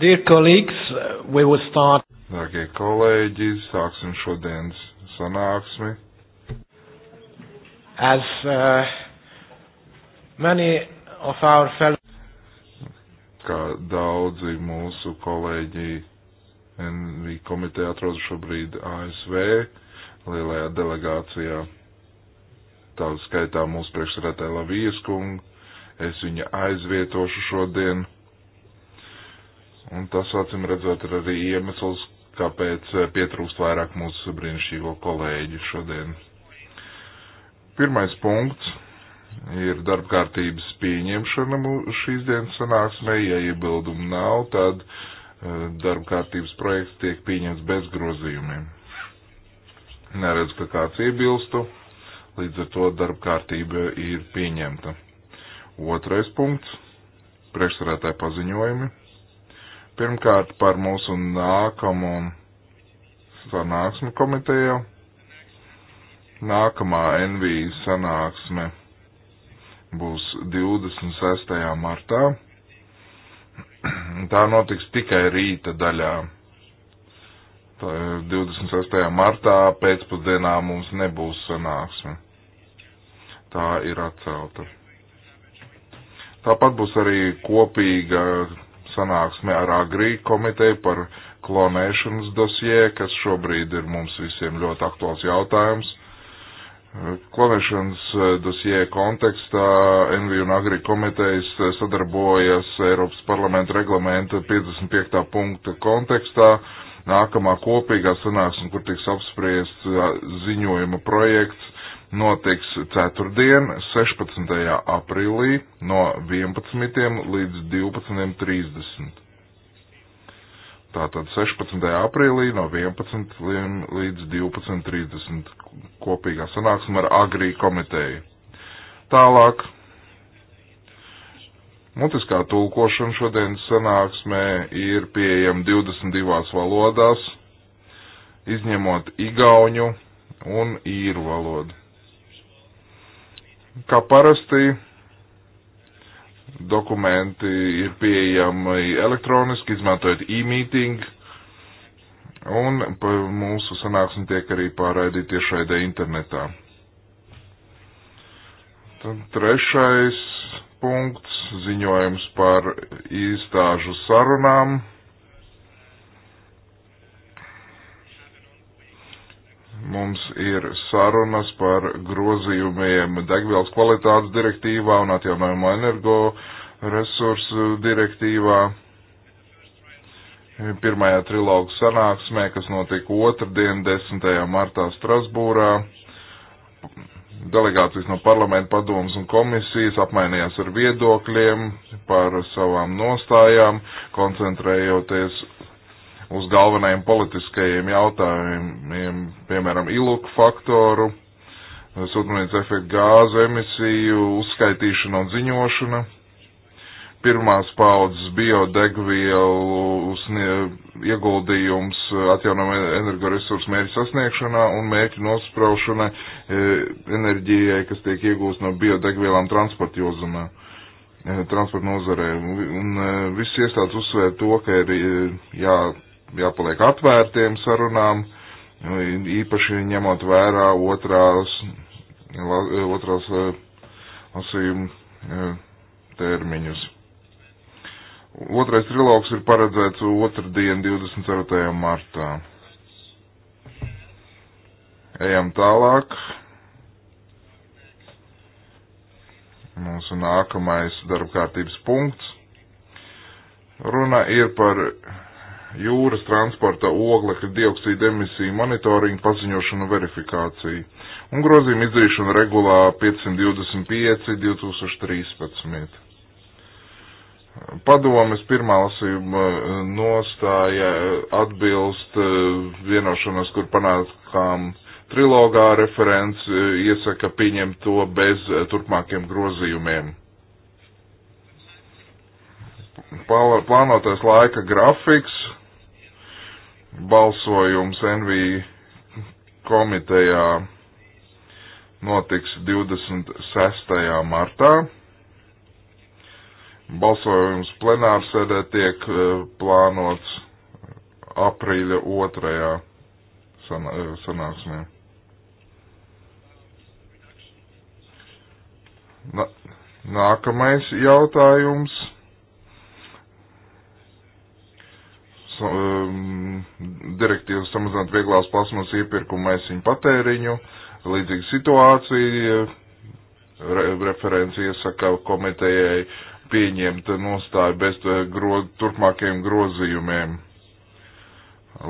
Dear colleagues, we will start. Dārgie kolēģi, sāksim šodienas sanāksmi. As uh, many of our fellow. Kā daudzi mūsu kolēģi NV komiteja atrodas šobrīd ASV lielajā delegācijā. Tā skaitā mūsu priekšsarētāja Lavijas kungu. Es viņu aizvietošu šodien. Un tas, acīm redzot, ir arī iemesls, kāpēc eh, pietrūkst vairāk mūsu brīnišķīgo kolēģu šodien. Pirmais punkts ir darbkārtības pieņemšana šīs dienas sanāksmē. Ja iebildumu nav, tad eh, darbkārtības projekts tiek pieņemts bez grozījumiem. Neredz, ka kāds iebilstu, līdz ar to darbkārtība ir pieņemta. Otrais punkts - priekšsarētāja paziņojumi. Pirmkārt par mūsu nākamo sanāksmi komiteju. Nākamā NV sanāksme būs 26. martā. Tā notiks tikai rīta daļā. 26. martā pēcpusdienā mums nebūs sanāksme. Tā ir atcelta. Tāpat būs arī kopīga sanāksme ar Agrī komiteju par klonēšanas dosjē, kas šobrīd ir mums visiem ļoti aktuāls jautājums. Klonēšanas eh, dosjē kontekstā NV un Agri komitejas eh, sadarbojas Eiropas parlamenta reglamenta 55. punkta kontekstā. Nākamā kopīgā sanāksme, kur tiks apspriests eh, ziņojuma projekts notiks ceturtdien, 16. aprīlī no 11. līdz 12.30. Tātad 16. aprīlī no 11. līdz 12.30 kopīgā sanāksme ar Agrī komiteju. Tālāk. Mutiskā tulkošana šodienas sanāksmē ir pieejama 22 valodās, izņemot igauņu un īru valodu. Kā parasti, dokumenti ir pieejami elektroniski, izmantojot e-meeting, un mūsu sanāksme tiek arī pārraidīta tiešraidē internetā. Tad trešais punkts - ziņojums par īstāžu sarunām. mums ir sarunas par grozījumiem degvielas kvalitātes direktīvā un atjaunojamo energo resursu direktīvā. Pirmajā trilogu sanāksmē, kas notika otrdien, 10. martā Strasbūrā, delegācijas no parlamenta padomas un komisijas apmainījās ar viedokļiem par savām nostājām, koncentrējoties uz galvenajiem politiskajiem jautājumiem, piemēram, iluku faktoru, sūtnīca efektu gāzu emisiju, uzskaitīšana un ziņošana, pirmās paudzes biodegvielu ieguldījums atjaunama energoresursu mērķu sasniegšanā un mērķu nospraušana e, enerģijai, kas tiek iegūst no biodegvielām transporta jozumā e, transporta nozarē. Un e, viss iestādes uzsvēra to, ka ir jā, jāpaliek atvērtiem sarunām, īpaši ņemot vērā otrās, otrās eh, lasījuma eh, termiņus. Otrais trilogs ir paredzēts otrdien 24. martā. Ejam tālāk. Mūsu nākamais darbkārtības punkts. Runa ir par jūras transporta oglekļa dioksīda emisiju monitoringu, paziņošanu un verifikāciju. Un grozījuma izdarīšana regulā 525 2013. Padomes pirmā lasījuma eh, nostāja eh, atbilst eh, vienošanos, kur panākām trilogā referents, iesaka pieņemt to bez turpmākiem grozījumiem plānotais laika grafiks balsojums NV komitejā notiks 26. martā. Balsojums plenārsēdē tiek e, plānots aprīļa otrajā e, sanāksmē. Nākamais jautājums um, direktīvu samazināt vieglās plasmas iepirkumu maisiņu patēriņu. Līdzīga situācija, re, referenci iesaka komitejai pieņemt nostāju bez eh, gro, turpmākiem grozījumiem.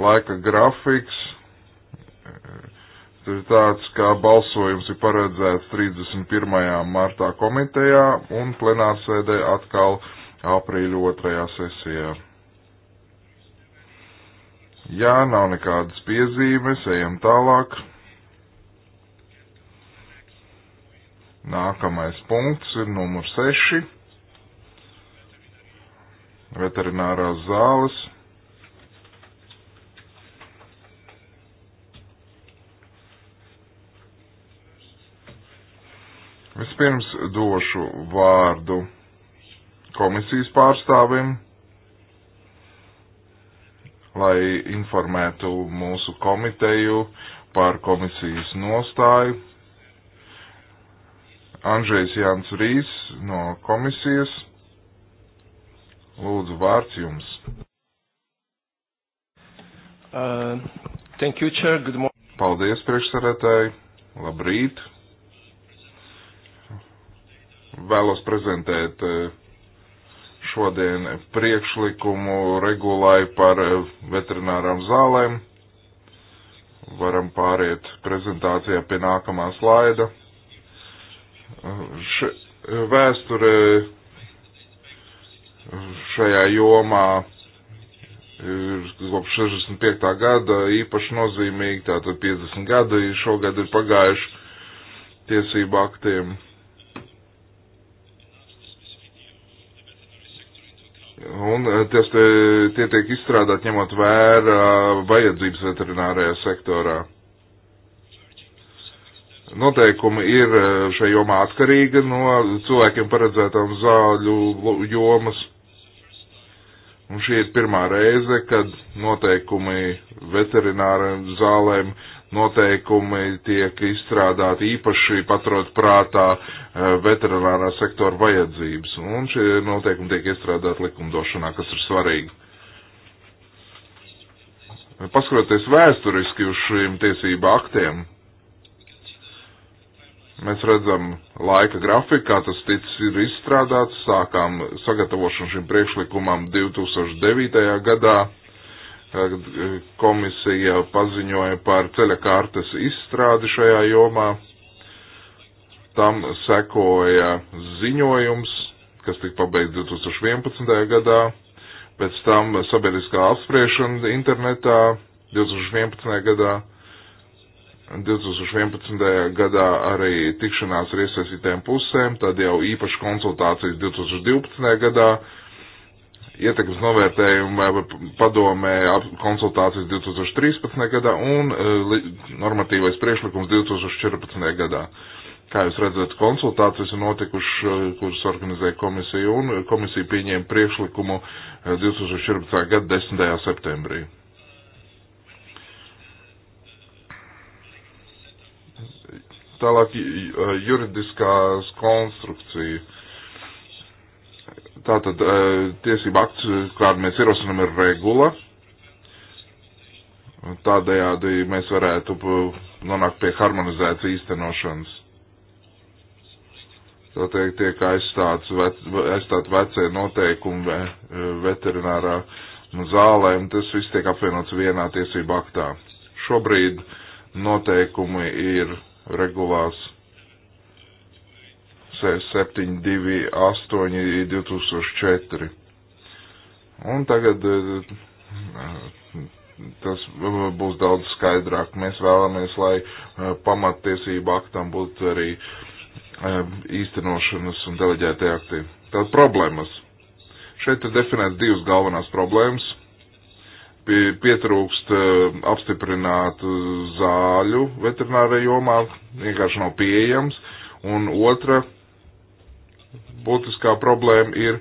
Laika grafiks ir eh, tāds, ka balsojums ir paredzēts 31. martā komitejā un plenārsēdē atkal aprīļa otrajā sesijā. Jā, nav nekādas piezīmes, ejam tālāk. Nākamais punkts ir numur 6. Veterinārās zāles. Vispirms došu vārdu komisijas pārstāvim lai informētu mūsu komiteju par komisijas nostāju. Andrzejs Jānis Rīs no komisijas. Lūdzu, vārds jums. Uh, thank you, Chair. Good morning. Paldies, priekšsarētāji. Labrīt. Vēlos prezentēt uh, šodien priekšlikumu regulai par eh, veterinārām zālēm. Varam pāriet prezentācijā pie nākamā slaida. Še, vēsture šajā jomā ir kopš 65. gada īpaši nozīmīgi, tātad 50 gadi šogad ir pagājuši tiesību aktiem Un eh, tas te, tie tiek izstrādāt ņemot vērā vajadzības veterinārajā sektorā. Noteikumi ir eh, šai jomā atkarīga no cilvēkiem paredzētām zāļu jomas. Un šī ir pirmā reize, kad noteikumi veterināriem zālēm noteikumi tiek izstrādāti īpaši paturot prātā e, veterinārā sektora vajadzības. Un šie noteikumi tiek iestrādāti likumdošanā, kas ir svarīgi. Paskatoties vēsturiski uz šiem tiesību aktiem, mēs redzam laika grafiku, kā tas ticis ir izstrādāts, sākām sagatavošanu šim priekšlikumam 2009. gadā Tagad e, komisija paziņoja par ceļa kārtas izstrādi šajā jomā. Tam sekoja ziņojums, kas tika pabeigts 2011. gadā, pēc tam sabiedriskā apspriešana internetā 2011. gadā. 2011. gadā arī tikšanās ar iesaistītēm pusēm, tad jau īpaši konsultācijas 2012. gadā, ietekmes novērtējuma padomē konsultācijas 2013. gadā un e, normatīvais priekšlikums 2014. gadā. Kā jūs redzat, konsultācijas ir notikušas, e, kuras organizēja komisija, un komisija pieņēma priekšlikumu 2014. E, gada 10. septembrī. Tālāk juridiskās konstrukcijas Tātad eh, tiesība akts, eh, kādu mēs ierosinām, ir regula. Tādējādi mēs varētu eh, nonākt pie harmonizētas īstenošanas. Tātad tiek aizstāts vec, aizstāt vecie noteikumi veterinārā zālē, un tas viss tiek apvienots vienā tiesību aktā. Šobrīd noteikumi ir regulās C728-2004. Un tagad eh, tas eh, būs daudz skaidrāk. Mēs vēlamies, lai eh, pamattiesība aktam būtu arī īstenošanas un deleģētie akti. Tad problēmas. Šeit ir definēts divas galvenās problēmas. Pietrūkst apstiprinātu zāļu veterinārajā jomā, vienkārši nav pieejams. Un otra būtiskā problēma ir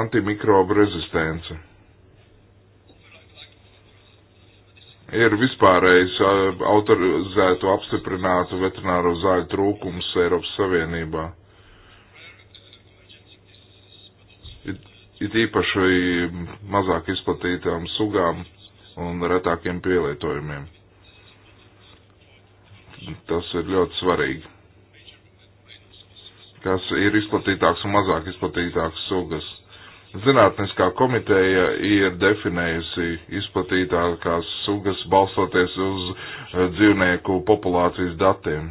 antimikrobu rezistence. Ir vispārējais autorizēto apstiprinātu veterināro zāļu trūkums Eiropas Savienībā. It īpaši mazāk izplatītām sugām un retākiem pielietojumiem. Tas ir ļoti svarīgi kas ir izplatītāks un mazāk izplatītāks sugas. Zinātniskā komiteja ir definējusi izplatītākās sugas balstoties uz eh, dzīvnieku populācijas datiem.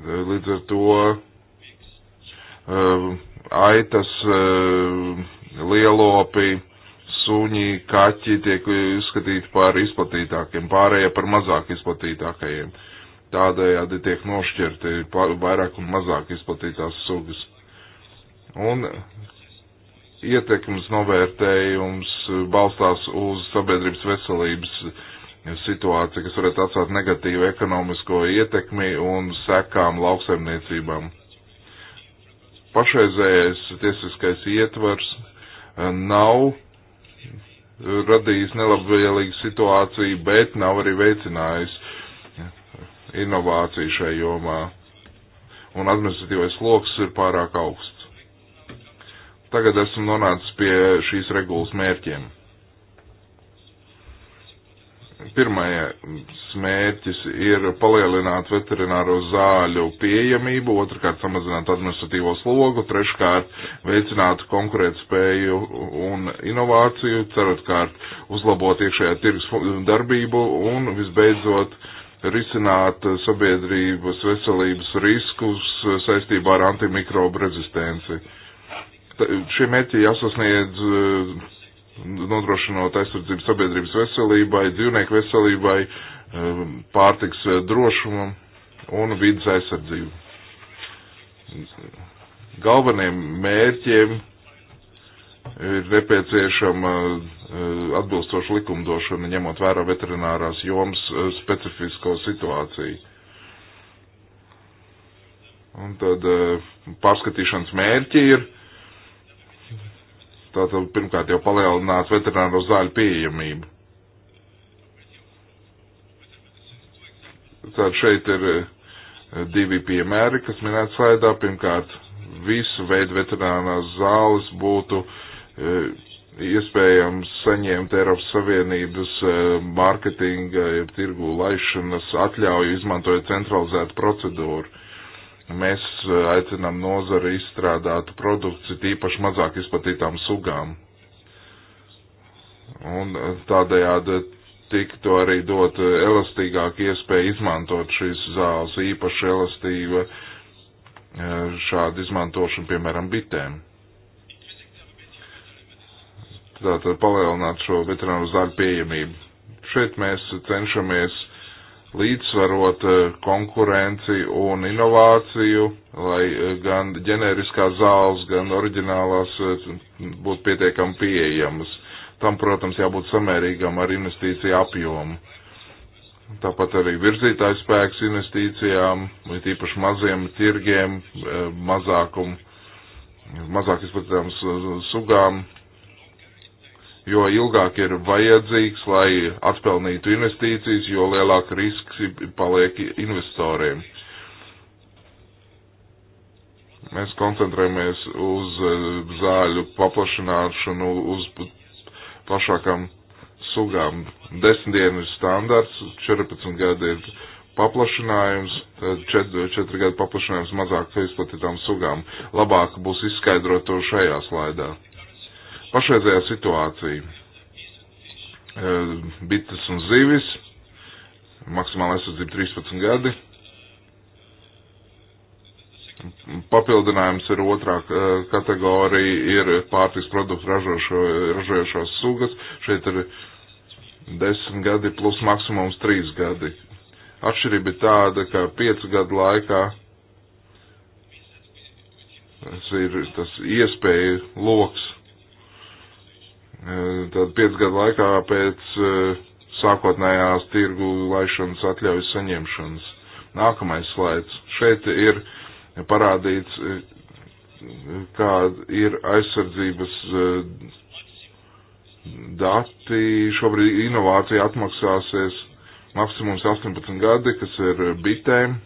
Eh, līdz ar to eh, aitas, lielopi, suņi, kaķi tiek uzskatīti par izplatītākiem, pārējie par mazāk izplatītākajiem. Uh, Tādējādi tiek nošķirti vairāk un mazāk izplatītās sugas. Un ietekmes novērtējums balstās uz sabiedrības veselības situāciju, kas varētu atstāt negatīvu ekonomisko ietekmi un sekām lauksaimniecībām. Pašreizējais tiesiskais ietvars eh, nav radījis nelabvēlīgu situāciju, bet nav arī veicinājis uh, inovāciju šajā jomā, un administratīvais sloks ir pārāk augsts. Tagad esmu nonācis pie šīs regulas mērķiem. Pirmais mērķis ir palielināt veterināro zāļu pieejamību, otrkārt samazināt administratīvo slogu, treškārt veicināt konkurētspēju un inovāciju, ceturtkārt uzlabot iekšējā tirgus darbību un visbeidzot uh, risināt sabiedrības veselības riskus saistībā ar antimikrobu rezistenci. Šie mērķi jāsasniedz eh, nodrošinot aizsardzību sabiedrības veselībai, dzīvnieku veselībai, eh, pārtiks drošumam un vidas aizsardzību. Galveniem mērķiem ir nepieciešama Eh, atbilstošu likumdošanu, ņemot vērā veterinārās jomas eh, specifisko situāciju. Un tad eh, pārskatīšanas mērķi ir tātad pirmkārt jau palielināt veterināro zāļu pieejamību. Tātad šeit ir divi piemēri, kas minēt slaidā. Pirmkārt, visu veidu veterinārās zāles būtu uh, iespējams saņemt Eiropas Savienības e, mārketinga, jeb tirgu laišanas atļauju, izmantojot centralizētu procedūru. Mēs e, aicinām nozari izstrādāt produkciju tīpaši mazāk izplatītām sugām. Un e, tādējādi tiktu arī dot elastīgāk iespēju izmantot šīs zāles, īpaši elastīva šāda izmantošana, piemēram, bitēm tātad palielināt šo veterināru zāļu pieejamību. Šeit mēs cenšamies līdzsvarot eh, konkurenci un inovāciju, lai eh, gan ģeneriskās zāles, gan oriģinālās eh, būtu pietiekami pieejamas. Tam, protams, jābūt samērīgam ar investīciju apjomu. Tāpat arī virzītājs spēks investīcijām, it īpaši maziem tirgiem, mazākumu, mazāk izplatītām sugām, jo ilgāk ir vajadzīgs, lai atpelnītu investīcijas, jo lielāk risks paliek investoriem. Mēs koncentrējamies uz eh, zāļu paplašināšanu, uz plašākām sugām. Desmit dienu ir standarts, 14 gadi ir paplašinājums, 4, 4 gadu paplašinājums mazāk izplatītām sugām. Labāk būs izskaidrot to šajā slaidā pašreizējā situācija. Eh, bites un zivis, maksimāla aizsardzība 13 gadi. Papildinājums ir otrā eh, kategorija, ir pārtiks produktu ražošo, ražojošās sugas. Šeit ir 10 gadi plus maksimums 3 gadi. Atšķirība ir tāda, ka 5 gadu laikā tas ir tas iespēju loks Eh, tad piecu gadu laikā pēc eh, sākotnējās tirgu laišanas atļaujas saņemšanas. Nākamais slaids. Šeit ir parādīts, eh, kā ir aizsardzības dati. Šobrīd inovācija atmaksāsies maksimums 18 gadi, kas ir bitēm,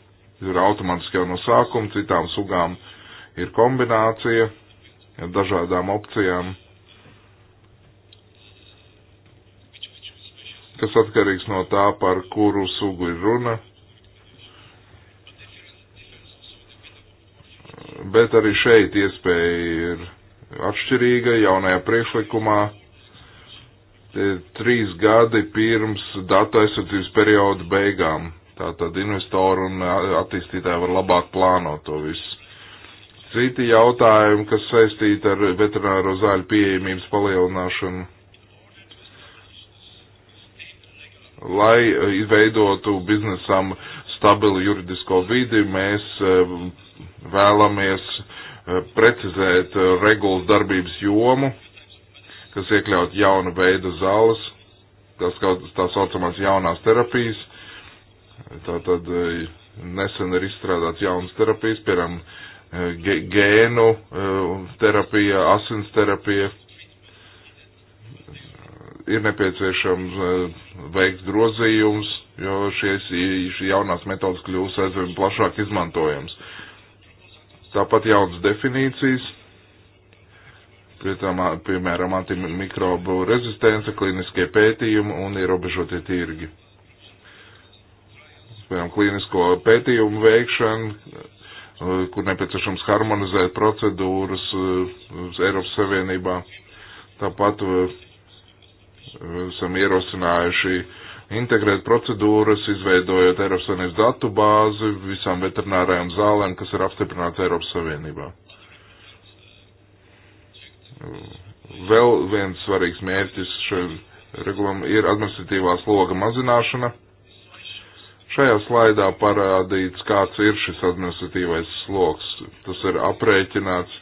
ir automātiski jau no sākuma, citām sugām ir kombinācija ar dažādām opcijām kas atkarīgs no tā, par kuru sugu ir runa. Bet arī šeit iespēja ir atšķirīga jaunajā priekšlikumā. Tie trīs gadi pirms datu aizsardzības perioda beigām. Tātad investoru un attīstītāji var labāk plānot to visu. Citi jautājumi, kas saistīti ar veterināro zāļu pieejamības palielināšanu. lai eh, izveidotu biznesam stabilu juridisko vidi, mēs eh, vēlamies eh, precizēt regulas darbības jomu, kas iekļaut jaunu veidu zāles, tas kaut tā saucamās jaunās terapijas. Tātad nesen ir izstrādāts jaunas terapijas, piemēram, gēnu terapija, asins terapija, ir nepieciešams eh, veikt grozījums, jo šies, šī jaunās metodas kļūs aizvien plašāk izmantojams. Tāpat jaunas definīcijas, tam, piemēram, antimikrobu rezistence, klīniskie pētījumi un ierobežotie tirgi. Piemēram, klīnisko pētījumu veikšana, eh, kur nepieciešams harmonizēt procedūras eh, Eiropas Savienībā. Tāpat esam ierosinājuši integrēt procedūras, izveidojot Eiropas Savienības datu bāzi visām veterinārajām zālēm, kas ir apstiprināts Eiropas Savienībā. Vēl viens svarīgs mērķis šeit regulam ir administratīvā sloga mazināšana. Šajā slaidā parādīts, kāds ir šis administratīvais sloks. Tas ir aprēķināts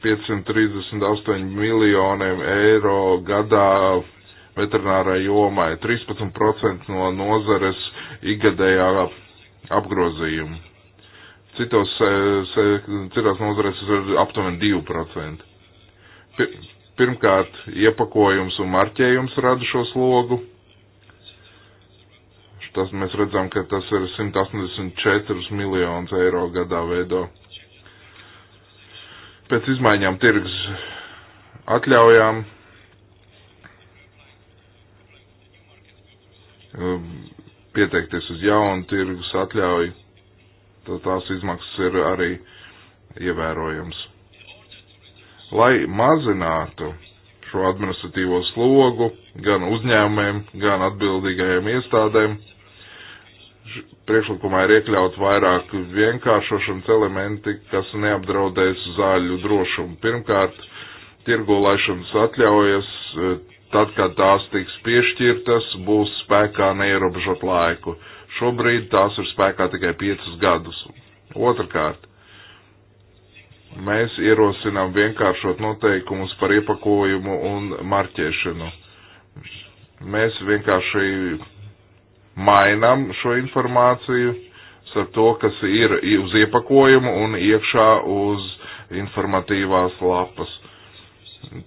538 miljoniem eiro gadā veterinārai jomai, 13% no nozares ikgadējā apgrozījuma. Citos, eh, citās nozarēs ir aptuveni 2%. Pirmkārt, iepakojums un marķējums rada šo slogu. Tas mēs redzam, ka tas ir 184 miljonus eiro gadā veido pēc izmaiņām tirgus atļaujām um, pieteikties uz jaunu tirgus atļauju, tad tās izmaksas ir arī ievērojams. Lai mazinātu šo administratīvo slogu gan uzņēmumiem, gan atbildīgajiem iestādēm, priekšlikumā ir iekļaut vairāk vienkāršošanas elementi, kas neapdraudēs zāļu drošumu. Pirmkārt, tirgu laišanas atļaujas, e, tad, kad tās tiks piešķirtas, būs spēkā neierobežot laiku. Šobrīd tās ir spēkā tikai 5 gadus. Otrakārt, mēs ierosinām vienkāršot noteikumus par iepakojumu un marķēšanu. Mēs vienkārši mainām šo informāciju starp to, kas ir uz iepakojumu un iekšā uz informatīvās lapas.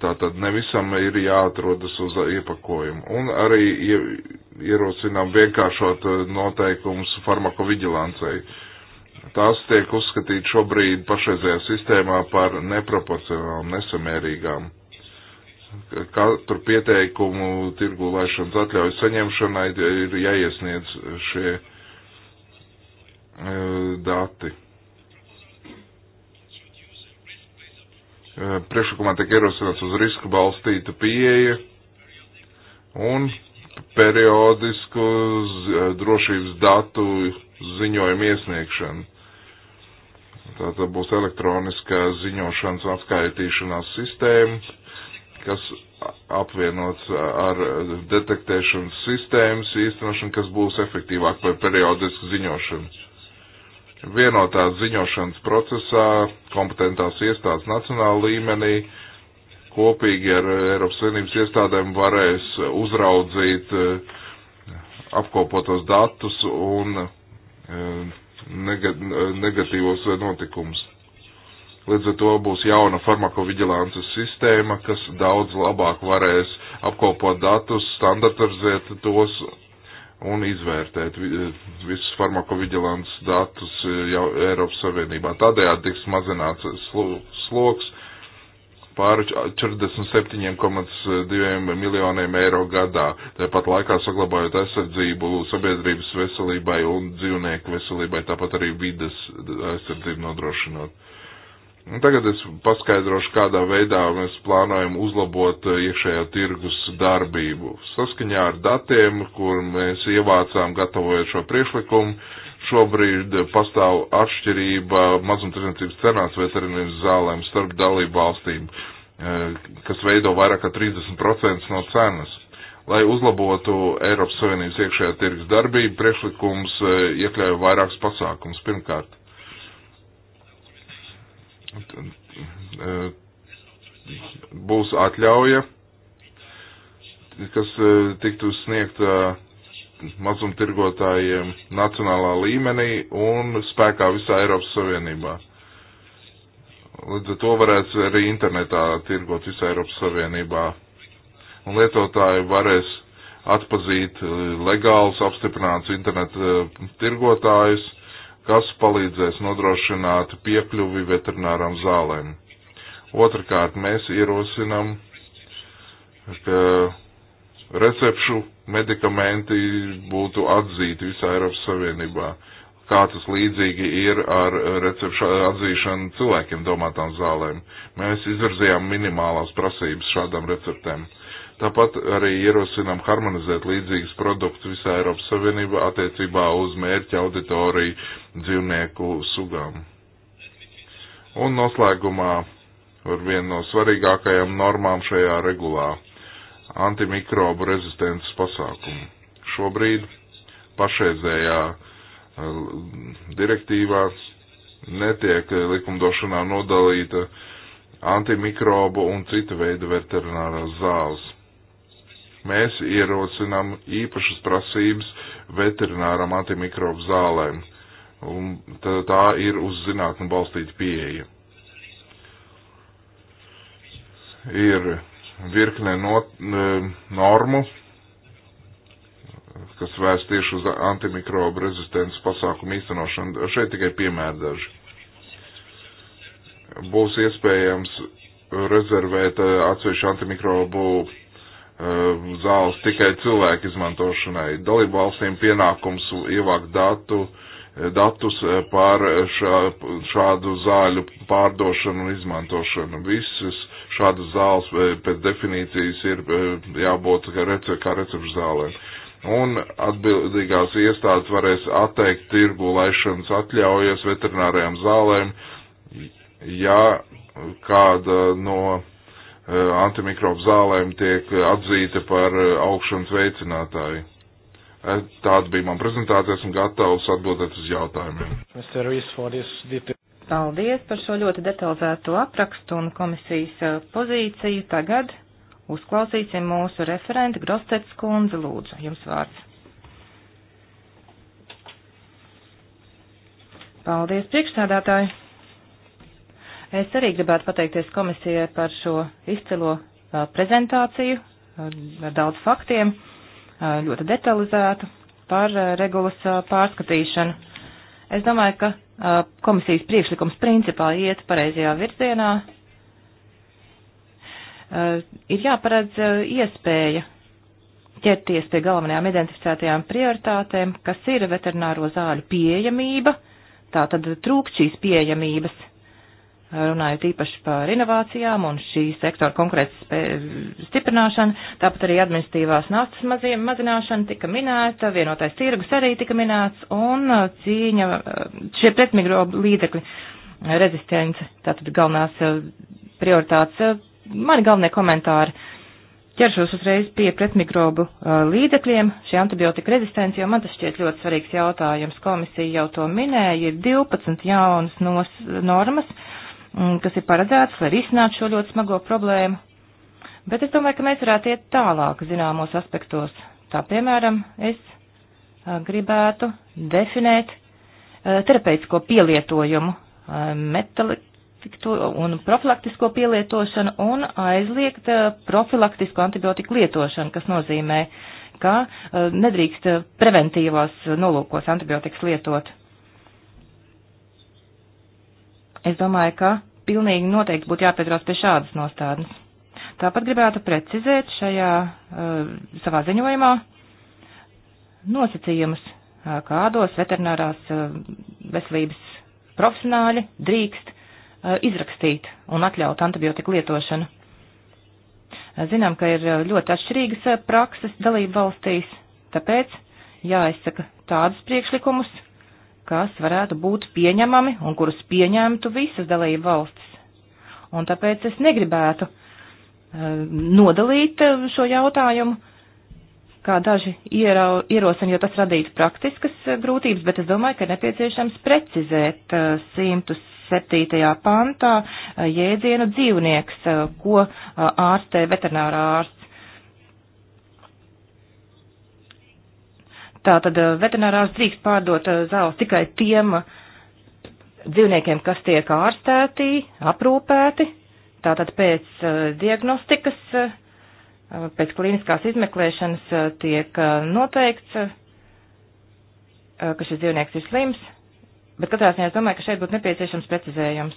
Tātad nevisam ir jāatrodas uz iepakojumu. Un arī ierosinām vienkāršot eh, noteikumus farmakoviģilancei. Tās tiek uzskatīt šobrīd pašreizējā sistēmā par neproporcionālām, nesamērīgām katru pieteikumu tirgu laišanas atļauju saņemšanai ir jāiesniedz šie e, dati. E, priekšlikumā tiek ierosināts uz risku balstīta pieeja un periodisku e, drošības datu ziņojumu iesniegšanu. Tātad būs elektroniskā ziņošanas atskaitīšanās sistēma kas apvienots ar detektēšanas sistēmas īstenošanu, kas būs efektīvāk par periodisku ziņošanu. Vienotā ziņošanas procesā kompetentās iestādes nacionāla līmenī kopīgi ar Eiropas Savienības iestādēm varēs uzraudzīt e, apkopotos datus un e, negatīvos notikumus Līdz ar to būs jauna farmakoviģilances sistēma, kas daudz labāk varēs apkopot datus, standartizēt tos un izvērtēt visus farmakoviģilances datus e, jau Eiropas Savienībā. Tādējādi tiks mazināts sloks pār 47,2 e, miljoniem eiro gadā, tāpat laikā saglabājot aizsardzību sabiedrības veselībai un dzīvnieku veselībai, tāpat arī vides aizsardzību nodrošinot. Un nu, tagad es paskaidrošu, kādā veidā mēs plānojam uzlabot eh, iekšējā tirgus darbību. Saskaņā ar datiem, kur mēs ievācām gatavojot šo priekšlikumu, šobrīd eh, pastāv atšķirība mazumtirdzniecības cenās veterināriem zālēm starp dalību valstīm, eh, kas veido vairāk kā 30% no cenas. Lai uzlabotu Eiropas Savienības iekšējā tirgus darbību, priekšlikums iekļauj vairākus pasākumus. Pirmkārt, E, būs atļauja, kas e, tiktu sniegta mazumtirgotājiem nacionālā līmenī un spēkā visā Eiropas Savienībā. Līdz ar to varēs arī internetā tirgot visā Eiropas Savienībā. Un lietotāji varēs atpazīt e, legālus apstiprinātus internetu tirgotājus kas palīdzēs nodrošināt piekļuvi veterināram zālēm. Otrakārt, mēs ierosinam, ka recepšu medikamenti būtu atzīti visā Eiropas Savienībā, kā tas līdzīgi ir ar recepšu atzīšanu cilvēkiem domātām zālēm. Mēs izvirzījām minimālās prasības šādām receptēm. Uh, Tāpat arī ierosinām harmonizēt līdzīgas produktus visā Eiropas Savienībā attiecībā uz mērķa auditoriju dzīvnieku sugām. Un noslēgumā ar vienu no svarīgākajām normām šajā regulā - antimikrobu rezistences pasākumu. Šobrīd pašreizējā eh, direktīvā netiek likumdošanā nodalīta antimikrobu un cita veida veterinārās zāles mēs ierosinām īpašas prasības veterināram antimikrobu zālēm. Un tā ir uz zinātnu balstīta pieeja. Ir virkne not, normu, kas vērst tieši uz antimikrobu rezistences pasākumu īstenošanu. Šeit tikai piemēri daži. Būs iespējams rezervēt uh, atsevišķu antimikrobu Uh, zāles tikai cilvēku izmantošanai. Dalību valstīm pienākums ievākt datu, uh, datus uh, par šā, šādu zāļu pārdošanu un izmantošanu. Visas šādas zāles pēc definīcijas ir jābūt kā, rece, kā recepšu zālēm. Un atbildīgās iestādes varēs atteikt tirgu laišanas atļaujas veterinārajām zālēm, ja kāda no Eh, antimikrobu zālēm tiek eh, atzīta par eh, augšanas veicinātāju. Tāda bija man prezentācija, esmu gatavs atbildēt uz jautājumiem. Paldies par šo ļoti detalizēto aprakstu un komisijas pozīciju. Tagad uzklausīsim mūsu referentu Grostets kundzi lūdzu. Jums vārds. Paldies priekšstādātāji. Es arī gribētu pateikties komisijai par šo izcilo prezentāciju ar daudz faktiem, ļoti detalizētu par regulas pārskatīšanu. Es domāju, ka komisijas priekšlikums principā iet pareizajā virzienā. Ir jāparedz iespēja ķerties pie galvenajām identificētajām prioritātēm, kas ir veterināro zāļu pieejamība, tā tad trūkst šīs pieejamības runājot īpaši par inovācijām un šī sektora konkrētas stiprināšanu, tāpat arī administratīvās nastas mazināšana tika minēta, vienotais tirgus arī tika minēts un uh, cīņa, uh, šie pretmigrobu līdzekļi uh, rezistence, tātad galvenās prioritātes. Mani galvenie komentāri ķeršos uzreiz pie pretmikrobu līdzekļiem, šī antibiotika rezistence, jo man tas šķiet ļoti svarīgs jautājums. Komisija jau to minēja, ir 12 jaunas nos, normas, uh, Mm, kas ir paredzēts, lai risinātu šo ļoti smago problēmu. Bet es domāju, ka mēs varētu iet tālāk zināmos aspektos. Tā piemēram, es gribētu definēt terapeitisko pielietojumu, metaliku un profilaktisko pielietošanu un aizliegt profilaktisko antibiotiku lietošanu, kas nozīmē, ka nedrīkst preventīvās nolūkos antibiotikas lietot. Es domāju, ka pilnīgi noteikti būtu jāpieturās pie šādas nostādnes. Tāpat gribētu precizēt šajā uh, savā ziņojumā nosacījumus, uh, kādos veterinārās uh, veselības profesionāļi drīkst uh, izrakstīt un atļaut antibiotiku lietošanu. Uh, zinām, ka ir ļoti atšķirīgas prakses dalību valstīs, tāpēc jāizsaka tādus priekšlikumus, kas varētu būt pieņemami un kurus pieņemtu visas dalību valstis. Un tāpēc es negribētu eh, nodalīt eh, šo jautājumu, kā daži ierosina, jo tas radītu praktiskas eh, grūtības, bet es domāju, ka nepieciešams precizēt 107. pantā jēdzienu dzīvnieks, ko ārstē veterinārā ārsts Tātad eh, veterinārārs drīkst pārdot eh, zāles tikai tiem eh, dzīvniekiem, kas tiek ārstēti, aprūpēti, tātad pēc diagnostikas, pēc klīniskās izmeklēšanas tiek noteikts, ka šis dzīvnieks ir slims, bet katrā ziņā es domāju, ka šeit būtu nepieciešams precizējums.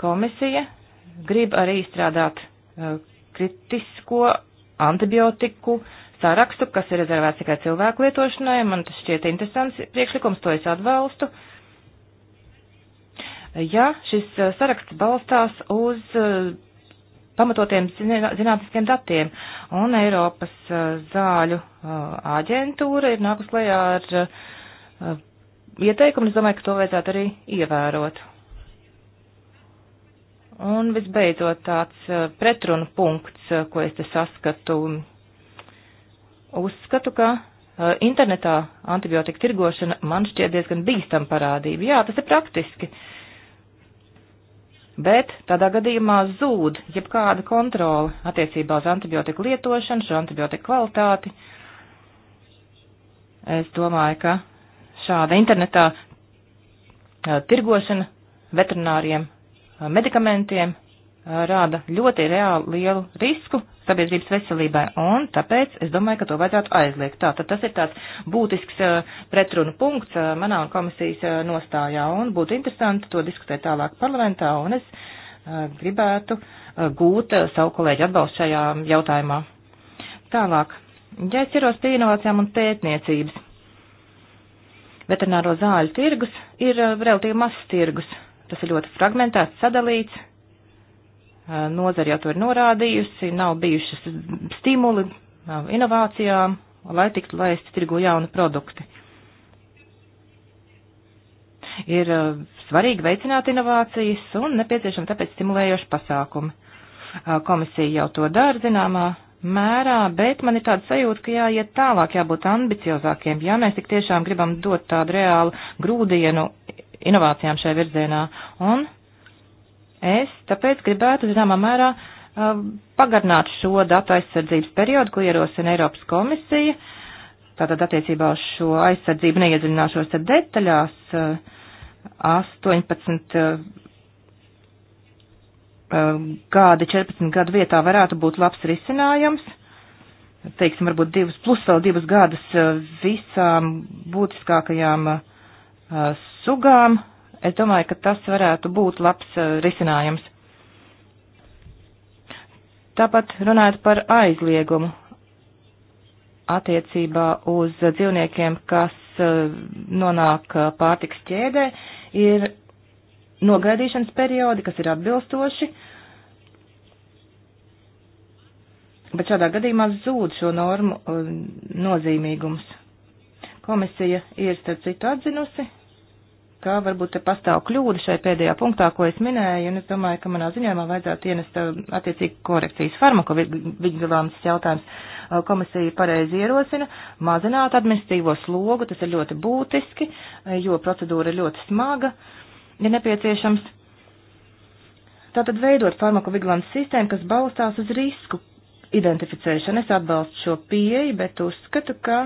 Komisija grib arī izstrādāt kritisko antibiotiku uh, sarakstu, kas ir rezervēts tikai cilvēku lietošanai. Man tas šķiet interesants priekšlikums, to es atbalstu. Ja šis eh, saraksts balstās uz eh, pamatotiem zinātniskiem datiem, un Eiropas eh, zāļu aģentūra ir nākus lejā ar ieteikumu, es domāju, ka to vajadzētu arī ievērot. Un visbeidzot tāds pretrunu punkts, ko es te saskatu uzskatu, ka uh, internetā antibiotika tirgošana man šķiet diezgan bīstam parādība. Jā, tas ir praktiski. Bet tādā gadījumā zūd jebkāda kontrola attiecībā uz antibiotiku lietošanu, šo antibiotiku kvalitāti. Es domāju, ka šāda internetā uh, tirgošana veterināriem uh, medikamentiem rada ļoti reāli lielu risku sabiedrības veselībai, un tāpēc es domāju, ka to vajadzētu aizliegt. Tā, tad tas ir tāds būtisks uh, pretrunu punkts uh, manā un komisijas uh, nostājā, un būtu interesanti to diskutēt tālāk parlamentā, un es gribētu gūt savu kolēģi atbalstu šajā jautājumā. Tālāk, ja es ieros pie inovācijām un pētniecības, veterināro zāļu tirgus ir relatīvi mazs tirgus. Tas ir ļoti fragmentēts, sadalīts, nozari jau to ir norādījusi, nav bijušas stimuli inovācijām, lai tiktu laisti tirgu jauni produkti. Ir eh, svarīgi veicināt inovācijas un nepieciešami tāpēc stimulējoši pasākumi. Komisija jau to dara zināmā mērā, bet man ir tāda sajūta, ka jāiet tālāk, jābūt ambiciozākiem, ja mēs tik tiešām gribam dot tādu reālu grūdienu inovācijām šajā virzienā. Un Es tāpēc gribētu, zināmā mērā, pagarināt šo datu aizsardzības periodu, ko ierosina Eiropas komisija. Tātad attiecībā uz šo aizsardzību neiedziļināšos te detaļās. 18 gadi, 14 gadu vietā varētu būt labs risinājums. Teiksim, varbūt divus plus vēl divus gadus visām būtiskākajām sugām Es domāju, ka tas varētu būt labs uh, risinājums. Tāpat runājot par aizliegumu attiecībā uz dzīvniekiem, kas uh, nonāk uh, pārtiks ķēdē, ir nogaidīšanas periodi, kas ir atbilstoši, bet šādā gadījumā zūd šo normu nozīmīgums. Komisija ir starp citu atzinusi, ka varbūt te pastāv kļūda šai pēdējā punktā, ko es minēju, un es domāju, ka manā ziņojumā vajadzētu ienest uh, attiecīgi korekcijas farmakovigilants jautājums. Uh, komisija pareizi ierosina mazināt administrīvo slogu, tas ir ļoti būtiski, uh, jo procedūra ir ļoti smaga, ir nepieciešams. Tātad veidot farmakovigilants sistēmu, kas balstās uz risku identificēšanu. Es atbalstu šo pieeju, bet uzskatu, ka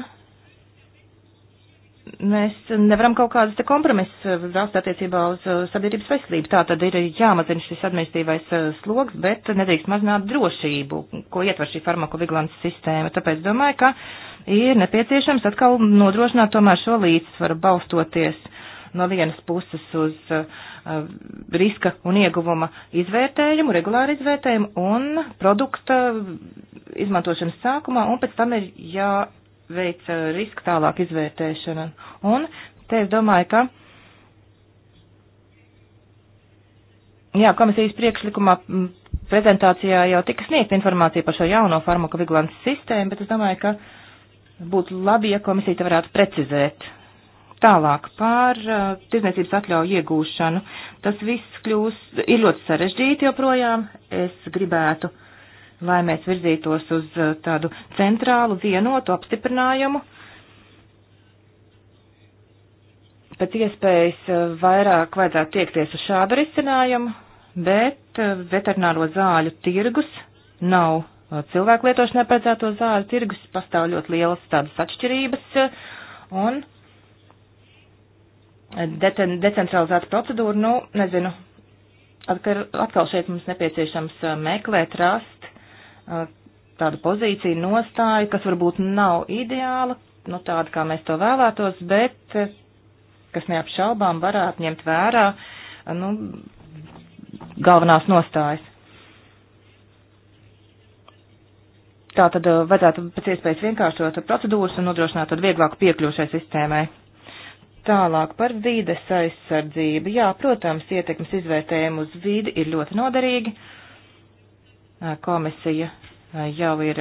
mēs nevaram kaut kādas te kompromisas eh, rast attiecībā uz eh, sabiedrības veselību. Tā tad ir jāmazina šis administratīvais eh, sloks, bet nedrīkst mazināt drošību, ko ietver šī farmakovigilants sistēma. Tāpēc domāju, ka ir nepieciešams atkal nodrošināt tomēr šo līdzsvaru balstoties no vienas puses uz uh, riska un ieguvuma izvērtējumu, regulāru izvērtējumu un produkta izmantošanas sākumā, un pēc tam ir jā veic eh, riska tālāk izvērtēšana. Un te es domāju, ka. Jā, komisijas priekšlikumā prezentācijā jau tika sniegta informācija par šo jauno farmakovigilants sistēmu, bet es domāju, ka būtu labi, ja komisija te varētu precizēt. Tālāk par uh, tirdzniecības atļauju iegūšanu. Tas viss kļūs, ir ļoti sarežģīti joprojām. Es gribētu uh, lai mēs virzītos uz uh, tādu centrālu vienotu apstiprinājumu, pēc iespējas uh, vairāk vajadzētu tiekties uz šādu risinājumu, bet uh, veterināro zāļu tirgus nav cilvēku lietošanai paredzēto zāļu tirgus, pastāv ļoti lielas tādas atšķirības un decentralizēta procedūra, nu, nezinu, atkar, atkal šeit mums nepieciešams meklēt, rast Uh, tādu pozīciju, nostāju, kas varbūt nav ideāla, nu tāda, kā mēs to vēlētos, bet uh, kas neapšaubām varētu ņemt vērā, uh, nu, galvenās nostājas. Tā tad vajadzētu pēc iespējas vienkāršot procedūras un nodrošināt tad vieglāku piekļūšai sistēmai. Tālāk par vīdes aizsardzību. Jā, protams, ietekmes izvērtējumi uz vīdi ir ļoti noderīgi. Uh, komisija jau ir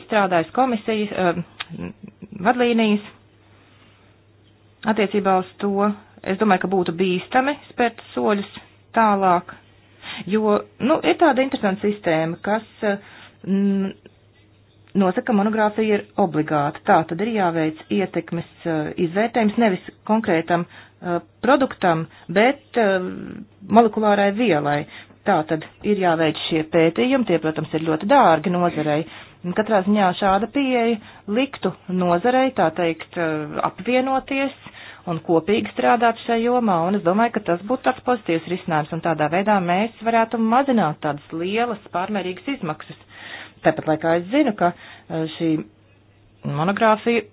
izstrādājusi komisijas vadlīnijas attiecībā uz to. Es domāju, ka būtu bīstami spērt soļus tālāk, jo, nu, ir tāda interesanta sistēma, kas m, nosaka, ka monogrāfija ir obligāta. Tā tad ir jāveic ietekmes izvērtējums nevis konkrētam produktam, bet molekulārai vielai. Tā tad ir jāveic šie pētījumi, tie, protams, ir ļoti dārgi nozarei. Katrā ziņā šāda pieeja liktu nozarei, tā teikt, eh, apvienoties un kopīgi strādāt šajā jomā, un es domāju, ka tas būtu tāds pozitīvs risinājums, un tādā veidā mēs varētu mazināt tādas lielas pārmērīgas izmaksas. Tāpat laikā es zinu, ka eh, šī monogrāfija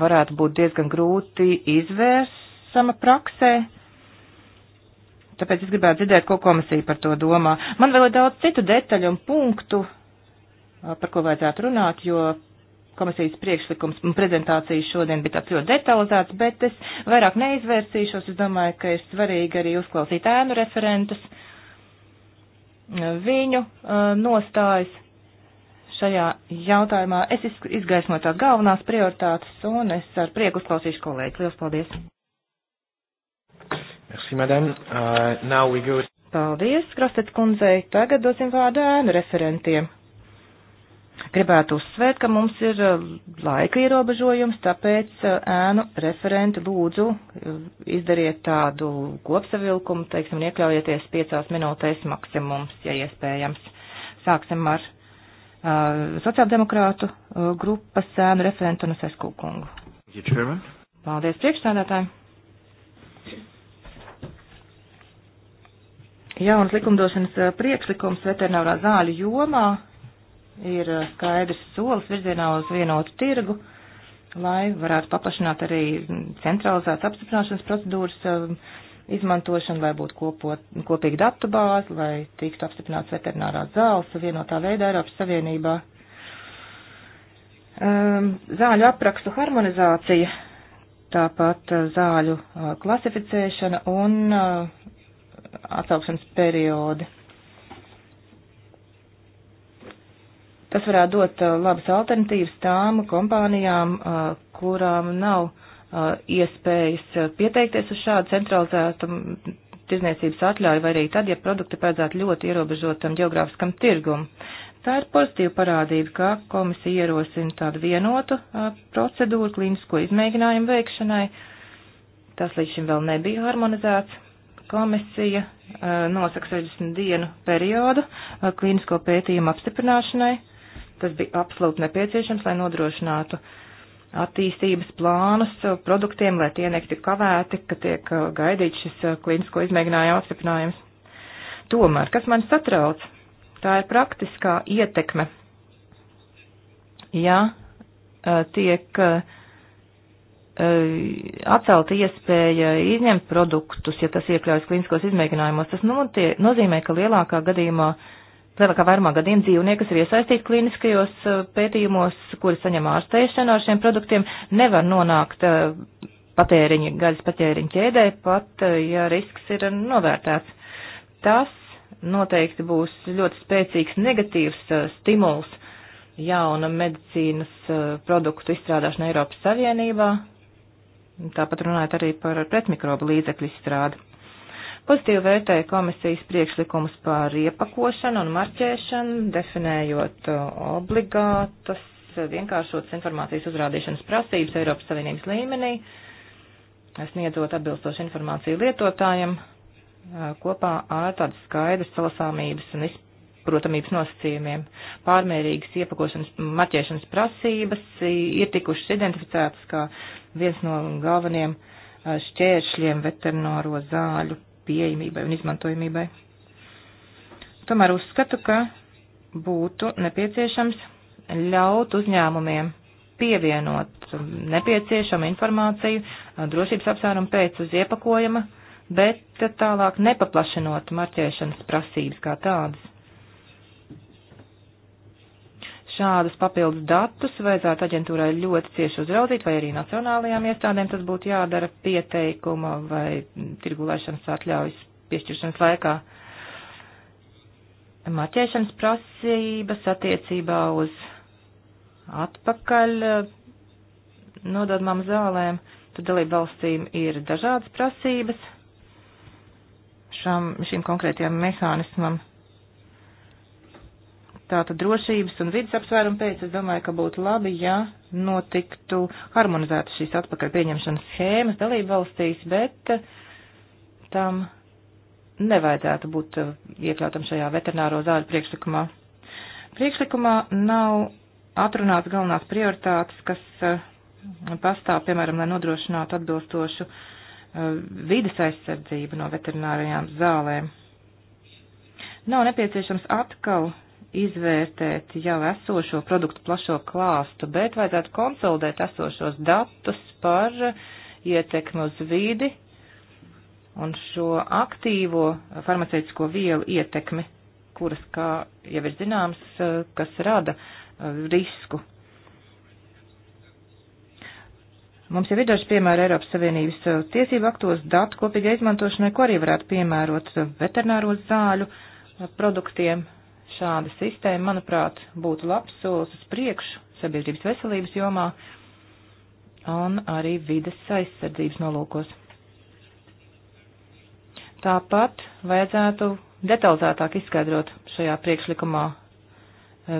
varētu būt diezgan grūti izvērsama praksē, uh, Tāpēc es gribētu dzirdēt, ko komisija par to domā. Man vēl ir daudz citu detaļu un punktu, par ko vajadzētu runāt, jo komisijas priekšlikums un prezentācija šodien bija tāds ļoti detalizēts, bet es vairāk neizvērsīšos. Es domāju, ka ir svarīgi arī uzklausīt ēnu referentus, viņu nostājas šajā jautājumā. Es izgaismoju tās galvenās prioritātes un es ar prieku uzklausīšu kolēģi. Lielas paldies! Merci, madame. Uh, now we go. Paldies, Krastet kundzei. Tagad dosim vārdu ēnu referentiem. Gribētu uzsvērt, ka mums ir uh, laika ierobežojums, tāpēc uh, ēnu referenti lūdzu uh, izdariet tādu kopsavilkumu, teiksim, un iekļaujieties piecās minūtēs maksimums, ja iespējams. Sāksim ar uh, sociāldemokrātu uh, grupas ēnu referentu un es esku kungu. Paldies priekšstādātājiem! Jauns likumdošanas eh, priekšlikums veterinārā zāļu jomā ir eh, skaidrs solis virzienā uz vienotu tirgu, lai varētu paplašināt arī mm, centralizētas apstiprināšanas procedūras eh, izmantošanu, lai būtu kopot, kopīga datu bāze, lai tiktu apstiprināts veterinārās zāles vienotā veidā Eiropas Savienībā. Ehm, zāļu aprakstu harmonizācija, tāpat zāļu klasificēšana un atsaukšanas periodi. Tas varētu dot uh, labas alternatīvas tām kompānijām, uh, kurām nav uh, iespējas pieteikties uz šādu centralizētu tirzniecības atļauju, vai arī tad, ja produkti paredzētu ļoti ierobežotam geogrāfiskam tirgum. Tā ir pozitīva parādība, ka komisija ierosina tādu vienotu procedūru klīnisko izmēģinājumu veikšanai. Tas līdz šim vēl nebija harmonizēts. Komisija eh, nosaka 60 dienu periodu eh, klīnisko pētījumu apstiprināšanai. Tas bija absolūti nepieciešams, lai nodrošinātu attīstības plānus eh, produktiem, lai tie netiktu kavēti, ka tiek gaidīts šis klīnisko izmēģinājumu apstiprinājums. Tomēr, kas man satrauc, tā ir praktiskā ietekme. Ja tiek uh, Eh, atcelt iespēja izņemt produktus, ja tas iekļaujas klīniskos izmēģinājumos. Tas notie, nozīmē, ka lielākā gadījumā, lielākā vairumā gadījumā dzīvnieki, kas ir iesaistīti klīniskajos eh, pētījumos, kuri saņem ārstēšanu ar šiem produktiem, nevar nonākt eh, patēriņa, gaļas patēriņa ķēdē, pat ja risks ir novērtēts. Tas noteikti būs ļoti spēcīgs negatīvs stimuls jauna medicīnas produktu izstrādāšana Eiropas Savienībā, Tāpat runājot arī par pretmikrobu līdzekļu izstrādi. Pozitīvi vērtēja komisijas priekšlikumus par iepakošanu un marķēšanu, definējot uh, obligātas uh, vienkāršotas informācijas uzrādīšanas prasības Eiropas Savienības līmenī, sniedzot atbilstošu informāciju lietotājiem uh, kopā ar tādas skaidras salasāmības un izprotamības nosacījumiem. Pārmērīgas iepakošanas marķēšanas prasības ir tikušas identificētas kā viens no galveniem šķēršļiem veterināro zāļu pieejamībai un izmantojamībai. Tomēr uzskatu, ka būtu nepieciešams ļaut uzņēmumiem pievienot nepieciešamu informāciju drošības apsvērumu pēc uz iepakojuma, bet tālāk nepaplašinot marķēšanas prasības kā tādas. Šādus papildus datus vajadzētu aģentūrai ļoti cieši uzraudzīt, vai arī nacionālajām iestādēm tas būtu jādara pieteikuma vai tirgulēšanas atļaujas piešķiršanas laikā. Maķēšanas prasības attiecībā uz atpakaļ eh, nododamām zālēm, tad dalību valstīm ir dažādas prasības šam, šim konkrētajam mehānismam tātad drošības un vidas apsvērumu pēc, es domāju, ka būtu labi, ja notiktu harmonizēta šīs atpakaļ pieņemšanas schēmas dalību valstīs, bet eh, tam nevajadzētu būt eh, iekļautam šajā veterināro zāļu priekšlikumā. Priekšlikumā nav atrunāts galvenās prioritātes, kas eh, pastāv, piemēram, lai nodrošinātu atbilstošu vides aizsardzību no veterinārajām zālēm. Nav nepieciešams atkal izvērtēt jau esošo produktu plašo klāstu, bet vajadzētu konsolidēt esošos datus par ietekmi uz vidi un šo aktīvo farmaceitisko vielu ietekmi, kuras, kā jau ir zināms, kas rada uh, risku. Mums jau ir daži piemēri Eiropas Savienības uh, tiesību aktos datu kopīgai izmantošanai, ko arī varētu piemērot uh, veterināro zāļu produktiem, Šāda sistēma, manuprāt, būtu labs solis uz priekšu sabiedrības veselības jomā un arī vides aizsardzības nolūkos. Tāpat vajadzētu detalizētāk izskaidrot šajā priekšlikumā eh,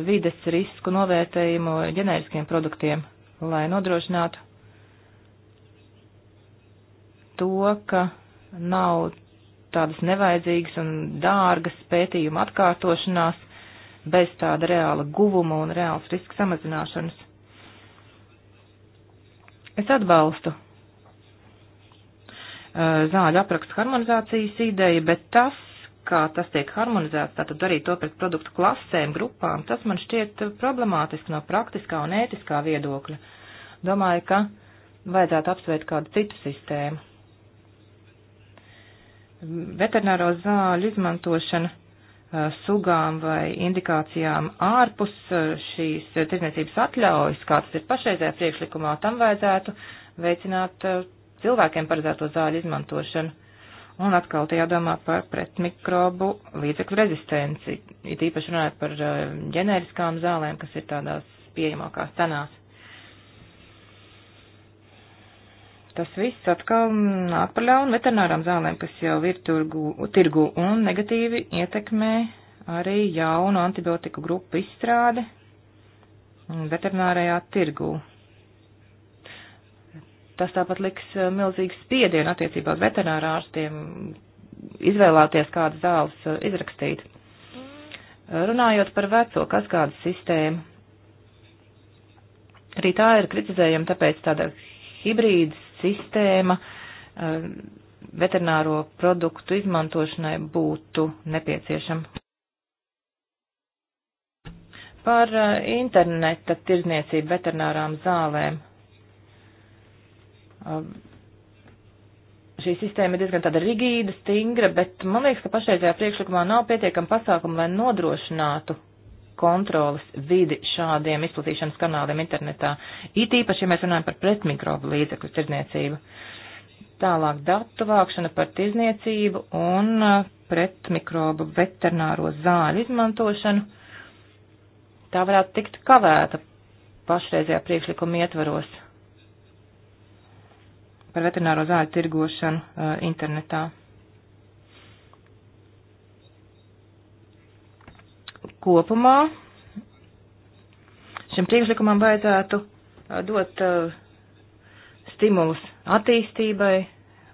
vides risku novērtējumu ģenēriskiem produktiem, lai nodrošinātu to, ka nav tādas nevajadzīgas un dārgas pētījuma atkārtošanās bez tāda reāla guvuma un reāls riska samazināšanas. Es atbalstu uh, zāļu aprakstu harmonizācijas ideju, bet tas, kā tas tiek harmonizēts, tātad arī to pret produktu klasēm, grupām, tas man šķiet problemātiski no praktiskā un ētiskā viedokļa. Domāju, ka vajadzētu apsvērt kādu citu sistēmu veterināro zāļu izmantošana eh, sugām vai indikācijām ārpus eh, šīs tirdzniecības atļaujas, kā tas ir pašreizējā priekšlikumā, tam vajadzētu veicināt eh, cilvēkiem paredzēto zāļu izmantošanu. Un atkal te jādomā par pretmikrobu līdzekļu rezistenci, it īpaši runājot par ģeneriskām zālēm, kas ir tādās pieejamākās cenās. Tas viss atkal nāk par ļaunu veterinārām zālēm, kas jau ir turgu, tirgu un negatīvi ietekmē arī jaunu antibiotiku grupu izstrādi veterinārajā tirgū. Tas tāpat liks eh, milzīgu spiedienu attiecībā uz veterinārā ārstiem izvēlēties, kādas zāles eh, izrakstīt. Runājot par veco kaskādas sistēmu, arī tā ir kritizējama, tāpēc tāda hibrīda sistēma eh, veterināro produktu izmantošanai būtu nepieciešama. Par eh, interneta tirzniecību veterinārām zālēm. Eh, šī sistēma ir diezgan tāda rigīda, stingra, bet man liekas, ka pašreizajā priekšlikumā nav pietiekama pasākuma, lai nodrošinātu kontrolas vidi šādiem izplatīšanas kanāliem internetā, it īpaši, ja mēs runājam par pretmikrobu līdzekļu tirdzniecību. Tālāk datu vākšana par tirdzniecību un uh, pretmikrobu veterināro zāļu izmantošanu. Tā varētu tikt kavēta pašreizajā priekšlikuma ietvaros par veterināro zāļu tirgošanu uh, internetā. Kopumā šim priekšlikumam vajadzētu uh, dot uh, stimulus attīstībai,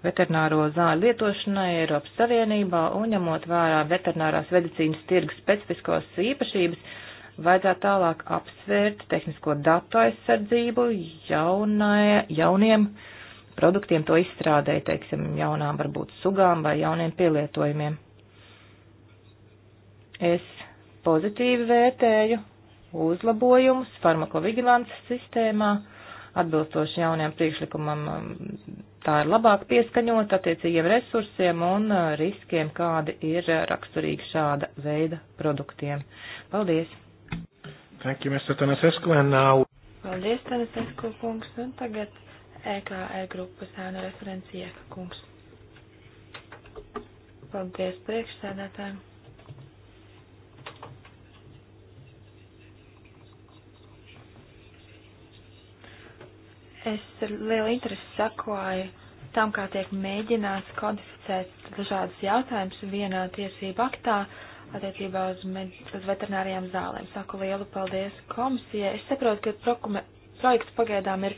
veterināro zāļu lietošanai Eiropas Savienībā un ņemot vērā veterinārās medicīnas tirgus specifiskos īpašības, vajadzētu tālāk apsvērt tehnisko datu aizsardzību jaunai, jauniem produktiem to izstrādē, teiksim, jaunām varbūt sugām vai jauniem pielietojumiem. Es pozitīvi vērtēju uzlabojumus farmakovigilants sistēmā, atbilstoši jaunajam priekšlikumam um, tā ir labāk pieskaņot attiecīgiem resursiem un uh, riskiem, kādi ir uh, raksturīgi šāda veida produktiem. Paldies! Thank you, Mr. Tanasesku, and now... Paldies, Tanasesku kungs, un tagad EKE e grupas ēnu referencija e e kungs. Paldies priekšsēdētājiem! Es ar lielu interesi sakoju tam, kā tiek mēģināts kodificēt dažādas jautājumas vienā tiesību aktā attiecībā uz, med, uz veterinārijām zālēm. Saku lielu paldies komisijai. Es saprotu, ka prokume, projekts pagaidām ir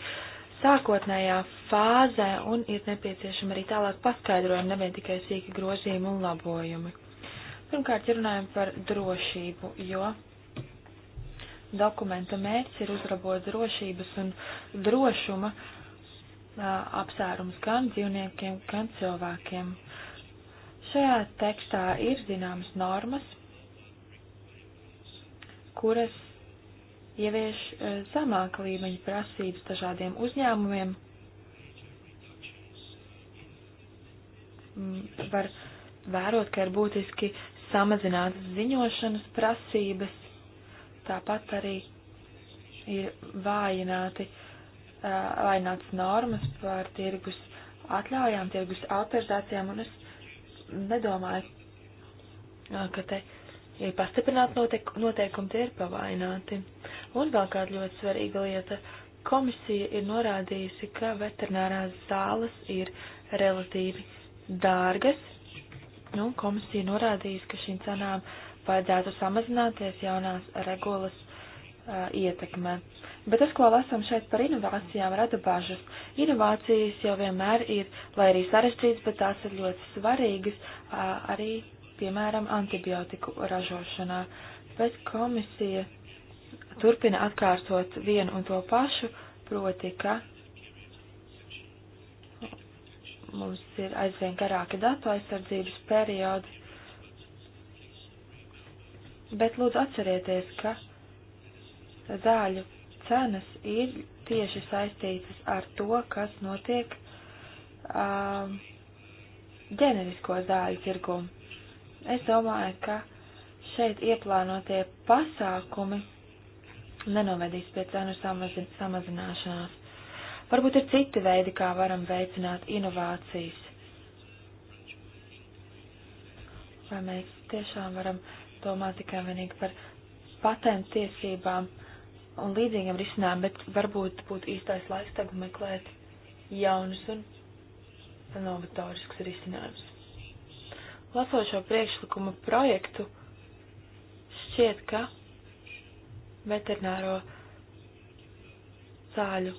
sākotnējā fāzē un ir nepieciešama arī tālāk paskaidrojumi, nevien tikai sīki grozījumi un labojumi. Pirmkārt, runājam par drošību, jo dokumenta mērķis ir uzlabot drošības un drošuma apsērums gan dzīvniekiem, gan cilvēkiem. Šajā tekstā ir zināmas normas, kuras ievieš zemāka līmeņa prasības dažādiem uzņēmumiem. Mm, var vērot, ka ir būtiski samazinātas ziņošanas prasības, Tāpat arī ir vājināti, vājināts normas par tirgus atļaujām, tirgus autorizācijām, un es nedomāju, ka te ir pastiprināti noteik noteikumi, tie ir pavaināti. Un vēl kāda ļoti svarīga lieta - komisija ir norādījusi, ka veterinārās zāles ir relatīvi dārgas, un komisija norādījusi, ka šīm cenām vajadzētu samazināties jaunās regulas uh, ietekme. Bet tas, ko lasam šeit par inovācijām, rada bažas. Inovācijas jau vienmēr ir, lai arī sarežģītas, bet tās ir ļoti svarīgas uh, arī, piemēram, antibiotiku ražošanā. Bet komisija turpina atkārtot vienu un to pašu, proti, ka mums ir aizvien garāki datu aizsardzības periodi bet lūdzu atcerieties, ka zāļu cenas ir tieši saistītas ar to, kas notiek um, ģenerisko zāļu tirgu. Es domāju, ka šeit ieplānotie pasākumi nenovedīs pie cenu samazin samazināšanās. Varbūt ir citi veidi, kā varam veicināt inovācijas. Vai mēs tiešām varam uh, domā tikai vienīgi par patentu tiesībām un līdzīgiem risinājumiem, bet varbūt būtu īstais laiks tagad meklēt jaunus un novatorisks risinājums. Lasot šo priekšlikuma projektu, šķiet, ka veterināro zāļu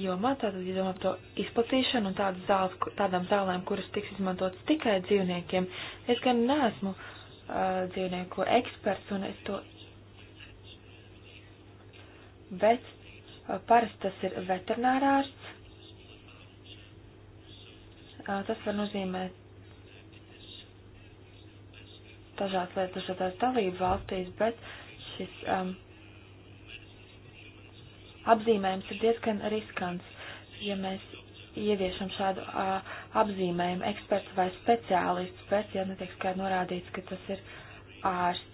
jomā, tātad, ja domā par to izplatīšanu un tādu zāles, tādām zālēm, kuras tiks izmantotas tikai dzīvniekiem, es gan neesmu uh, dzīvnieku eksperts un es to. Bet uh, parasti tas ir veterinārārsts. Uh, tas var nozīmēt dažādas lietas dažādās dalību valstīs, bet šis. Um, apzīmējums ir diezgan riskants. Ja mēs ieviešam šādu a, apzīmējumu eksperts vai speciālists, bet ja netiek skaidri norādīts, ka tas ir ārsts.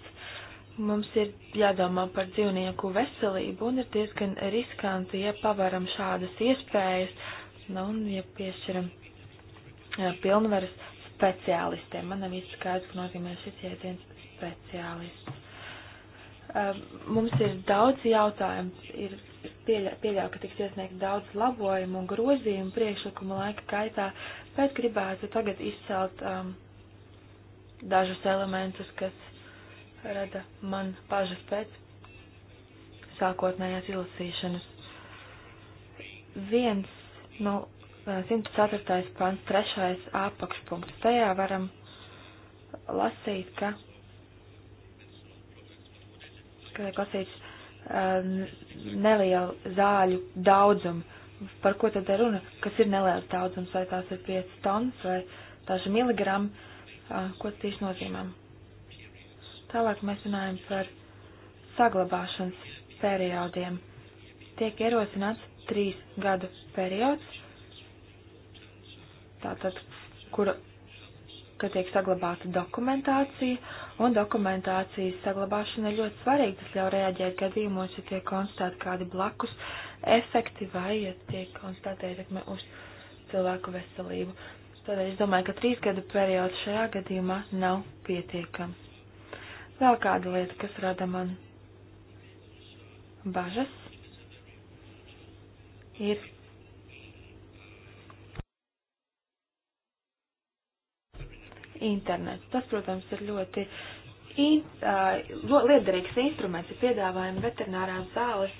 Mums ir jādomā par dzīvnieku veselību un ir diezgan riskanti, ja pavaram šādas iespējas nu, un ja piešķiram ja, pilnvaras speciālistiem. Man nav īsti skaidrs, ko nozīmē šis jēdziens speciālists. Mums ir daudz jautājumu, ir pieļauju, pieļau, ka tiks iesniegt daudz labojumu un grozījumu priekšlikumu laika gaitā, bet gribētu tagad izcelt um, dažus elementus, kas rada man pažas pēc sākotnējās izlasīšanas. Viens no nu, 104. pants, trešais apakšpunkts. Tajā varam lasīt, ka, ka lasīts Um, nelielu zāļu daudzumu. Par ko tad ir runa? Kas ir neliels daudzums, vai tās ir 5 tonnas vai daži miligrami? Uh, ko tas īsti nozīmē? Tālāk mēs runājam par saglabāšanas periodiem. Tiek ierosināts trīs gadu periods, tātad, kura ka tiek saglabāta dokumentācija, un dokumentācijas saglabāšana ir ļoti svarīga. Tas ļauj reaģēt gadījumos, ja tiek konstatēti kādi blakus efekti vai ja tiek konstatēta ietekme uz cilvēku veselību. Tādēļ es domāju, ka trīs gadu periods šajā gadījumā nav pietiekams. Vēl kāda lieta, kas rada man bažas, ir internetu. Tas, protams, ir ļoti in, uh, liederīgs instruments, ir piedāvājumi veterinārās zāles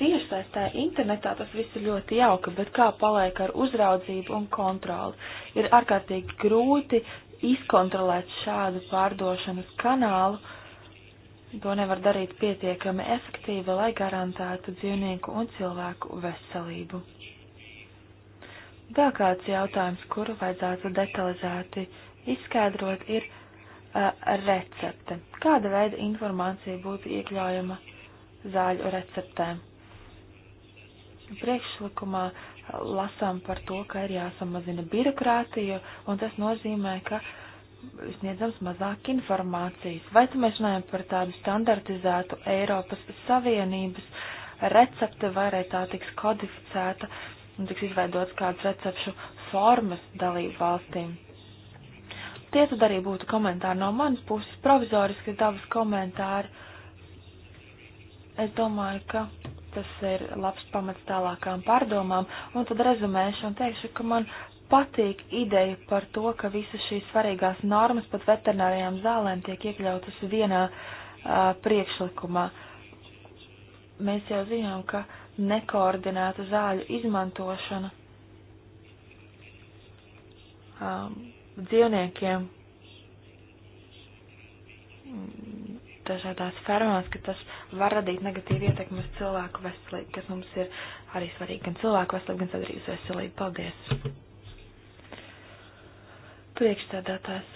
tiešsaistē internetā, tas viss ir ļoti jauka, bet kā paliek ar uzraudzību un kontroli? Ir ārkārtīgi grūti izkontrolēt šādu pārdošanas kanālu. To nevar darīt pietiekami efektīvi, lai garantētu dzīvnieku un cilvēku veselību. Vēl kāds jautājums, kuru vajadzētu detalizēti izskaidrot, ir uh, recepte. Kāda veida informācija būtu iekļaujama zāļu receptē? Priekšlikumā lasām par to, ka ir jāsamazina birokrātija, un tas nozīmē, ka sniedzams mazāk informācijas. Vai tu mēs runājam par tādu standartizētu Eiropas Savienības recepte, vai arī tā tiks kodificēta un tiks izveidots kādas recepšu formas dalību valstīm? Tie tad arī būtu komentāri no manas puses, provizoriski tavas komentāri. Es domāju, ka tas ir labs pamats tālākām pārdomām, un tad rezumēšu un teikšu, ka man patīk ideja par to, ka visas šīs svarīgās normas pat veterinārijām zālēm tiek iekļautas vienā uh, priekšlikumā. Mēs jau zinām, ka nekoordinēta zāļu izmantošana um, dzīvniekiem dažādās fermās, ka tas var radīt negatīvu ietekmi uz cilvēku veselību, kas mums ir arī svarīgi gan cilvēku veselību, gan sadarības veselību. Paldies! Priekšstādātājs,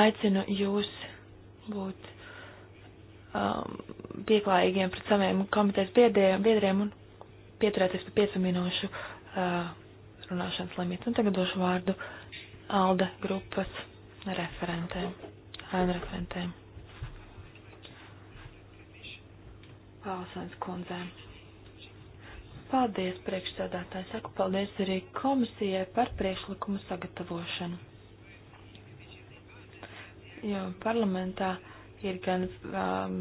aicinu jūs būt um, pieklājīgiem pret saviem komitejas biedriem, biedriem un pieturēties pie piecu minūšu uh, runāšanas limita. Un tagad došu vārdu ALDE grupas referentēm, ēnreferentēm, Pālsens kundzēm. Paldies priekšsēdētāji, saku paldies arī komisijai par priekšlikumu sagatavošanu. Jo parlamentā ir gan um,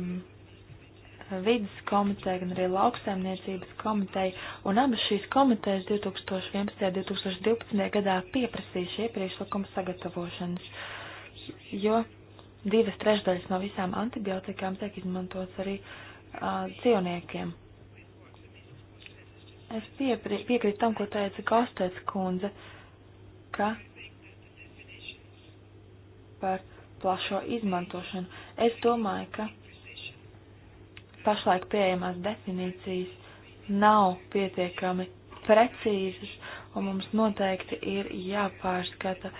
vidas komiteja, gan arī lauksaimniecības komiteja, un abas šīs komitejas 2011. un 2012. gadā pieprasīja šie priekšlikuma sagatavošanas, jo divas trešdaļas no visām antibiotikām tiek izmantots arī uh, dzīvniekiem. Es piepri, piekrītu tam, ko teica Kostēts kundze, ka par plašo izmantošanu. Es domāju, ka pašlaik pieejamās definīcijas nav pietiekami precīzas, un mums noteikti ir jāpārskata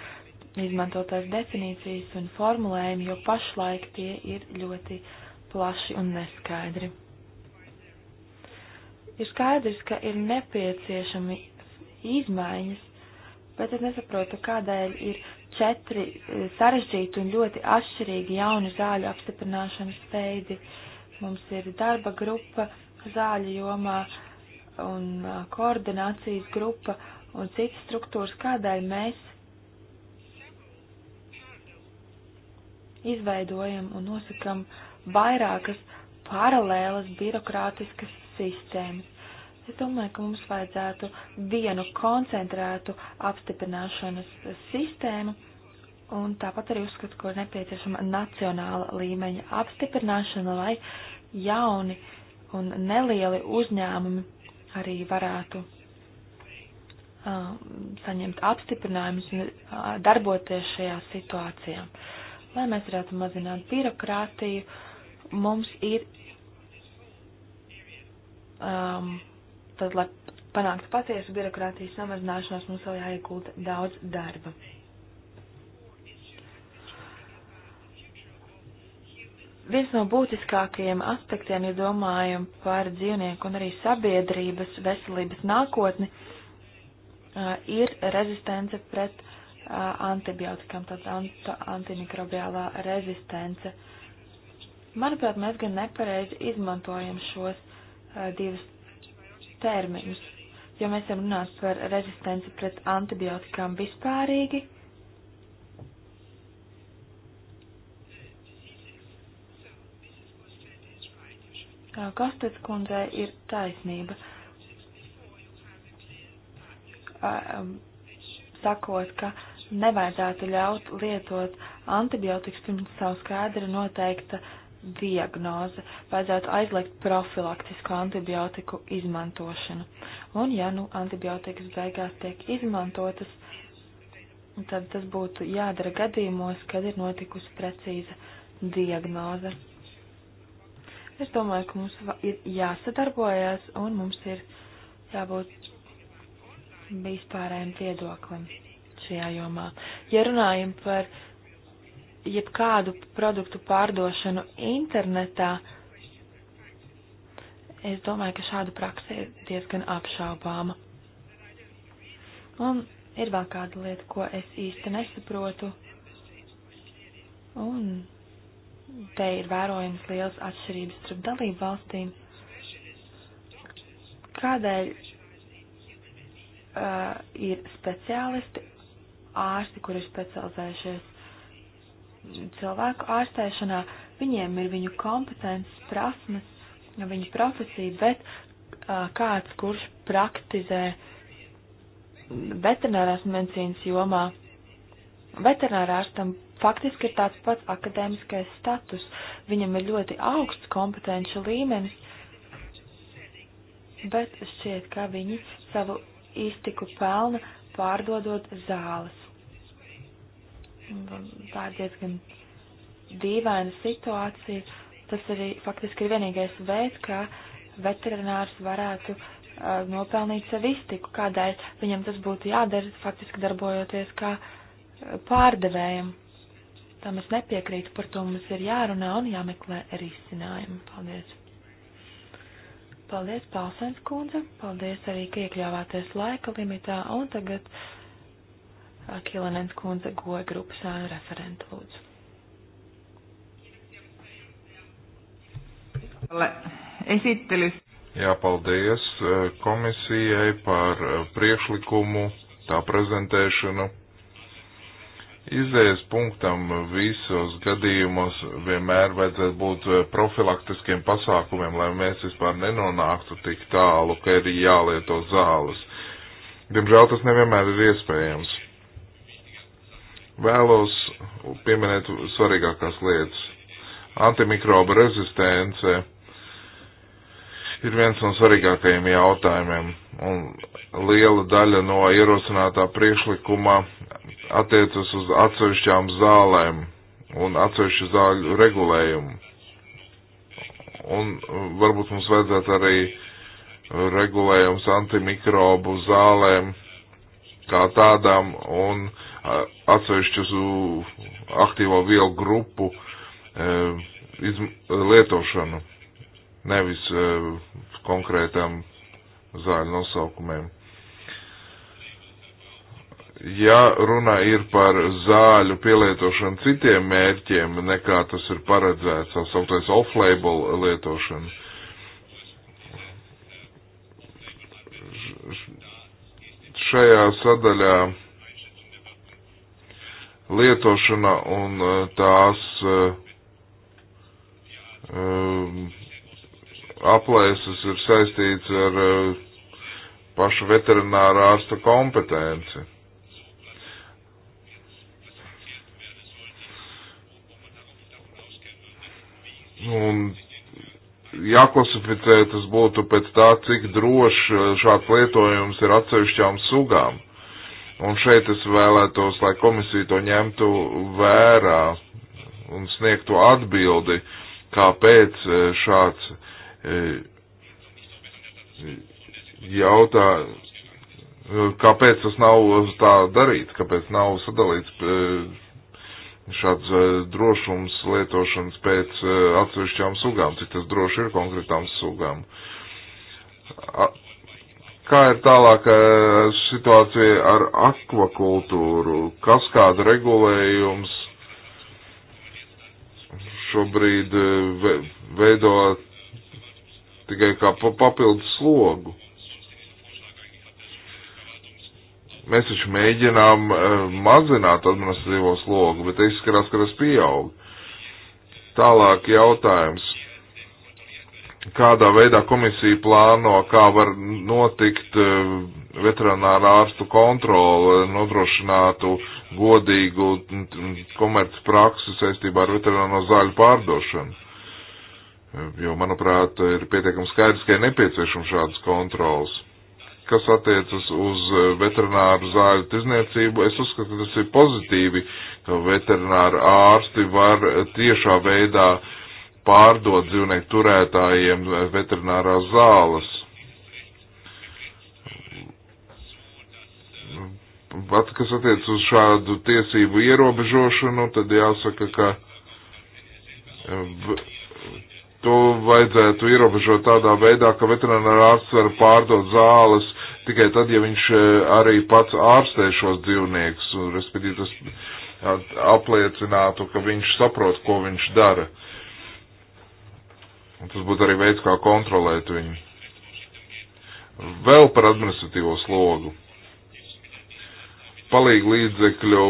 izmantotās definīcijas un formulējumi, jo pašlaik tie ir ļoti plaši un neskaidri. Ir skaidrs, ka ir nepieciešami izmaiņas, bet es nesaprotu, kādēļ ir četri eh, sarežģīti un ļoti atšķirīgi jauni zāļu apstiprināšanas veidi. Uh, Mums ir darba grupa zāļu jomā un koordinācijas grupa un citas struktūras, kādēļ mēs izveidojam un nosakam vairākas paralēlas birokrātiskas sistēmas. Es domāju, ka mums vajadzētu vienu koncentrētu apstiprināšanas sistēmu, Un tāpat arī uzskatu, ka ir nepieciešama nacionāla līmeņa apstiprināšana, lai jauni un nelieli uzņēmumi arī varētu uh, saņemt apstiprinājumus un uh, darboties šajā situācijā. Lai mēs varētu mazināt birokrātiju, mums ir, um, tad, lai panāktu patiesu birokrātijas samazināšanos, mums vēl jāiegulda daudz darba. Viens no būtiskākajiem aspektiem, ja domājam par dzīvnieku un arī sabiedrības veselības nākotni, ir rezistence pret antibiotikam, tāda ant antimikrobiālā rezistence. Manuprāt, mēs gan nepareizi izmantojam šos divus termiņus, jo mēs varam runāt par rezistenci pret antibiotikām vispārīgi Kastets kundzē ir taisnība. Um, sakot, ka nevajadzētu ļaut lietot antibiotikas pirms savu skaidri noteikta diagnoze. Vajadzētu aizliegt profilaktisku antibiotiku izmantošanu. Un ja nu antibiotikas beigās tiek izmantotas, tad tas būtu jādara gadījumos, kad ir notikusi precīza diagnoze. Es domāju, ka mums ir jāsadarbojas un mums ir jābūt vispārējiem viedoklim šajā jomā. Ja runājam par jebkādu produktu pārdošanu internetā, es domāju, ka šāda praksa ir diezgan apšaubāma. Un ir vēl kāda lieta, ko es īsti nesaprotu. Un te ir vērojams liels atšķirības starp dalību valstīm. Kādēļ uh, ir speciālisti, ārsti, kuri ir specializējušies cilvēku ārstēšanā, viņiem ir viņu kompetences, prasmes, viņu profesija, bet uh, kāds, kurš praktizē veterinārās medicīnas jomā, uh, veterinārārstam faktiski ir tāds pats akadēmiskais status. Viņam ir ļoti augsts kompetenci līmenis, bet šķiet, ka viņi savu iztiku pelna pārdodot zāles. Tā ir diezgan dīvaina situācija. Tas arī faktiski ir vienīgais veids, kā veterinārs varētu uh, nopelnīt sev iztiku, kādēļ viņam tas būtu jādara, faktiski darbojoties kā uh, pārdevējiem. Tam es nepiekrītu, par to mums ir jārunā un jāmeklē risinājumi. Paldies! Paldies, Pālsens kundze! Paldies arī, ka iekļāvāties laika limitā un tagad Kilenens kundze goja grupas ēnu referentu lūdzu. Esittelys. Jā, paldies eh, komisijai par eh, priekšlikumu, tā prezentēšanu. Izējas punktam visos gadījumos vienmēr vajadzētu būt eh, profilaktiskiem pasākumiem, lai mēs vispār nenonāktu tik tālu, ka ir jālieto zāles. Diemžēl tas nevienmēr ir iespējams. Vēlos pieminēt svarīgākās lietas. Antimikroba rezistence ir viens no svarīgākajiem jautājumiem, un liela daļa no ierosinātā priekšlikuma attiecas uz atsevišķām zālēm un atsevišķu zāļu regulējumu. Un uh, varbūt mums vajadzētu arī regulējums antimikrobu zālēm kā tādām un uh, atsevišķu uh, aktīvo vielu grupu lietošanu nevis uh, konkrētam zāļu nosaukumiem. Ja runa ir par zāļu pielietošanu citiem mērķiem, nekā tas ir paredzēts, tā sauktais off-label lietošana, šajā sadaļā lietošana un eh, tās uh, aplēses ir saistīts ar eh, pašu veterināra ārsta kompetenci. Un jāklasificē tas būtu pēc tā, cik droši eh, šāds lietojums ir atsevišķām sugām. Un šeit es vēlētos, lai komisija to ņemtu vērā un sniegtu atbildi, kāpēc eh, šāds uh, jautā, kāpēc tas nav tā darīts, kāpēc nav sadalīts eh, šāds eh, drošums lietošanas pēc eh, atsevišķām sugām, cik tas droši ir konkrētām sugām. Kā ir tālāk situācija ar akvakultūru? Kas kāda regulējums šobrīd veido tikai kā papildus slogu. Mēs taču mēģinām eh, mazināt administratīvo slogu, bet izskatās, ka tas pieaug. Tālāk jautājums. Kādā veidā komisija plāno, kā var notikt eh, veterinārā ārstu kontrole, nodrošinātu godīgu mm, mm, komerc praksu saistībā ar veterināro zāļu pārdošanu? jo, manuprāt, ir pietiekami skaidrs, ka ir nepieciešams šādas kontrols. Kas attiecas uz e, veterināru zāļu tirzniecību, es uzskatu, ka tas ir pozitīvi, ka veterināri ārsti var tiešā veidā pārdot dzīvnieku turētājiem veterinārās zāles. Pat, kas attiec uz šādu tiesību ierobežošanu, tad jāsaka, ka e, to vajadzētu ierobežot tādā veidā, ka veterinārā ārsts var pārdot zāles tikai tad, ja viņš eh, arī pats ārstē šos dzīvniekus, un respektīvi tas apliecinātu, ka viņš saprot, ko viņš dara. Un tas būtu arī veids, kā kontrolēt viņu. Vēl par administratīvo slogu. Palīgi līdzekļu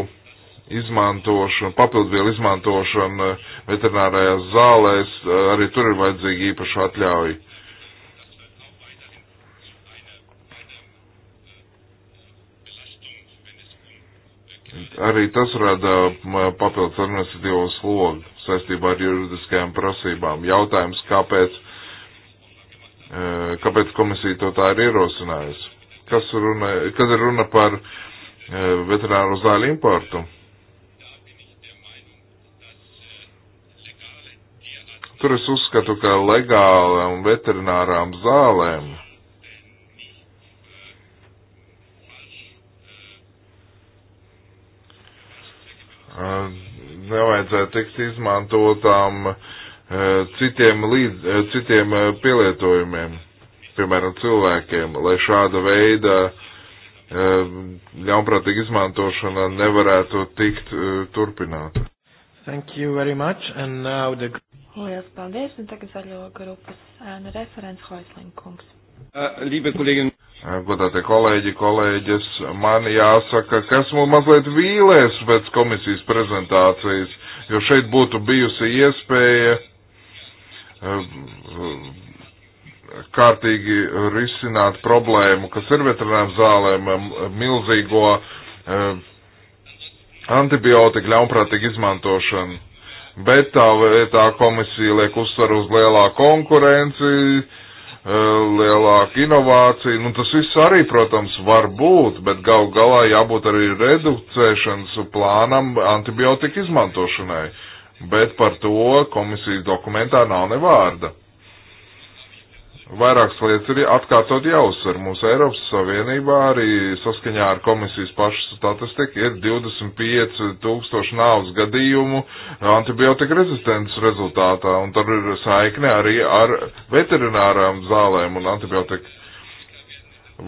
izmantošana, papildvielu izmantošana eh, veterinārajās zālēs, eh, arī tur ir vajadzīga īpaša atļauja. Arī tas rada papildus administratīvo slogu saistībā ar juridiskajām prasībām. Jautājums, kāpēc, eh, kāpēc komisija to tā ir ierosinājusi? Kas, runa, kas ir runa par veterināro zāļu importu? Tur es uzskatu, ka legālām veterinārām zālēm nevajadzētu tikt izmantotām citiem, līdz, citiem pielietojumiem, piemēram, cilvēkiem, lai šāda veida ļaunprātīga izmantošana nevarētu tikt turpināta. Thank you very much. And now the... Lielas paldies, un tagad zaļo grupas ēna referents Hoislinkungs. Lībe kolēģi. Godātie kolēģi, kolēģis, man jāsaka, kas mums mazliet vīlēs pēc komisijas prezentācijas, jo šeit būtu bijusi iespēja kārtīgi risināt problēmu, kas ir veterinārām zālēm milzīgo antibiotika ļaunprātīgu izmantošanu bet tā vietā komisija liek uzsvaru uz lielāku konkurenci, eh, lielāku inovāciju. Nu, tas viss arī, protams, var būt, bet gal galā jābūt arī reducēšanas plānam antibiotika izmantošanai. Bet par to komisijas dokumentā nav ne vārda. Vairākas lietas ir atkārtot jāuzsver. Mūsu Eiropas Savienībā arī saskaņā ar komisijas pašu statistiku ir 25 tūkstoši nāvas gadījumu antibiotika rezistences rezultātā, un tur ir saikne arī ar veterinārām zālēm un antibiotika.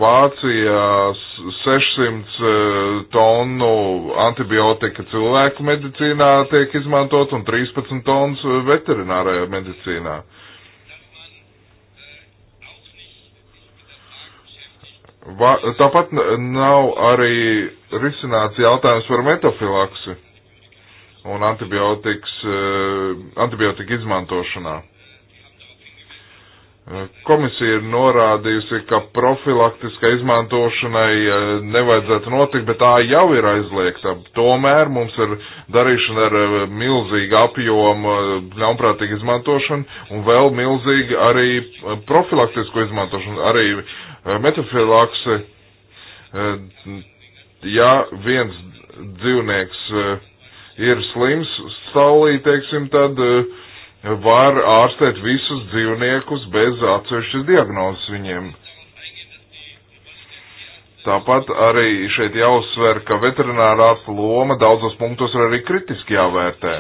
Vācijā 600 e, tonu antibiotika cilvēku medicīnā tiek izmantot un 13 tonnas veterinārajā medicīnā. Uh, Va, tāpat nav arī risināts jautājums par metafilaksi un eh, antibiotika izmantošanā. Eh, komisija ir norādījusi, ka profilaktiskai izmantošanai eh, nevajadzētu notikt, bet tā jau ir aizliegta. Tomēr mums ir darīšana ar milzīgu apjomu ļaunprātīgu izmantošanu un vēl milzīgi arī profilaktisko izmantošanu. Arī Eh, Metafilakse, eh, ja viens dzīvnieks eh, ir slims, saulī, teiksim, tad var ārstēt visus dzīvniekus bez atsevišķas diagnozes viņiem. Tāpat arī šeit jāuzsver, ka veterinārā ārsta loma daudzos punktos ir arī kritiski jāvērtē.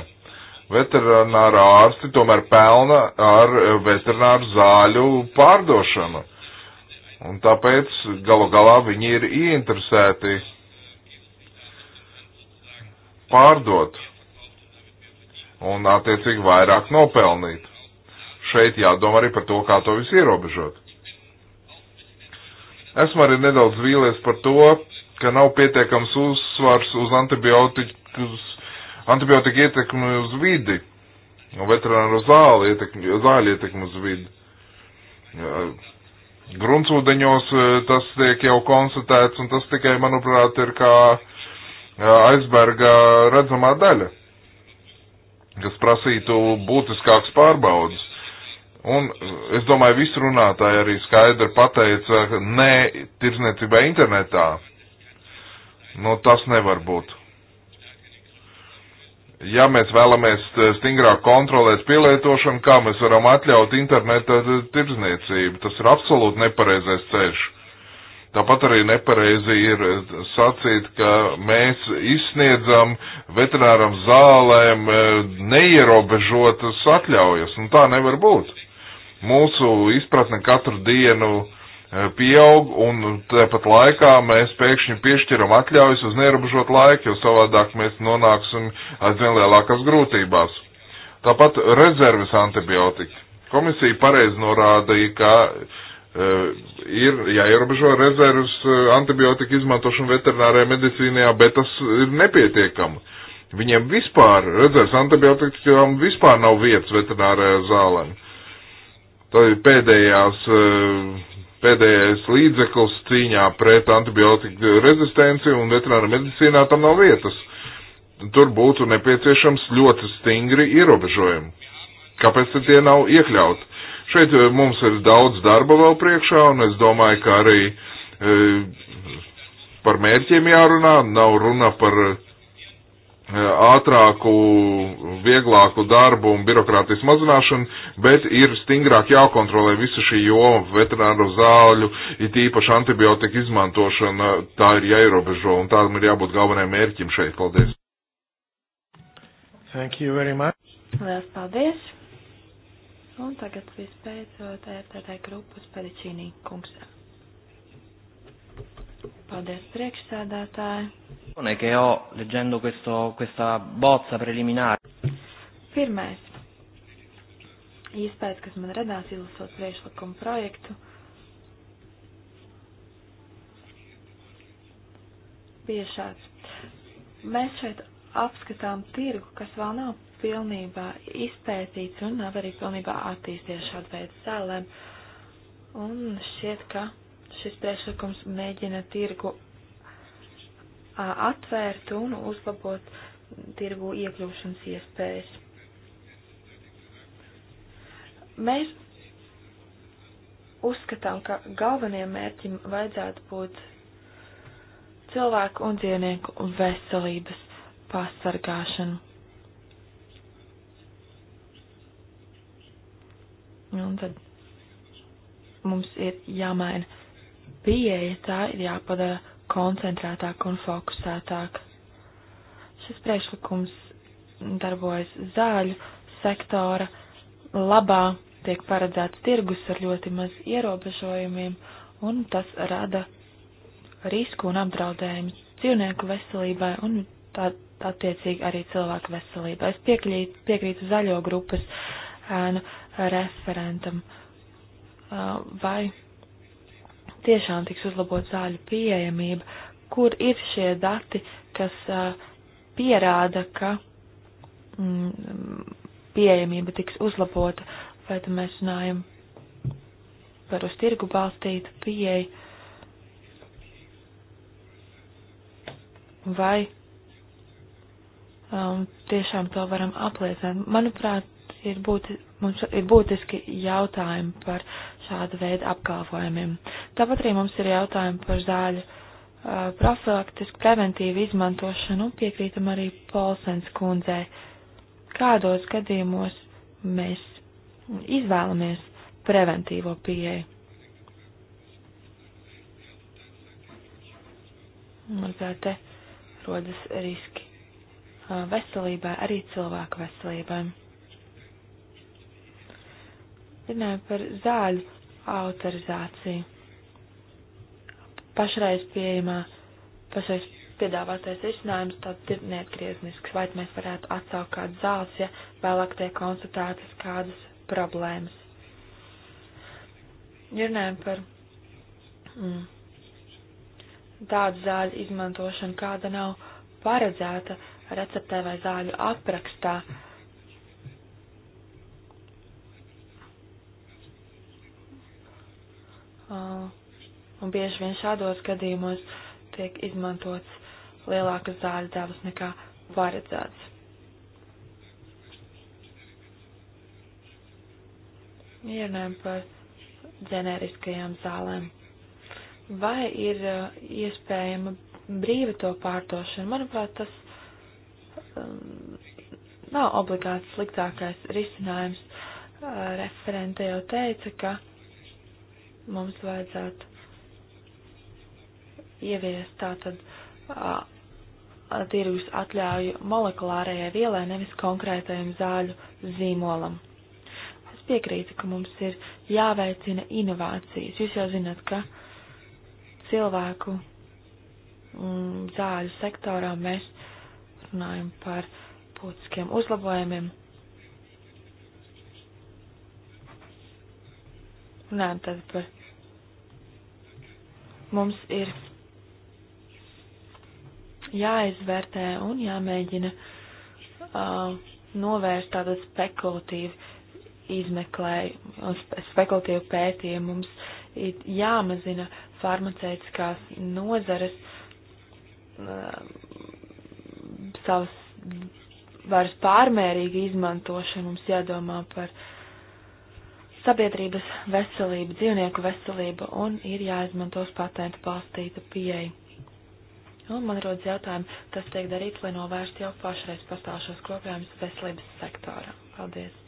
Veterinārā ārsti tomēr pelna ar veterināru zāļu pārdošanu. Un tāpēc galu galā viņi ir ieinteresēti pārdot un attiecīgi vairāk nopelnīt. Šeit jādomā arī par to, kā to visu ierobežot. Esmu arī nedaudz vīlies par to, ka nav pietiekams uzsvars uz antibiotiku ietekmi uz vidi un veterināro zāļu ietekmi, zāļu ietekmi uz vidi. Gruntsūdeņos eh, tas tiek jau konstatēts, un tas tikai, manuprāt, ir kā eh, aizberga redzamā daļa, kas prasītu būtiskāks pārbaudas. Un eh, es domāju, visi runātāji arī skaidri pateica, nē, tirzniecībai internetā. Nu, tas nevar būt ja mēs vēlamies eh, stingrāk kontrolēt pielietošanu, kā mēs varam atļaut interneta eh, tirdzniecību. Tas ir absolūti nepareizais ceļš. Tāpat arī nepareizi ir eh, sacīt, ka mēs izsniedzam veterināram zālēm neierobežotas atļaujas, un tā nevar būt. Mūsu izpratne katru dienu pieaug, un tāpat laikā mēs pēkšņi piešķiram atļaujas uz neierobežot laiku, jo savādāk mēs nonāksim aizvien lielākās grūtībās. Tāpat rezerves antibiotika. Komisija pareizi norādīja, ka uh, ir jāierobežo ja rezerves e, antibiotika izmantošanu veterinārajā medicīnijā, bet tas ir nepietiekami. Viņiem vispār, rezerves antibiotikām vispār nav vietas veterinārajā zālē. Tā ir pēdējās uh, pēdējais līdzeklis cīņā pret antibiotiku rezistenci un veterināra medicīnā tam nav vietas. Tur būtu nepieciešams ļoti stingri ierobežojumi. Kāpēc tie nav iekļauti? Šeit eh, mums ir daudz darba vēl priekšā, un es domāju, ka arī e, par mērķiem jārunā, nav runa par ātrāku, vieglāku darbu un birokrātijas mazināšanu, bet ir stingrāk jākontrolē visu šī joma, veterināru zāļu, it īpaši antibiotika izmantošana, tā ir jāierobežo un tādam ir jābūt galvenajam mērķim šeit. Paldies! Thank you very much! Lielas paldies! Un tagad vispēcot RTD e grupas Pedičīnī kungsē. Paldies, priekšsēdētāji. Che ho leggendo questo, questa bozza preliminare. Pirmais. Iespējas, kas man radās, izlasot priekšlikumu projektu, bija šāds. Mēs šeit apskatām tirgu, kas vēl nav pilnībā izpētīts un nav arī pilnībā attīstījies šādu veidu zālēm. Un šķiet, ka Šis priekšlikums mēģina tirgu atvērt un uzlabot tirgu iekļūšanas iespējas. Mēs uzskatām, ka galvenajam mērķim vajadzētu būt cilvēku un dzīvnieku veselības pasargāšanu. Un tad mums ir jāmaina pieeja tā ir jāpadara koncentrētāk un fokusētāk. Šis priekšlikums darbojas zāļu sektora labā, tiek paredzēts tirgus ar ļoti maz ierobežojumiem, un tas rada risku un apdraudējumu dzīvnieku veselībai un tā, attiecīgi arī cilvēku veselībai. Es piekrītu, piekrītu zaļo grupas ēnu referentam. Vai tiešām tiks uzlabot zāļu pieejamība, kur ir šie dati, kas uh, pierāda, ka mm, pieejamība tiks uzlabota, vai tad mēs runājam par uz tirgu balstītu pieeju, vai um, tiešām to varam apliecināt. Manuprāt, ir, būti, mums ir būtiski jautājumi par šāda veida apkalpojumiem. Tāpat arī mums ir jautājumi par zāļu uh, profilaktisku preventīvu izmantošanu un piekrītam arī Polsens kundzei. Kādos gadījumos mēs izvēlamies preventīvo pieeju? Manuprāt, te rodas riski uh, veselībai, arī cilvēku veselībai. Runājot par zāļu autorizāciju. Pašreiz pieejamā, pašreiz piedāvātais risinājums tāds ir neatgrieznisks, vai mēs varētu atsaukt kādu zāles, ja vēlāk tiek konstatētas kādas problēmas. Ja runājam par mm, tādu zāļu izmantošanu, kāda nav paredzēta receptē vai zāļu aprakstā, uh, Uh, un bieži vien šādos gadījumos tiek izmantots lielākas zāļu devas nekā paredzēts. Ierunājam par ģeneriskajām zālēm. Vai ir uh, iespējama brīva to pārdošana? Manuprāt, tas um, nav obligāti sliktākais risinājums. Uh, referente jau teica, ka mums vajadzētu ieviest tātad tirgus atļauju molekulārajai vielai, nevis konkrētajam zāļu zīmolam. Es piekrītu, ka mums ir jāveicina inovācijas. Jūs jau zināt, ka cilvēku mm, zāļu sektorā mēs runājam par būtiskiem uzlabojumiem. Runājam tad par mums ir jāizvērtē un jāmēģina uh, novērst tādu spekulatīvu izmeklējumu, spekulatīvu pētījumu. Mums ir jāmazina farmaceitiskās nozares uh, savas varas pārmērīga izmantošana. Mums jādomā par uh, sabiedrības veselību, dzīvnieku veselību un ir jāizmantos patentu balstīta pieeja. Un man rodas jautājumi, kas tiek darīts, lai novērstu jau pašreiz pastāvšos kropļojumus veselības sektorā. Paldies!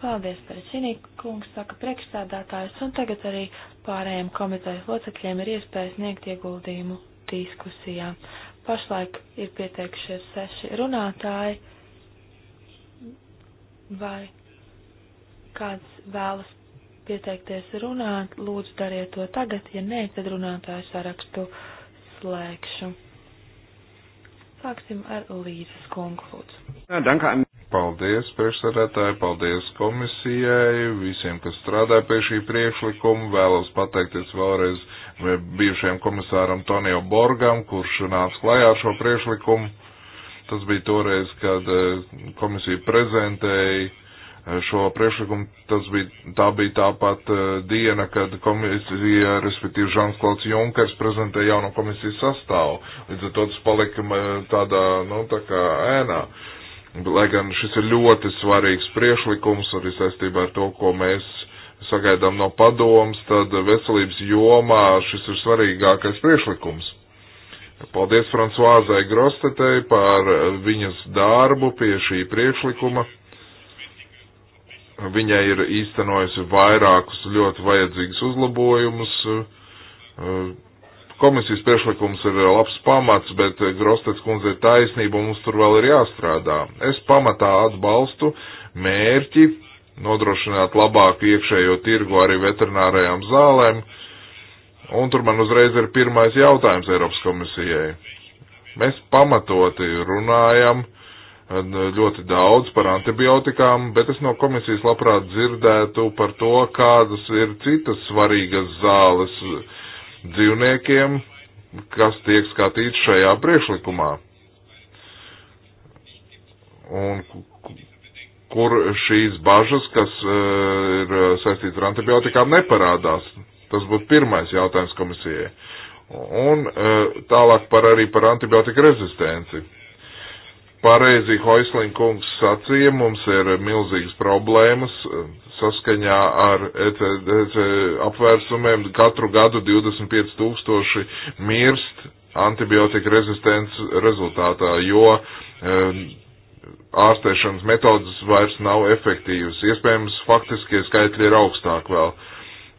Paldies par šinīku, kungs, saka priekšsēdētājs, un tagad arī pārējiem komitejas locekļiem ir iespēja sniegt ieguldījumu diskusijā. Pašlaik ir pieteikušies seši runātāji. Vai kāds vēlas pieteikties runāt, lūdzu dariet to tagad, ja nē, tad runātāju sarakstu slēgšu. Sāksim ar Līzes kungu, lūdzu. Paldies priekšsarētāji, paldies komisijai, visiem, kas strādā pie šī priekšlikuma. Vēlos pateikties vēlreiz bijušajam komisāram Tonio Borgam, kurš nāca klajā ar šo priekšlikumu. Tas bija toreiz, kad eh, komisija prezentēja šo priekšlikumu. Tas bija, tā bija tāpat eh, diena, kad komisija, respektīvi Žans Klauds Junkers prezentēja jauno komisijas sastāvu. Līdz ar to tas palika eh, tādā, nu, tā kā ēnā. Lai gan šis ir ļoti svarīgs priekšlikums arī saistībā ar to, ko mēs sagaidām no padomas, tad veselības jomā šis ir svarīgākais priešlikums. Paldies Francoāzai Grostetei par viņas darbu pie šī priekšlikuma. Viņa ir īstenojusi vairākus ļoti vajadzīgus uzlabojumus. Komisijas priešlikums ir labs pamats, bet Grostets kundze ir taisnība, mums tur vēl ir jāstrādā. Es pamatā atbalstu mērķi nodrošināt labāku iekšējo tirgu arī veterinārajām zālēm, un tur man uzreiz ir pirmais jautājums Eiropas komisijai. Mēs pamatoti runājam ļoti daudz par antibiotikām, bet es no komisijas labprāt dzirdētu par to, kādas ir citas svarīgas zāles dzīvniekiem, kas tiek skatīts šajā priekšlikumā. Un kur šīs bažas, kas e, ir saistīts ar antibiotikām, neparādās. Tas būtu pirmais jautājums komisijai. Un e, tālāk par arī par antibiotika rezistenci pareizi Hoisling kungs sacīja, mums ir milzīgas problēmas e, saskaņā ar ECDC e apvērsumiem. Katru gadu 25 tūkstoši mirst antibiotika rezistences rezultātā, jo um, ārstēšanas metodas vairs nav efektīvas. Iespējams, faktiskie skaitļi ir augstāk vēl.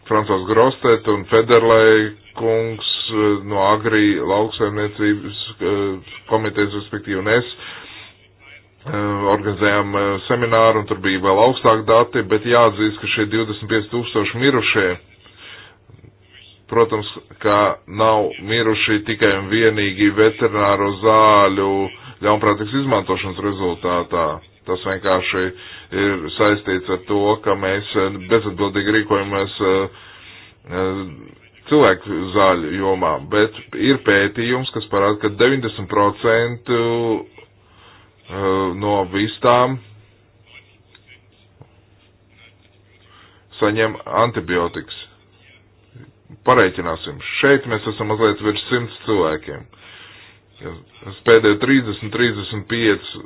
Francos Grostet un Federlei kungs no Agri lauksaimniecības komitejas, respektīvi, un es Eh, organizējām eh, semināru, un tur bija vēl augstāk dati, bet jāatzīst, ka šie 25 tūkstoši mirušie, protams, ka nav miruši tikai un vienīgi veterināro zāļu ļaunprātīgas izmantošanas rezultātā. Tas vienkārši ir saistīts ar to, ka mēs eh, bezatbildīgi rīkojamies cilvēku zāļu jomā, bet ir pētījums, kas parāda, ka 90% Eh, no vistām saņem antibiotikas. Pareiķināsim, šeit mēs esam mazliet virs simts cilvēkiem. Es pēdējo 30, 35 uh,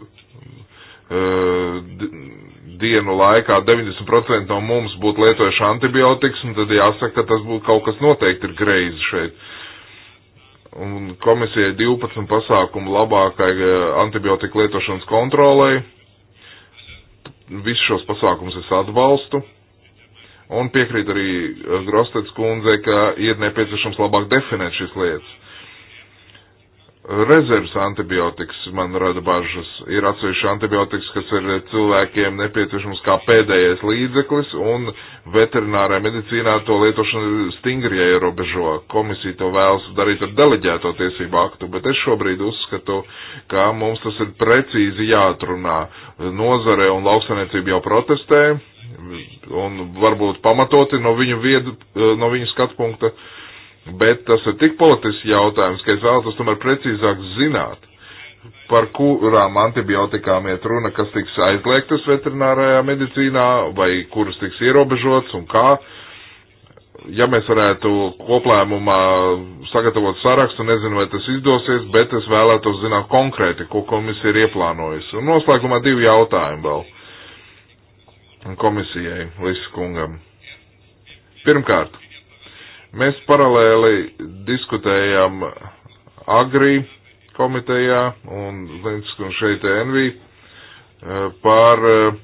dienu laikā 90% no mums būtu lietojuši antibiotikas, un tad jāsaka, ka tas būtu kaut kas noteikti ir greizi šeit. Uh, un komisijai 12 pasākumu labākai eh, antibiotika lietošanas kontrolai. Visus šos pasākumus es atbalstu. Un piekrīt arī eh, Grostets kundzei, ka ir nepieciešams labāk definēt šīs lietas rezerves antibiotikas man rada bažas. Ir atsevišķi antibiotikas, kas ir cilvēkiem nepieciešams kā pēdējais līdzeklis, un veterinārā medicīnā to lietošana stingri ierobežo. Komisija to vēlas darīt ar deleģēto tiesību aktu, bet es šobrīd uzskatu, ka mums tas ir precīzi jāatrunā. Nozare un lauksaniecība jau protestē, un varbūt pamatoti no viņu, viedu, no viņu skatu punkta. Uh, bet tas ir tik politisks jautājums, ka es vēlos tomēr precīzāk zināt, par kurām antibiotikām iet runa, kas tiks aizliegtas veterinārajā medicīnā vai kuras tiks ierobežots un kā. Ja mēs varētu koplēmumā sagatavot sarakstu, nezinu, vai tas izdosies, bet es vēlētos zināt konkrēti, ko komisija ir ieplānojusi. Un noslēgumā divi jautājumi vēl komisijai, Līsas kungam. Pirmkārt, Mēs paralēli diskutējām Agri komitejā un Linskundu šeit Envī eh, par eh,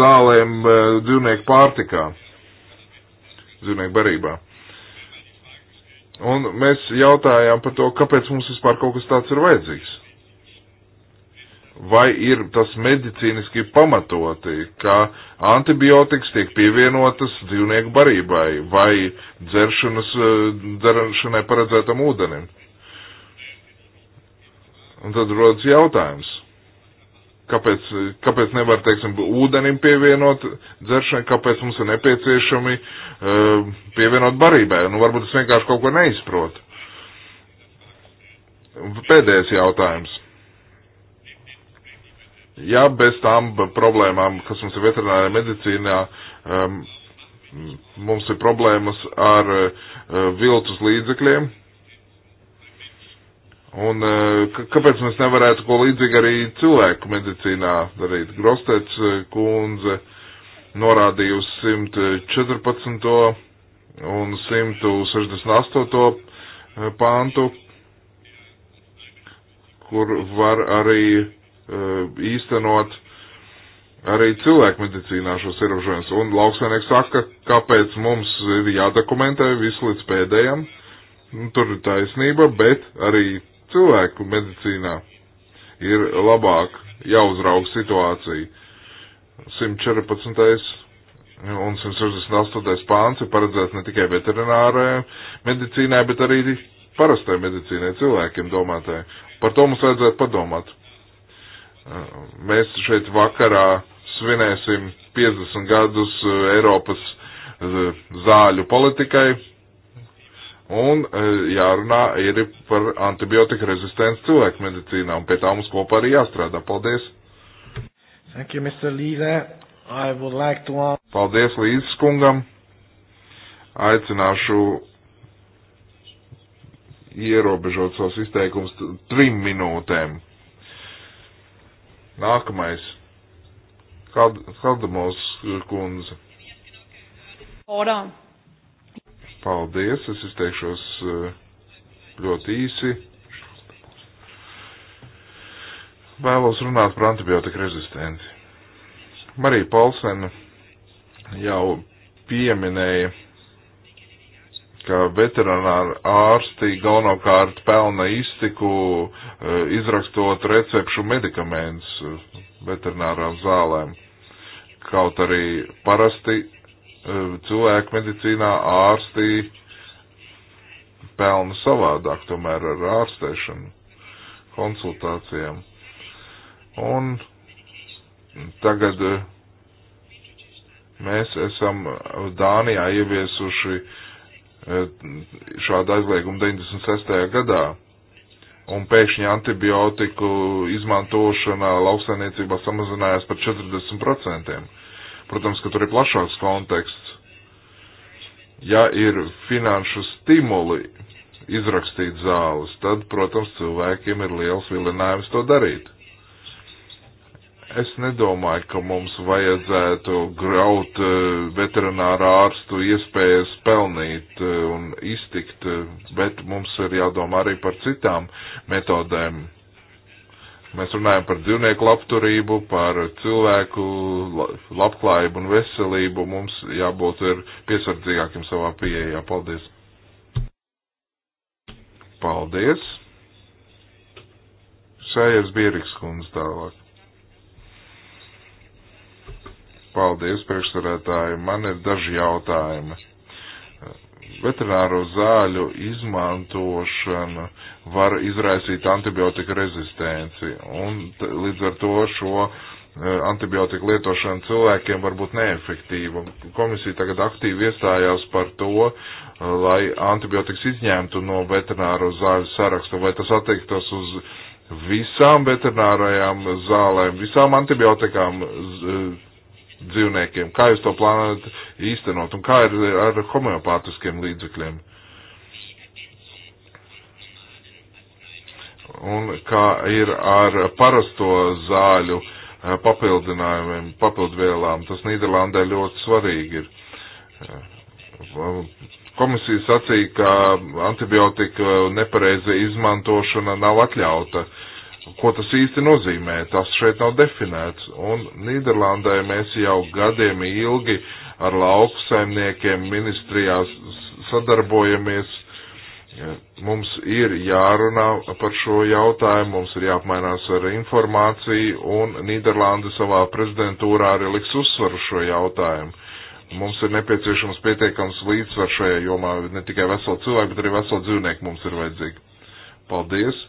zālēm eh, dzīvnieku pārtikā, dzīvnieku barībā. Un mēs jautājām par to, kāpēc mums vispār kaut kas tāds ir vajadzīgs vai ir tas medicīniski pamatoti, ka antibiotikas tiek pievienotas dzīvnieku barībai vai dzeršanas, eh, dzeršanai paredzētam ūdenim. Un tad rodas jautājums, kāpēc, kāpēc nevar, teiksim, ūdenim pievienot dzeršanai, kāpēc mums ir nepieciešami uh, pievienot barībai. Nu, varbūt es vienkārši kaut ko neizprotu. Pēdējais jautājums ja bez tām problēmām, kas mums ir veterinārijā medicīnā, um, mums ir problēmas ar uh, viltus līdzekļiem. Un uh, kāpēc mēs nevarētu ko līdzīgi arī cilvēku medicīnā darīt? Grostets eh, kundze norādīja uz 114. un 168. pāntu, kur var arī uh, Eh, īstenot arī cilvēkmedicīnā šos ierobežojumus. Un lauksainieks saka, kāpēc mums ir jādokumentē visu līdz pēdējam. Nu, tur ir taisnība, bet arī cilvēku medicīnā ir labāk jāuzrauga situācija. 114. un 168. pāns ir paredzēts ne tikai veterinārajai medicīnai, bet arī parastai medicīnai cilvēkiem domātai. Par to mums vajadzētu padomāt. Mēs šeit vakarā svinēsim 50 gadus eh, Eiropas eh, zāļu politikai, un eh, jārunā ir par antibiotika rezistenci cilvēku medicīnā, un pie tā mums kopā arī jāstrādā. Paldies! Thank you, Mr. Līze. I would like to... Paldies Līzes kungam. Aicināšu ierobežot savus izteikumus trim minūtēm. Nākamais. Kaldamos kundze. Orā. Paldies, es izteikšos eh, ļoti īsi. Vēlos runāt par antibiotika rezistenci. Marija Paulsena jau pieminēja ka veterināri ārsti galvenokārt pelna iztiku, e, izrakstot recepšu medikamentus e, veterinārām zālēm. Kaut arī parasti e, cilvēku medicīnā ārsti pelna savādāk tomēr ar ārstēšanu, konsultācijām. Un tagad mēs esam Dānijā ieviesuši uh, šādu aizliegumu 96. gadā. Un pēkšņi antibiotiku izmantošana lauksainiecībā samazinājās par 40%. Protams, ka tur ir plašāks konteksts. Ja ir finanšu stimuli izrakstīt zāles, tad, protams, cilvēkiem ir liels vilinājums to darīt. Es nedomāju, ka mums vajadzētu graut eh, veterinārā ārstu iespējas pelnīt eh, un iztikt, eh, bet mums ir jādomā arī par citām metodēm. Mēs runājam par dzīvnieku labturību, par cilvēku labklājību un veselību. Mums jābūt ir piesardzīgākiem savā pieejā. Paldies! Paldies! Šajers Bieriks kundze tālāk. Paldies, priekšsarētāji. Man ir daži jautājumi. Veterināro zāļu izmantošana var izraisīt antibiotika rezistenci, un līdz ar to šo e, antibiotika lietošana cilvēkiem var būt neefektīva. Komisija tagad aktīvi iestājās par to, e, lai antibiotikas izņemtu no veterināro zāļu saraksta, vai tas attiektos uz visām veterinārajām zālēm, visām antibiotikām e, dzīvniekiem? Kā jūs to plānojat īstenot un kā ir ar homeopātiskiem līdzekļiem? Un kā ir ar parasto zāļu eh, papildinājumiem, papildvielām? Tas Nīderlandē ļoti svarīgi ir. Eh, komisija sacīja, ka antibiotika nepareiza izmantošana nav atļauta. Uh, Ko tas īsti nozīmē? Tas šeit nav definēts. Un Nīderlandē mēs jau gadiem ilgi ar lauksaimniekiem ministrijās sadarbojamies. Mums ir jārunā par šo jautājumu, mums ir jāapmainās ar informāciju, un Nīderlanda savā prezidentūrā arī liks uzsvaru šo jautājumu mums ir nepieciešams pietiekams līdzsvars šajā jomā. Ne tikai veseli cilvēki, bet arī veseli dzīvnieki mums ir vajadzīgi. Paldies!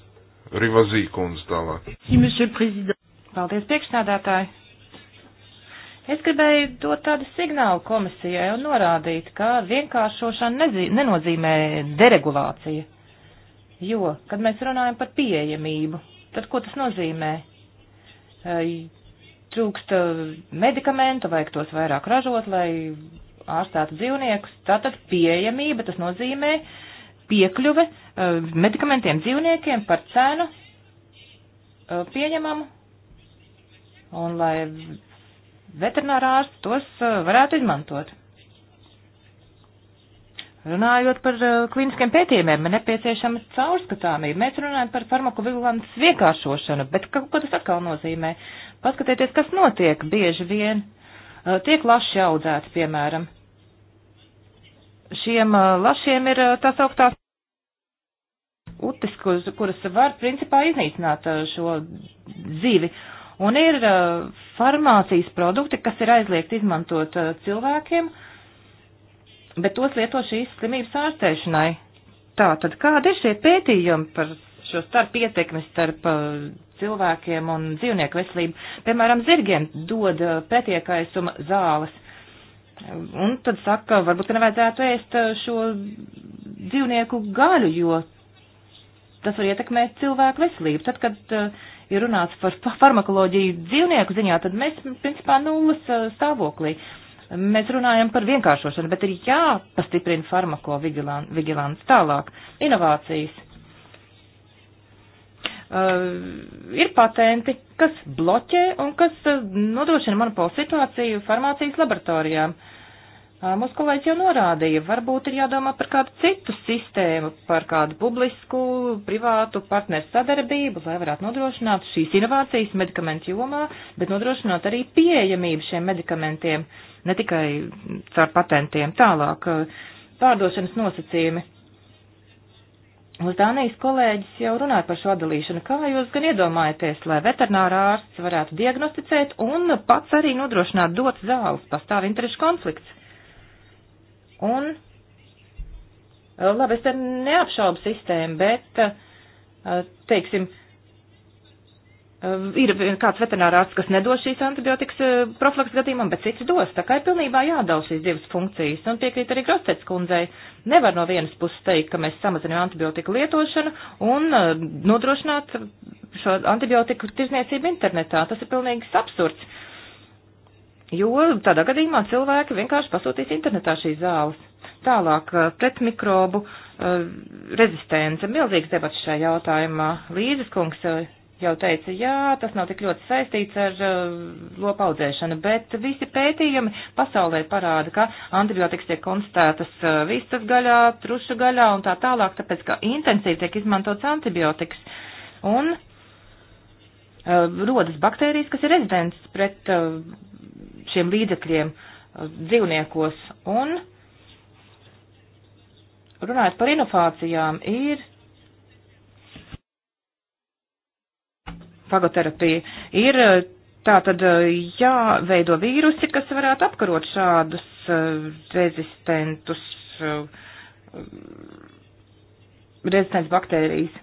Riva Zīkundze tālāk. Paldies, priekšstādātāji! Es gribēju dot tādu signālu komisijai un norādīt, ka vienkāršošana nenozīmē deregulāciju. Jo, kad mēs runājam par pieejamību, tad ko tas nozīmē? Trūkst medikamentu, vajag tos vairāk ražot, lai ārstētu dzīvniekus. Tātad pieejamība, tas nozīmē piekļuve uh, Eh, medikamentiem dzīvniekiem par cenu eh, pieņemamu un lai veterinārārsts tos eh, varētu izmantot. Runājot par klīniskiem pētījumiem, ir nepieciešama caurskatāmība. Mēs runājam par farmakovigilants vienkāršošanu, bet ko tas atkal nozīmē? Paskatieties, kas notiek bieži vien. Tiek laši audzēti, piemēram. Šiem lašiem ir tā sauktās upes, kuras, kuras var principā iznīcināt šo dzīvi. Un ir farmācijas produkti, kas ir aizliegt izmantot cilvēkiem, bet tos lieto šīs slimības ārstēšanai. Tā tad kāda ir šie pētījumi par šo starp ietekmi starp cilvēkiem un dzīvnieku veselību? Piemēram, zirgiem dod pretiekaisuma zāles. Un tad saka, varbūt, ka nevajadzētu ēst šo dzīvnieku gaļu, jo tas var ietekmēt cilvēku veselību. Tad, kad uh, ir runāts par farmakoloģiju dzīvnieku ziņā, tad mēs, principā, nulles uh, stāvoklī. Mēs runājam par vienkāršošanu, bet ir jāpastiprina farmako vigilants tālāk. Inovācijas. Uh, ir patenti, kas bloķē un kas uh, nodrošina monopolu situāciju farmācijas laboratorijām. Uh, Mūsu kolēģis jau norādīja, varbūt ir jādomā par kādu citu sistēmu, par kādu publisku, privātu partneru sadarbību, lai varētu nodrošināt šīs inovācijas medikamentu jomā, bet nodrošināt arī pieejamību šiem medikamentiem, ne tikai caur patentiem. Tālāk, pārdošanas nosacījumi. Uz Dānijas kolēģis jau runāja par šo dalīšanu. Kā jūs gan iedomājaties, lai veterinārā ārsts varētu diagnosticēt un pats arī nodrošināt dot zāles? Pastāv interešu konflikts. Un, eh, labi, es te neapšaubu sistēmu, bet, eh, teiksim, eh, ir kāds veterinārārsts, kas nedos šīs antibiotikas profilaks gadījumam, bet cits dos. Tā kā ir pilnībā jādala šīs divas funkcijas. Un piekrīt arī Grostets kundzei. Nevar no vienas puses teikt, ka mēs samazinām antibiotiku lietošanu un nodrošināt šo antibiotiku tirzniecību internetā. Tas ir pilnīgs absurds jo tādā gadījumā cilvēki vienkārši pasūtīs internetā šīs zāles. Tālāk, eh, pretmikrobu eh, rezistence, milzīgs debats šajā jautājumā. Līdzes kungs eh, jau teica, jā, tas nav tik ļoti saistīts ar lopaudzēšanu, bet visi pētījumi pasaulē parāda, ka antibiotikas tiek konstatētas vistas gaļā, trušu gaļā un tā tālāk, tāpēc, ka intensīvi tiek izmantots antibiotikas. Un rodas baktērijas, kas ir rezidents pret uh, šiem līdzekļiem uh, dzīvniekos. Un runājot par inovācijām, ir fagoterapija, ir uh, tātad uh, jāveido vīrusi, kas varētu apkarot šādus rezistentus, rezistents baktērijas.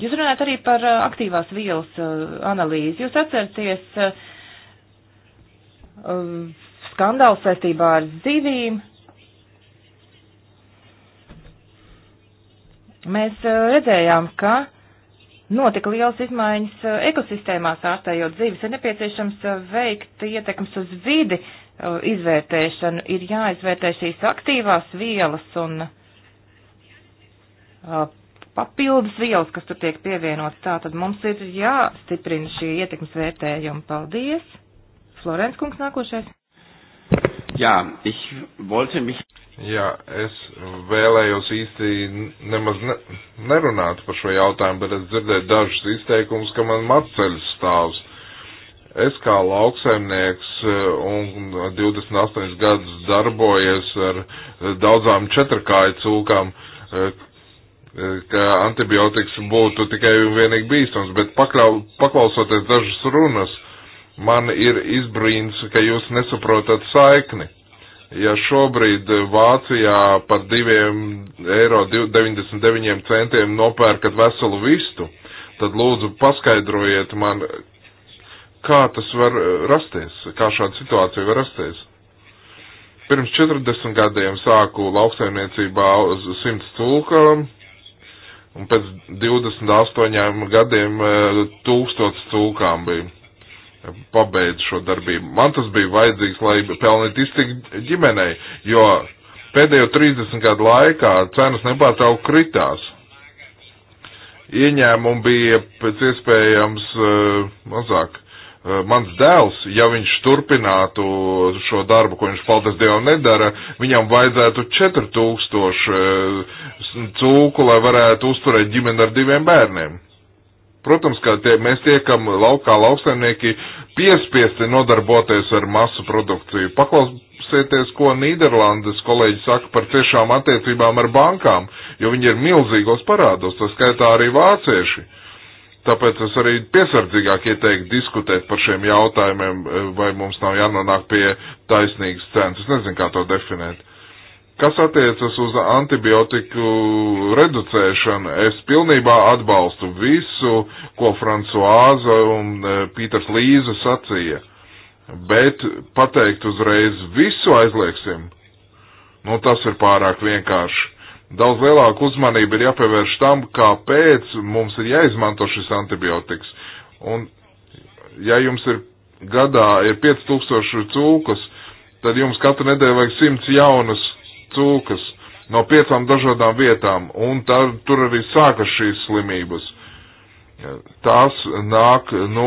Jūs runājat arī par aktīvās vielas analīzi. Jūs atceraties, Um, skandāls saistībā ar zivīm. Mēs uh, redzējām, ka notika liels izmaiņas uh, ekosistēmās ārstējot dzīves, ir nepieciešams uh, veikt ietekmes uz vidi izvērtēšanu, ir jāizvērtē šīs aktīvās vielas un papildus vielas, kas tur tiek pievienotas. Tātad mums ir jāstiprina šī ietekmes vērtējuma. Paldies! Florence kungs nākošais. Jā, ich wollte mich. Jā, es vēlējos īsti nemaz ne, nerunāt par šo jautājumu, bet es dzirdēju dažus izteikumus, ka man matceļs stāvs. Es kā lauksaimnieks e, un 28 gadus darbojies ar e, daudzām četrkāju cūkām, e, ka antibiotikas būtu tikai un vienīgi bīstams, bet pakļau, paklausoties dažas runas, man ir izbrīns, ka jūs nesaprotat saikni. Ja šobrīd Vācijā par 2,99 eiro centiem nopērkat veselu vistu, tad lūdzu paskaidrojiet man, kā tas var rasties, kā šāda situācija var rasties. Pirms 40 gadiem sāku lauksaimniecībā uz 100 cūkām, un pēc 28 gadiem 1000 eh, cūkām bija pabeidz šo darbību. Man tas bija vajadzīgs, lai pelnītu iztikt ģimenei, jo pēdējo 30 gadu laikā cenas nepārtraukti kritās. Ieņēmumi bija pēc iespējams uh, mazāk. Uh, mans dēls, ja viņš turpinātu šo darbu, ko viņš paldies Dievam nedara, viņam vajadzētu 4000 uh, eh, cūku, lai varētu uzturēt ģimeni ar diviem bērniem. Protams, ka tie, mēs tiekam laukā lauksaimnieki piespiesti nodarboties ar masu produkciju. Paklausieties, ko Nīderlandes kolēģi saka par tiešām attiecībām ar bankām, jo viņi ir milzīgos parādos, tas skaitā arī vācieši. Tāpēc es arī piesardzīgāk ieteiktu diskutēt par šiem jautājumiem, vai mums nav jānonāk pie taisnīgas cenas. Es nezinu, kā to definēt. Kas attiecas uz antibiotiku reducēšanu, es pilnībā atbalstu visu, ko Francoāza un e, Pīters Līza sacīja. Bet pateikt uzreiz visu aizliegsim, nu tas ir pārāk vienkārši. Daudz lielāku uzmanību ir jāpievērš tam, kāpēc mums ir jāizmanto šis antibiotiks. Un ja jums ir gadā ir 5000 cūkas, tad jums katru nedēļu vajag 100 jaunas cūkas no piecām dažādām vietām, un tā, tur arī sākas šīs slimības. Tās nāk no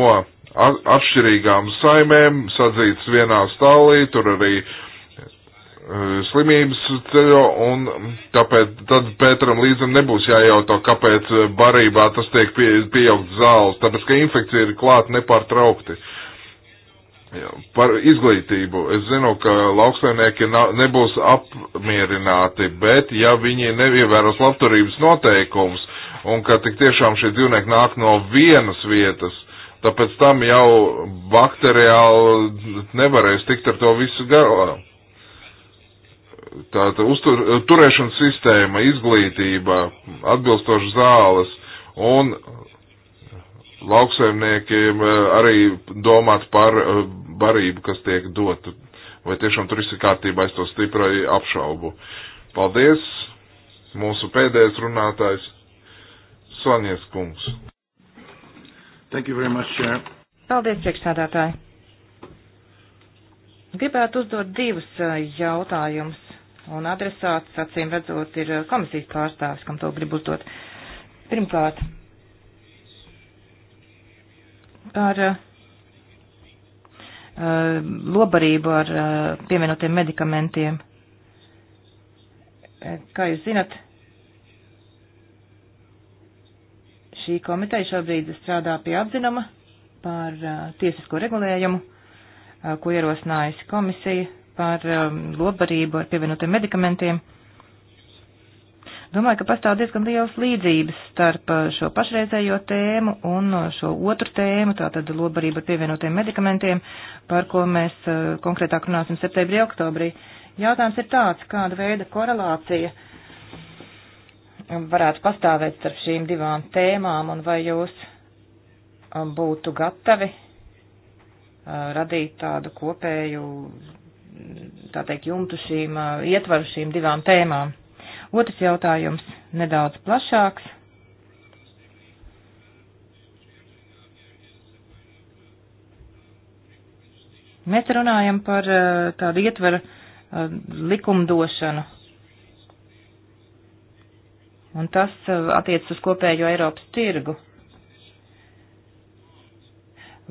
atšķirīgām saimēm, sadzīts vienā stālī, tur arī e, slimības ceļo, un tāpēc tad Pēteram līdzam nebūs jājautā, kāpēc barībā tas tiek pie, pieaugt zāles, tāpēc, ka infekcija ir klāt nepārtraukti. Uh, Jā, par izglītību. Es zinu, ka lauksaimnieki nebūs apmierināti, bet ja viņi neievēros labturības noteikums un ka tik tiešām šie dzīvnieki nāk no vienas vietas, tāpēc tam jau bakteriāli nevarēs tikt ar to visu galā. Tātad uztur, turēšanas sistēma, izglītība, atbilstoši zāles un lauksaimniekiem eh, arī domāt par eh, barību, kas tiek dotu. Vai tiešām tur viss ir kārtībā, es to stiprai apšaubu. Paldies! Mūsu pēdējais runātājs Sanies kungs. Thank you very much, Chair. Paldies, priekšsādātāji. Gribētu uzdot divus jautājumus, un adresāts, acīm redzot, ir komisijas pārstāvis, kam to grib uzdot. Pirmkārt, par Uh, lobarību ar uh, pievienotiem medikamentiem. Uh, kā jūs zinat, šī komiteja šobrīd strādā pie apzinuma par tiesisko regulējumu, ko ierosinājusi komisija par um, lobarību ar pievienotiem medikamentiem. Domāju, ka pastāv diezgan liels līdzības starp eh, šo pašreizējo tēmu un eh, šo otru tēmu, tātad lobarību ar pievienotiem medikamentiem, par ko mēs eh, konkrētāk runāsim septembrī, oktobrī. Jautājums ir tāds, kāda veida korelācija varētu pastāvēt starp šīm divām tēmām un vai jūs būtu gatavi radīt tādu kopēju, mm, tā teikt, jumtu šīm, ietvaru šīm divām tēmām. Otrs jautājums nedaudz plašāks. Mēs runājam par eh, tādu ietveru eh, likumdošanu. Un tas eh, attiec uz kopējo Eiropas tirgu.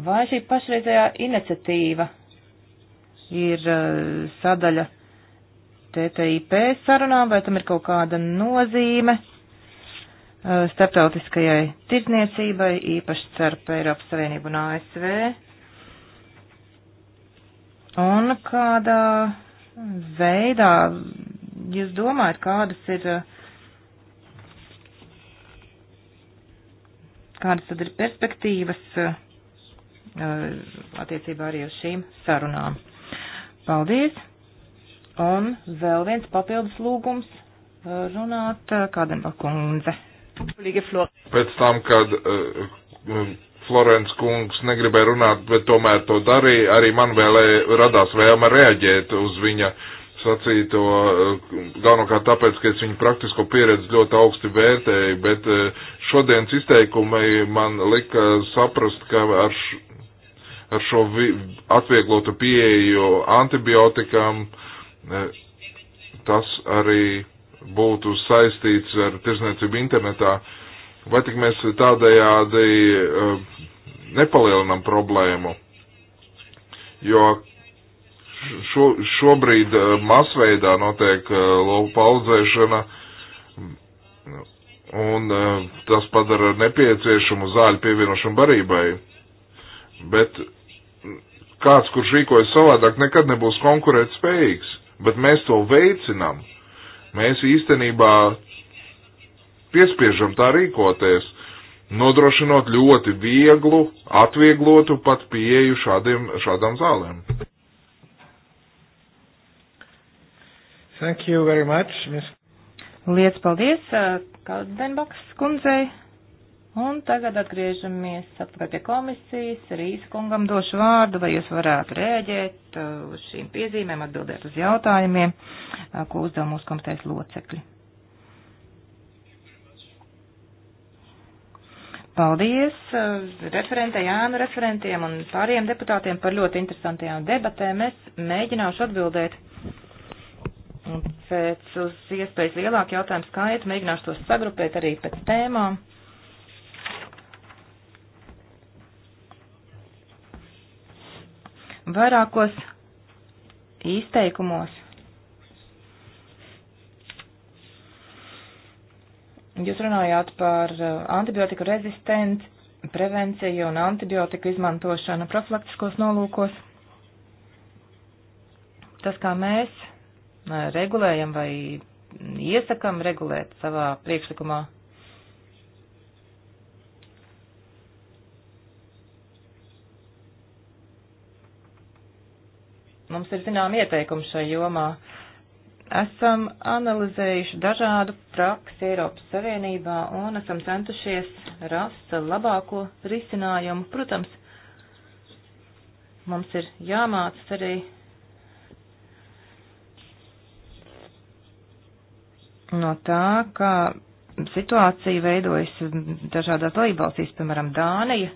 Vai šī pašreizējā iniciatīva ir sadaļa TTIP sarunām, vai tam ir kaut kāda nozīme uh, starptautiskajai tirdzniecībai, īpaši starp Eiropas Savienību un ASV, un kādā veidā jūs domājat, kādas ir, kādas tad ir perspektīvas uh, attiecībā arī uz šīm sarunām? Paldies! Un vēl viens papildus lūgums uh, runāt uh, Kādenba kundze. Pēc tam, kad uh, um, Florence kungs negribēja runāt, bet tomēr to darīja, arī man vēlē, radās vēlme reaģēt uz viņa sacīto, uh, galvenokārt tāpēc, ka es viņu praktisko pieredzi ļoti augsti vērtēju, bet uh, šodienas izteikumi man lika saprast, ka ar, š, ar šo vi, atvieglotu pieeju antibiotikam uh, tas arī būtu saistīts ar tirsniecību internetā, vai tik mēs tādējādi eh, nepalielinam problēmu. Jo šo, šobrīd eh, masveidā notiek eh, lopu audzēšana, un tas padara nepieciešamu zāļu pievienošanu barībai. Bet mm, kāds, kurš rīkojas savādāk, nekad nebūs konkurētspējīgs bet mēs to veicinām. Mēs īstenībā piespiežam tā rīkoties, nodrošinot ļoti vieglu, atvieglotu pat pieeju šādiem, šādām zālēm. Thank you very much, Ms. Liec paldies, uh, Kaldenbaks kundzei. Un tagad atgriežamies atpakaļ pie komisijas. Rīs kungam došu vārdu, lai jūs varētu rēģēt uh, uz šīm piezīmēm, atbildēt uz jautājumiem, uh, ko uzdev mūsu komitejas locekļi. Paldies uh, referentei, ēnu referentiem un pāriem deputātiem par ļoti interesantajām debatēm. Es mēģināšu atbildēt pēc uz iespējas lielāku jautājumu skaitu, mēģināšu tos sagrupēt arī pēc tēmām vairākos izteikumos. Jūs runājāt par uh, antibiotiku rezistenci, prevenciju un antibiotiku izmantošanu profilaktiskos nolūkos. Tas, kā mēs uh, regulējam vai iesakam regulēt savā priekšlikumā Mums ir zinām ieteikumi šai jomā. Esam analizējuši dažādu praksi Eiropas Savienībā un esam centušies rast labāko risinājumu. Protams, mums ir jāmācas arī no tā, ka situācija veidojas dažādās dalībvalstīs, piemēram, Dānija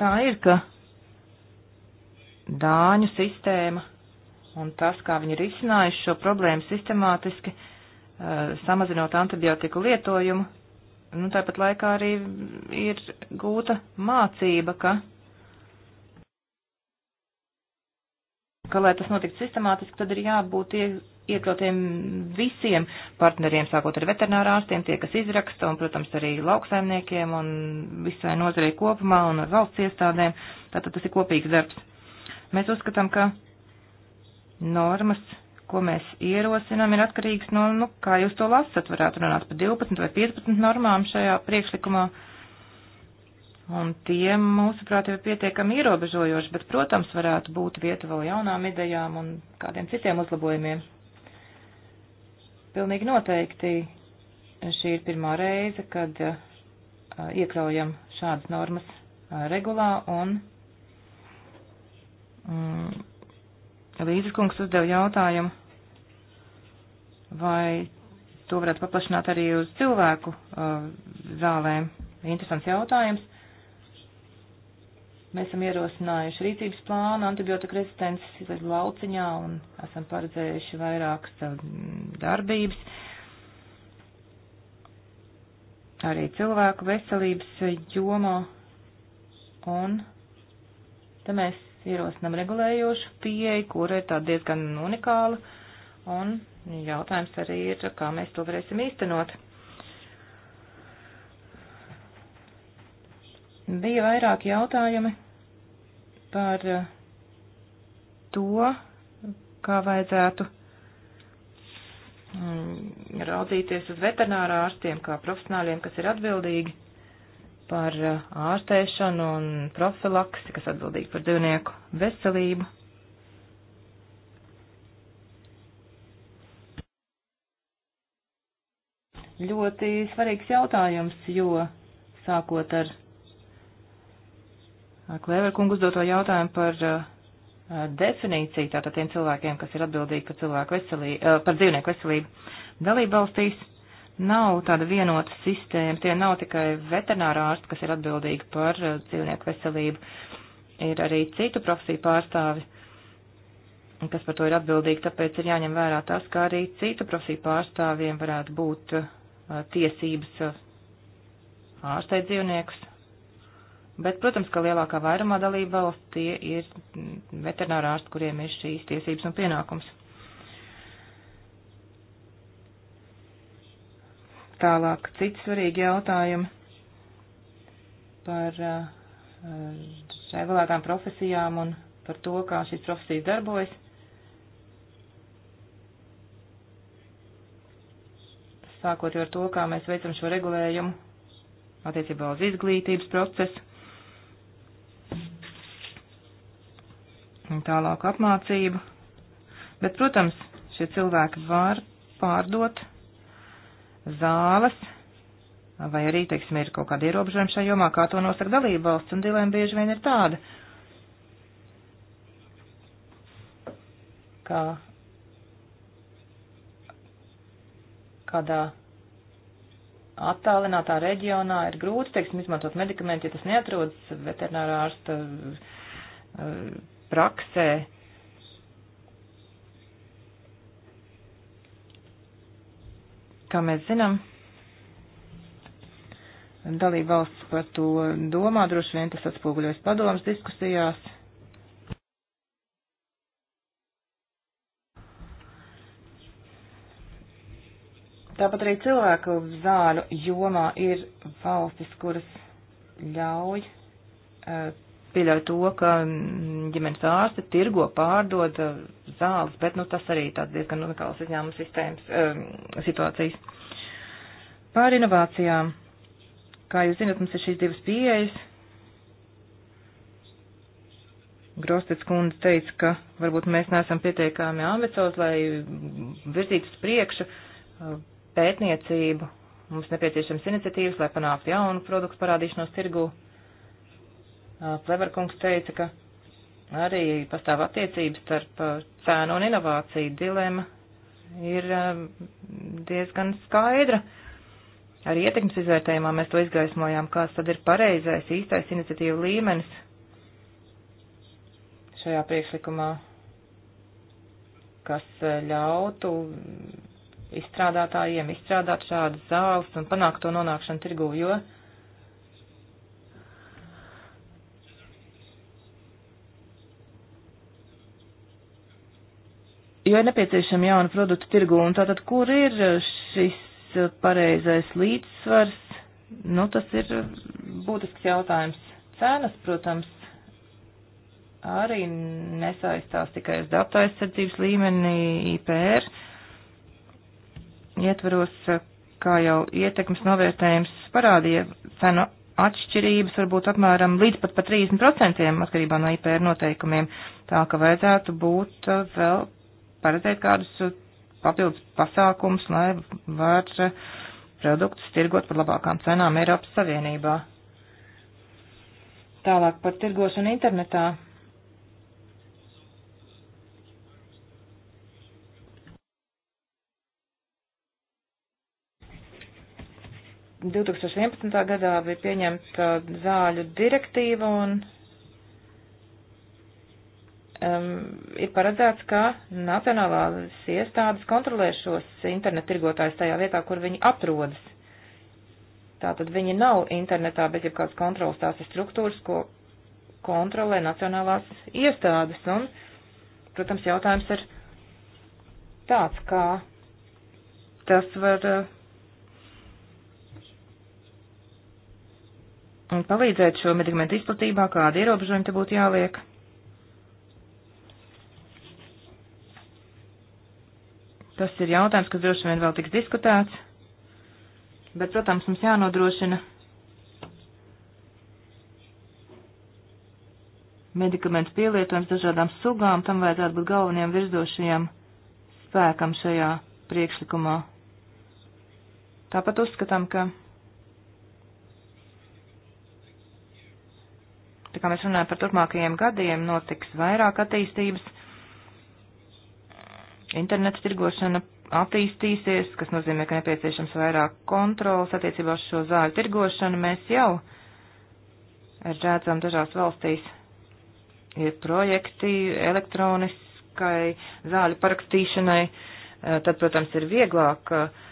tā ir, ka dāņu sistēma un tas, kā viņi ir izcinājuši šo problēmu sistemātiski, eh, samazinot antibiotiku lietojumu, nu, tāpat laikā arī ir gūta mācība, ka, ka lai tas notiktu sistemātiski, tad ir jābūt iekļautiem visiem partneriem, sākot ar veterinārārstiem, tie, kas izraksta, un, protams, arī lauksaimniekiem un visai nozarei kopumā un valsts iestādēm. Tātad tas ir kopīgs darbs. Mēs uzskatām, ka normas, ko mēs ierosinām, ir atkarīgs no, nu, kā jūs to lasat, varētu runāt par 12 vai 15 normām šajā priekšlikumā. Un tie, mūsuprāt, ir pietiekami ierobežojoši, bet, protams, varētu būt vieta vēl jaunām idejām un kādiem citiem uzlabojumiem. Pilnīgi noteikti šī ir pirmā reize, kad eh, iekļaujam šādas normas eh, regulā un mm, Līdzes kungs uzdeva jautājumu, vai to varētu paplašināt arī uz cilvēku uh, zālēm. Interesants jautājums. Mēs esam ierosinājuši rīcības plānu antibiotika rezistences lauciņā un esam paredzējuši vairākas um, darbības. Arī cilvēku veselības eh, jomā un te mēs ierosinam regulējošu pieeju, kura ir tāda diezgan unikāla un jautājums arī ir, kā mēs to varēsim īstenot. Bija vairāki jautājumi par eh, to, kā vajadzētu mm, raudzīties uz veterinārā ārstiem kā profesionāļiem, kas ir atbildīgi par eh, ārstēšanu un profilaksi, kas atbildīgi par dzīvnieku veselību. Ļoti svarīgs jautājums, jo sākot ar Klēver kungu uzdoto jautājumu par uh, definīciju tātad tiem cilvēkiem, kas ir atbildīgi par, cilvēku veselību, uh, par dzīvnieku veselību. Dalība valstīs nav tāda vienota sistēma, tie nav tikai veterinārā ārsti, kas ir atbildīgi par uh, dzīvnieku veselību, ir arī citu profesiju pārstāvi, kas par to ir atbildīgi, tāpēc ir jāņem vērā tas, kā arī citu profesiju pārstāvjiem varētu būt uh, tiesības uh, ārstēt dzīvniekus Bet, protams, ka lielākā vairumā dalību valsts tie ir veterinārā ārsti, kuriem ir šīs tiesības un pienākums. Tālāk cits svarīgi jautājumi par šai eh, vēlētām profesijām un par to, kā šīs profesijas darbojas. Sākot jau ar to, kā mēs veicam šo regulējumu attiecībā uz izglītības procesu, tālāku apmācību. Bet, protams, šie cilvēki var pārdot zāles, vai arī, teiksim, ir kaut kāda ierobežojuma šajā jomā, kā to nosaka dalība valsts, un dilēma bieži vien ir tāda, kā kādā attālinātā reģionā ir grūti, teiksim, izmantot medikamentu, ja tas neatrodas veterinārā ārsta uh, praksē. Kā mēs zinām, dalība valsts par to domā, droši vien tas atspoguļojas padomas diskusijās. Tāpat arī cilvēku zāļu jomā ir valstis, kuras ļauj uh, pieļauj to, ka mm, ģimenes ārste tirgo, pārdod uh, zāles, bet nu, tas arī tāds diezgan unikāls izņēmums sistēmas um, situācijas. Pār inovācijām. Kā jūs zinat, mums ir šīs divas pieejas. Grostets kundze teica, ka varbūt mēs neesam pietiekami ambiciozi, lai virzītu uz priekšu uh, pētniecību. Mums nepieciešams iniciatīvas, lai panāktu jaunu produktu parādīšanos tirgu, Pleverkungs uh, teica, ka arī pastāv attiecības starp uh, cēnu un inovāciju dilema ir uh, diezgan skaidra. Arī ietekmes izvērtējumā mēs to izgaismojām, kāds tad ir pareizais, īstais iniciatīva līmenis šajā priekšlikumā, kas ļautu izstrādātājiem izstrādāt šādas zāles un panākt to nonākšanu tirgū, jo uh, jo ir nepieciešama jauna produktu tirgu. Un tātad, kur ir eh, šis eh, pareizais līdzsvars? Nu, tas ir būtisks jautājums. Cenas, protams, arī nesaistās tikai uz datu aizsardzības līmeni IPR. Ietveros, eh, kā jau ietekmes novērtējums parādīja, cenu atšķirības varbūt apmēram līdz pat pa 30% atkarībā no IPR noteikumiem, tā ka vajadzētu būt vēl paredzēt kādus uh, papildus pasākums, lai var uh, produktus tirgot par labākām cenām Eiropas Savienībā. Tālāk par tirgošanu internetā. Un 2011. gadā bija pieņemta zāļu direktīva un um, ir paredzēts, ka nacionālās iestādes kontrolē šos internetu tirgotājus tajā vietā, kur viņi atrodas. Tātad viņi nav internetā bez jebkādas kontrolas, tās ir struktūras, ko kontrolē nacionālās iestādes. Un, protams, jautājums ir tāds, kā tas var uh, palīdzēt šo medikamentu izplatībā, kādi ierobežojumi te būtu jāliek. Tas ir jautājums, kas droši vien vēl tiks diskutēts, bet, protams, mums jānodrošina medikamentu pielietojums dažādām sugām, tam vajadzētu būt galvenajam virzošajam spēkam šajā priekšlikumā. Tāpat uzskatām, ka tā kā mēs runājam par turpmākajiem gadiem, notiks vairāk attīstības interneta tirgošana attīstīsies, kas nozīmē, ka nepieciešams vairāk kontrolas attiecībā uz šo zāļu tirgošanu. Mēs jau redzam dažās valstīs ir projekti elektroniskai zāļu parakstīšanai. Eh, tad, protams, ir vieglāk eh,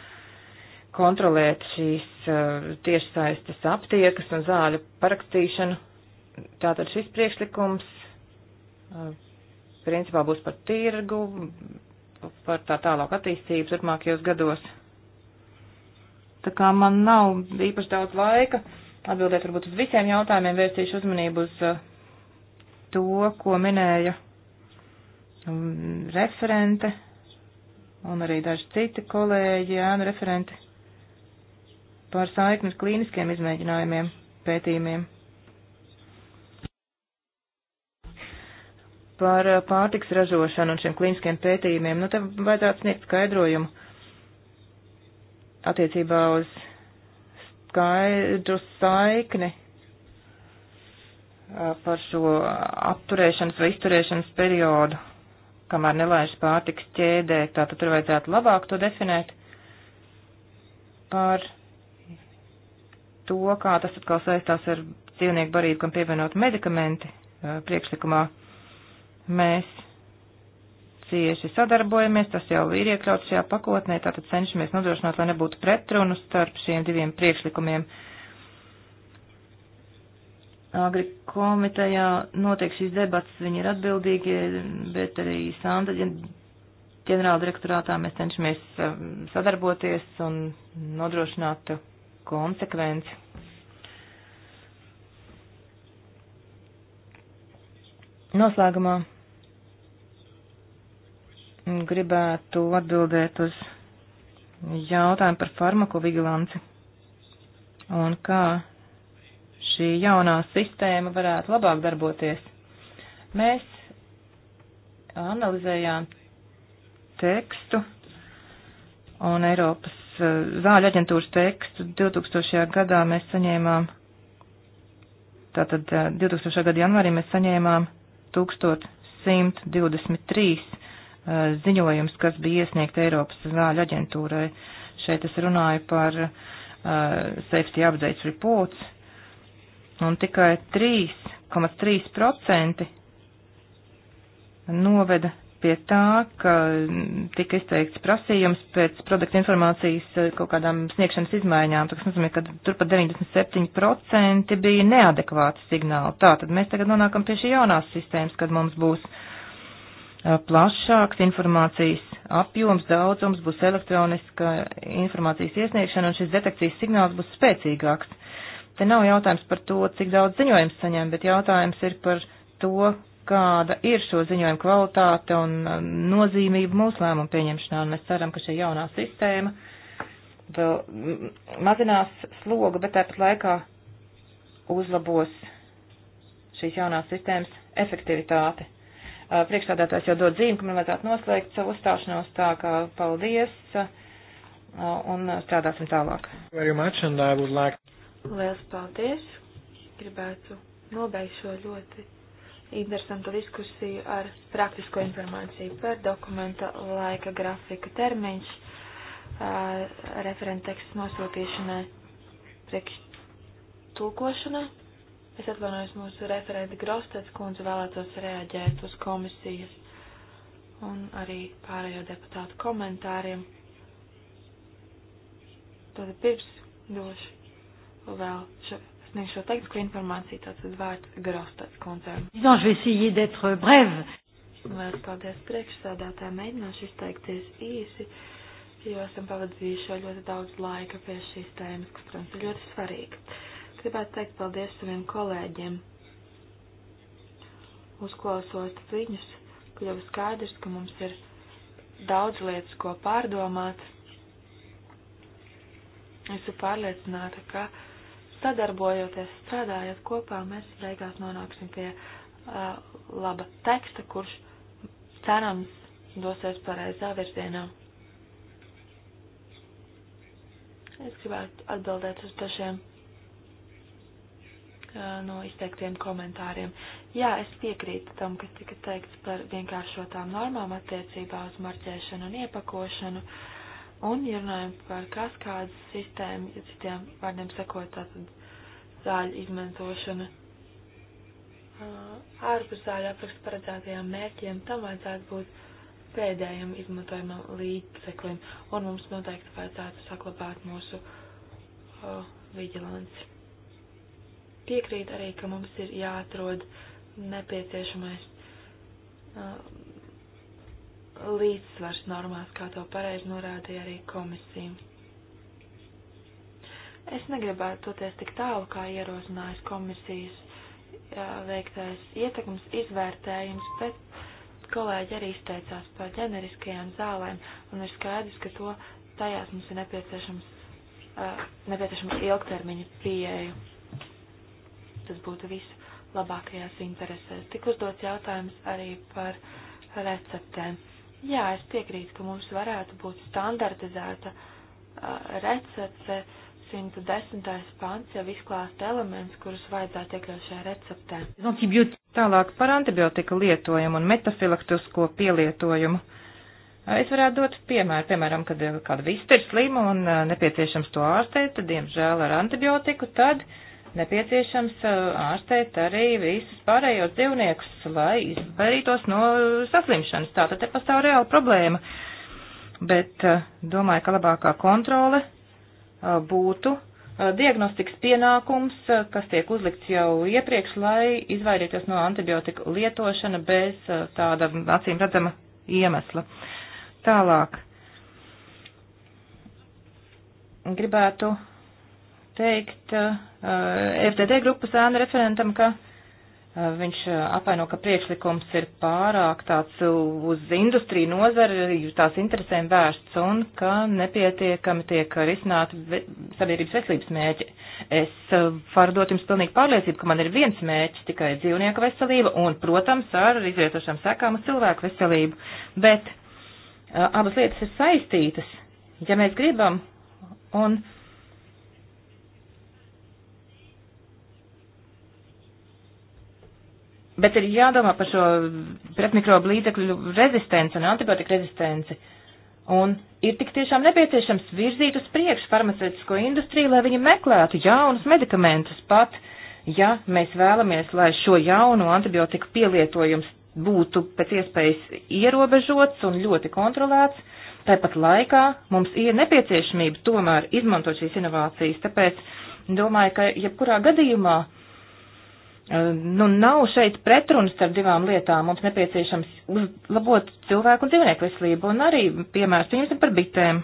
kontrolēt šīs eh, tiešsaistes aptiekas un zāļu parakstīšanu. Tātad šis priekšlikums principā būs par tirgu, par tā tālāk attīstību turpmākajos gados. Tā kā man nav īpaši daudz laika atbildēt varbūt uz visiem jautājumiem, vērstīšu uzmanību uz uh, to, ko minēja um, referente un arī daži citi kolēģi, ēnu referenti par saikni ar klīniskiem izmēģinājumiem, pētījumiem. par eh, pārtiks ražošanu un šiem klīniskiem pētījumiem, nu tad vajadzētu sniegt skaidrojumu attiecībā uz skaidru saikni eh, par šo apturēšanas vai izturēšanas periodu, kamēr nelaiž pārtiks ķēdē, tātad tur vajadzētu labāk to definēt par to, kā tas atkal saistās ar dzīvnieku barību, kam pievienot medikamenti eh, priekšlikumā Mēs cieši sadarbojamies, tas jau ir iekļauts šajā pakotnē, tātad cenšamies nodrošināt, lai nebūtu pretrunu starp šiem diviem priekšlikumiem. Agri komitejā notiek šīs debats, viņi ir atbildīgi, bet arī Sanda ģenerāla direktorātā mēs cenšamies eh, sadarboties un nodrošināt konsekvenci. Noslēgumā gribētu atbildēt uz jautājumu par farmakovigilanci un kā šī jaunā sistēma varētu labāk darboties. Mēs analizējām tekstu un Eiropas eh, zāļu aģentūras tekstu 2000. gadā mēs saņēmām, tātad 2000. Eh, gada janvārī mēs saņēmām 1123 Eh, ziņojums, kas bija iesniegt Eiropas zāļu aģentūrai. Šeit es runāju par uh, safety updates reports, un tikai 3,3% noveda pie tā, ka tika izteikts prasījums pēc produkta informācijas eh, kaut kādām sniegšanas izmaiņām. Tas nozīmē, ka turpat 97% bija neadekvāti signāli. Tā tad mēs tagad nonākam pie šī jaunās sistēmas, kad mums būs uh, Eh, plašāks informācijas apjoms, daudzums, būs elektroniska informācijas iesniegšana un šis detekcijas signāls būs spēcīgāks. Te nav jautājums par to, cik daudz ziņojums saņem, bet jautājums ir par to, kāda ir šo ziņojumu kvalitāte un eh, nozīmība mūsu lēmumu pieņemšanā, un mēs ceram, ka šī jaunā sistēma vēl mm, mazinās slogu, bet tāpat laikā uzlabos šīs jaunās sistēmas efektivitāti. Uh, priekšstādātājs jau dod zīmi, ka man vajadzētu noslēgt savu uzstāšanos, tā kā paldies uh, un strādāsim tālāk. Like... Lielas paldies! Gribētu nobeigt šo ļoti interesantu diskusiju ar praktisko informāciju par dokumenta laika grafika termiņš uh, referenta teksts nosūtīšanai priekš tulkošanai. Es atvainojos mūsu referēta Grostets kundze vēlētos reaģēt uz komisijas un arī pārējo deputātu komentāriem. Tad pirms došu vēl šo, sniegšu tehnisko informāciju, tātad vārds Grostets kundzēm. Lielas paldies priekšsādātājai, mēģināšu izteikties īsi, jo esam pavadījuši ļoti daudz laika pie šīs tēmas, kas, protams, ir ļoti svarīga. Gribētu teikt paldies saviem kolēģiem. Uzklausot viņus, kļuva skaidrs, ka mums ir daudz lietas, ko pārdomāt. Esmu pārliecināta, ka sadarbojoties, strādājot kopā, mēs beigās nonāksim pie uh, laba teksta, kurš cerams dosies pareizā virzienā. Es gribētu atbildēt uz dažiem no izteiktiem komentāriem. Jā, es piekrītu tam, kas tika teikts par vienkāršotām normām attiecībā uz marķēšanu un iepakošanu. Un, ja runājam par kaskādas sistēmu, ja citiem vārdiem sakot, tātad zāļu izmantošana ārpus zāļu aprakstu paredzētajām mērķiem, tam vajadzētu būt pēdējiem izmantojumam līdzeklim, un mums noteikti vajadzētu saklabāt mūsu uh, vigilanci piekrīt arī, ka mums ir jāatrod nepieciešamais uh, līdzsvars normās, kā to pareizi norādīja arī komisija. Es negribētu toties tik tālu, kā ierosinājas komisijas uh, veiktais ietekmes izvērtējums, bet kolēģi arī izteicās par ģeneriskajām zālēm, un ir skaidrs, ka to tajās mums ir nepieciešams, uh, nepieciešams ilgtermiņa pieeja tas būtu visu labākajās interesēs. Tik uzdots jautājums arī par receptēm. Jā, es piekrītu, ka mums varētu būt standartizēta uh, recepte. 110. pants jau izklāsta elements, kurus vajadzētu iekļaut šajā receptē. Tālāk par antibiotika lietojumu un metafilaktisko pielietojumu. Es varētu dot piemēru, piemēram, kad kāda vista ir slima un nepieciešams to ārstēt, tad, diemžēl, ar antibiotiku, tad uh, nepieciešams uh, ārstēt arī visus pārējos dzīvniekus, lai izvairītos no saslimšanas. Tātad te pastāv reāla problēma. Bet uh, domāju, ka labākā kontrole uh, būtu diagnostikas pienākums, kas tiek uzlikts jau iepriekš, lai izvairītos no antibiotika lietošana bez tāda acīm redzama iemesla. Tālāk. Gribētu teikt uh, eh, FDD grupas ēnu referentam, ka uh, viņš eh, apvaino, ka priekšlikums ir pārāk tāds uz industriju nozari, tās interesēm vērsts un ka nepietiekami tiek risināti sabiedrības veselības mēķi. Es uh, varu dot jums pilnīgi pārliecību, ka man ir viens mēķis tikai dzīvnieka veselība un, protams, ar izrietošām sekām uz cilvēku veselību, bet uh, abas lietas ir saistītas. Ja mēs gribam un uh, Bet ir jādomā par šo pretmikrobu līdzekļu rezistenci un antibiotika rezistenci. Un ir tik tiešām nepieciešams virzīt uz priekšu farmaceitisko industriju, lai viņi meklētu jaunus medikamentus pat, ja mēs vēlamies, lai šo jauno antibiotiku pielietojums būtu pēc iespējas ierobežots un ļoti kontrolēts. Tāpat laikā mums ir nepieciešamība tomēr izmantot šīs inovācijas, tāpēc domāju, ka jebkurā gadījumā uh, Eh, nu, nav šeit pretrunas starp divām lietām. Mums nepieciešams uzlabot cilvēku un dzīvnieku veselību un arī piemērs pieņemsim par bitēm.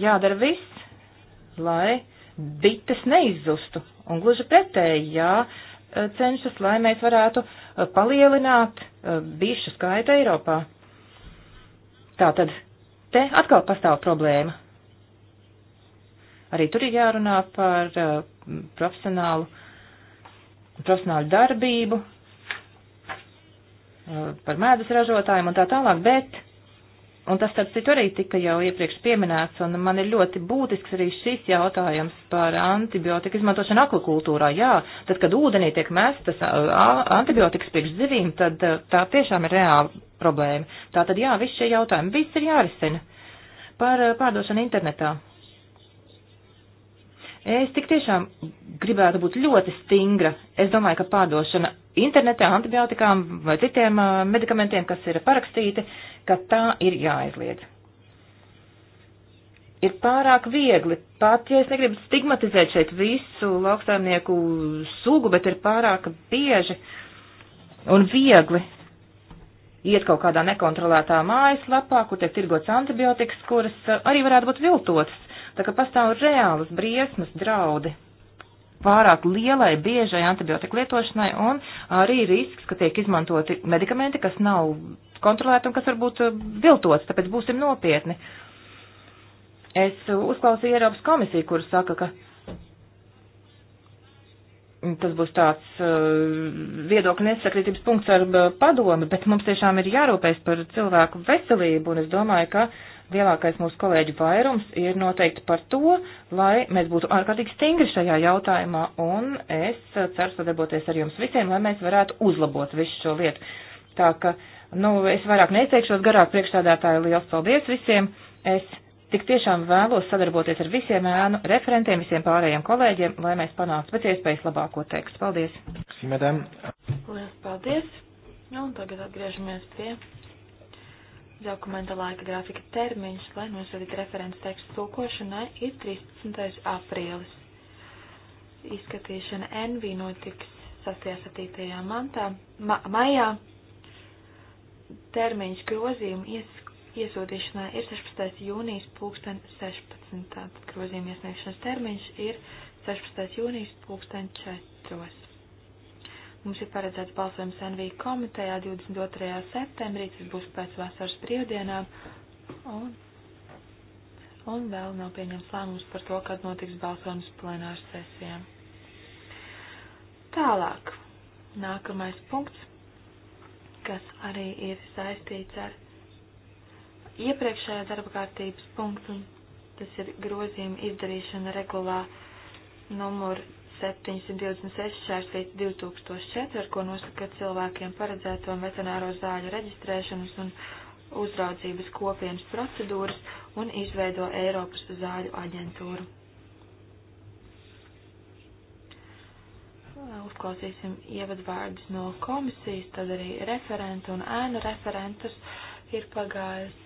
Jādara viss, lai bites neizzustu. Un gluži pretēji, jā, eh, cenšas, lai mēs varētu eh, palielināt bišu skaitu Eiropā. Tātad, te atkal pastāv problēma. Arī tur ir jārunā par uh, profesionālu uh, profesionāļu darbību, par mēdus ražotājiem un tā tālāk, bet, un tas, starp citu, arī tika jau iepriekš pieminēts, un man ir ļoti būtisks arī šis jautājums par antibiotiku izmantošanu akvakultūrā. Jā, tad, kad ūdenī tiek mestas antibiotikas priekš zivīm, tad tā tiešām ir reāla problēma. Tā tad jā, visi šie jautājumi, viss ir jārisina par pārdošanu internetā. Es tik tiešām gribētu būt ļoti stingra. Es domāju, ka pārdošana internetā antibiotikām vai citiem medikamentiem, kas ir parakstīti, ka tā ir jāaizliedz. Ir pārāk viegli, pat ja es negribu stigmatizēt šeit visu lauksaimnieku sugu, bet ir pārāk bieži un viegli iet kaut kādā nekontrolētā mājaslapā, kur tiek tirgots antibiotikas, kuras arī varētu būt viltotas. Tā kā pastāv reālas briesmas draudi pārāk lielai, biežai antibiotiku lietošanai un arī risks, ka tiek izmantoti medikamenti, kas nav kontrolēti un kas varbūt uh, viltots, tāpēc būsim nopietni. Es uzklausīju Eiropas komisiju, kur saka, ka tas būs tāds uh, viedokļu nesakritības punkts ar uh, padomi, bet mums tiešām ir jārūpēs par cilvēku veselību, un es domāju, ka lielākais mūsu kolēģu vairums ir noteikti par to, lai mēs būtu ārkārtīgi stingri šajā jautājumā, un es ceru sadarboties ar jums visiem, lai mēs varētu uzlabot visu šo lietu. Tā ka, nu, es vairāk neizteikšos garāk priekšstādātāju, liels paldies visiem! Es tik tiešām vēlos sadarboties ar visiem ēnu referentiem, visiem pārējiem kolēģiem, lai mēs panāktu pēc iespējas labāko tekstu. Paldies! Liels paldies! Nu, un tagad atgriežamies pie Dokumenta laika grafika termiņš, lai nosūtītu referents tekstu tulkošanai, ir 13. aprīlis. Izskatīšana NV notiks 6.7. mantā, ma maijā. Termiņš grozījumu ies iesūtīšanai ir 16. jūnijas 2016. Grozījuma iesniegšanas termiņš ir 16. jūnijas 2004. Mums ir paredzēts balsojums NV komitejā 22. septembrī, tas būs pēc vasaras brīvdienām, un, un vēl nav pieņemts lēmums par to, kad notiks balsojums plenārs sesijā. Tālāk, nākamais punkts, kas arī ir saistīts ar iepriekšējā darba kārtības punktu, tas ir grozījuma izdarīšana regulā numur 726 šķērsvīts 2004, ko nosaka cilvēkiem paredzēto veterināro zāļu reģistrēšanas un uzraudzības kopienas procedūras un izveido Eiropas zāļu aģentūru. Uzklausīsim ievadvārdus no komisijas, tad arī referentu un ēnu referentus ir pagājis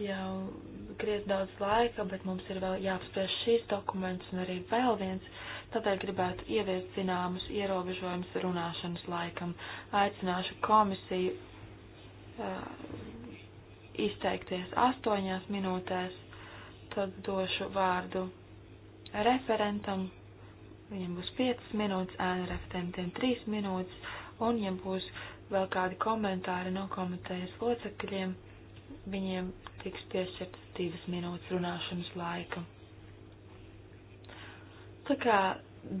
jau griezt daudz laika, bet mums ir vēl jāapspriež šīs dokumentus un arī vēl viens Tādēļ gribētu ieviest zināmus ierobežojumus runāšanas laikam. Aicināšu komisiju uh, izteikties astoņās minūtēs, tad došu vārdu referentam, viņam būs 5 minūtes, ēnu referentiem 3 minūtes, un ja būs vēl kādi komentāri no komitejas locekļiem, viņiem tiks piešķirtas 2 minūtes runāšanas laika. Tā kā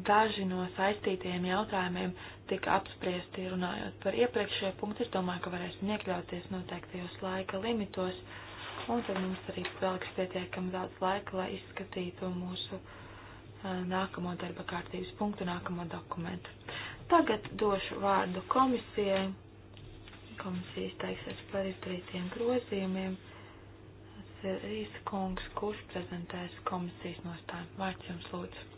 daži no saistītajiem jautājumiem tika apspriesti runājot par iepriekšējo punktu, es domāju, ka varēsim iekļauties noteiktajos laika limitos, un tad mums arī paliks pietiekami daudz laika, lai izskatītu mūsu uh, nākamo darba kārtības punktu, nākamo dokumentu. Tagad došu vārdu komisijai. Komisija izteiksies par izdarītiem grozījumiem. Tas ir Rīsa kungs, kurš prezentēs komisijas nostājumu. Vārds jums lūdzu.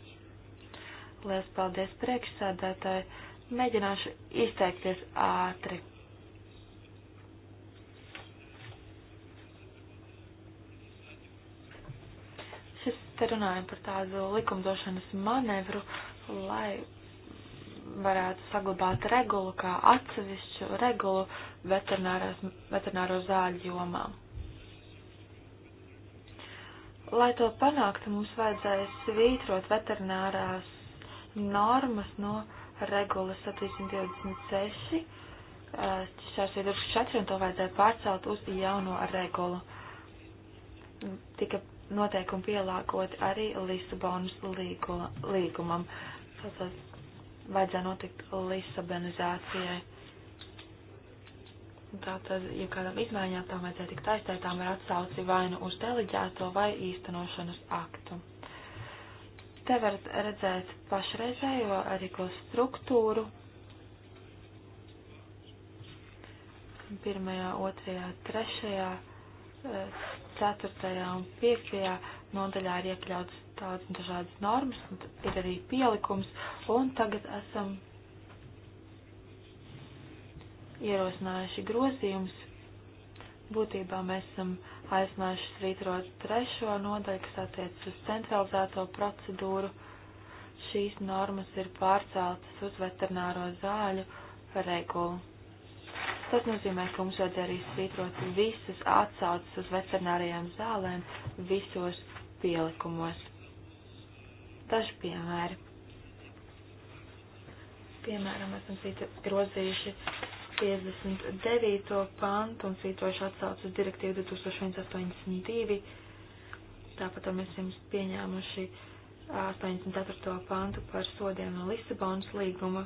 Lielas paldies priekšsādātāji. Mēģināšu izteikties ātri. Šis te runājam par tādu likumdošanas manevru, lai varētu saglabāt regulu kā atsevišķu regulu veterināro zāļu jomā. Lai to panāktu, mums vajadzēja svītrot veterinārās normas no regulas 726 šķērs 2004 un to vajadzēja pārcelt uz jauno regulu. Tika noteikumi pielāgoti arī Lisabonas līgula, līgumam. Tātad vajadzēja notikt Lisabonizācijai. Tātad, ja kādam izmaiņām tam vajadzēja tikt aiztētām ar atsauci vai nu uz deleģēto vai īstenošanas aktu. Te var redzēt pašreizējo arīko struktūru. Pirmajā, otrajā, trešajā, eh, ceturtajā un piektajā nodaļā ir iekļauts tādas dažādas normas, ir arī pielikums, un tagad esam ierosinājuši grozījumus. Būtībā mēs esam aizmēšu svītrot trešo nodaļu, kas attiecas uz centralizēto procedūru. Šīs normas ir pārceltas uz veterināro zāļu regulu. Tas nozīmē, ka mums vajadzēja arī svītrot visas atsaucas uz veterinārijām zālēm visos pielikumos. Daži piemēri. Piemēram, esam grozījuši 59. pantu un svītrošu atsaucu uz direktīvu 2182. Tāpat mēs jums pieņēmuši 84. pantu par sodiem no Lisabonas līguma.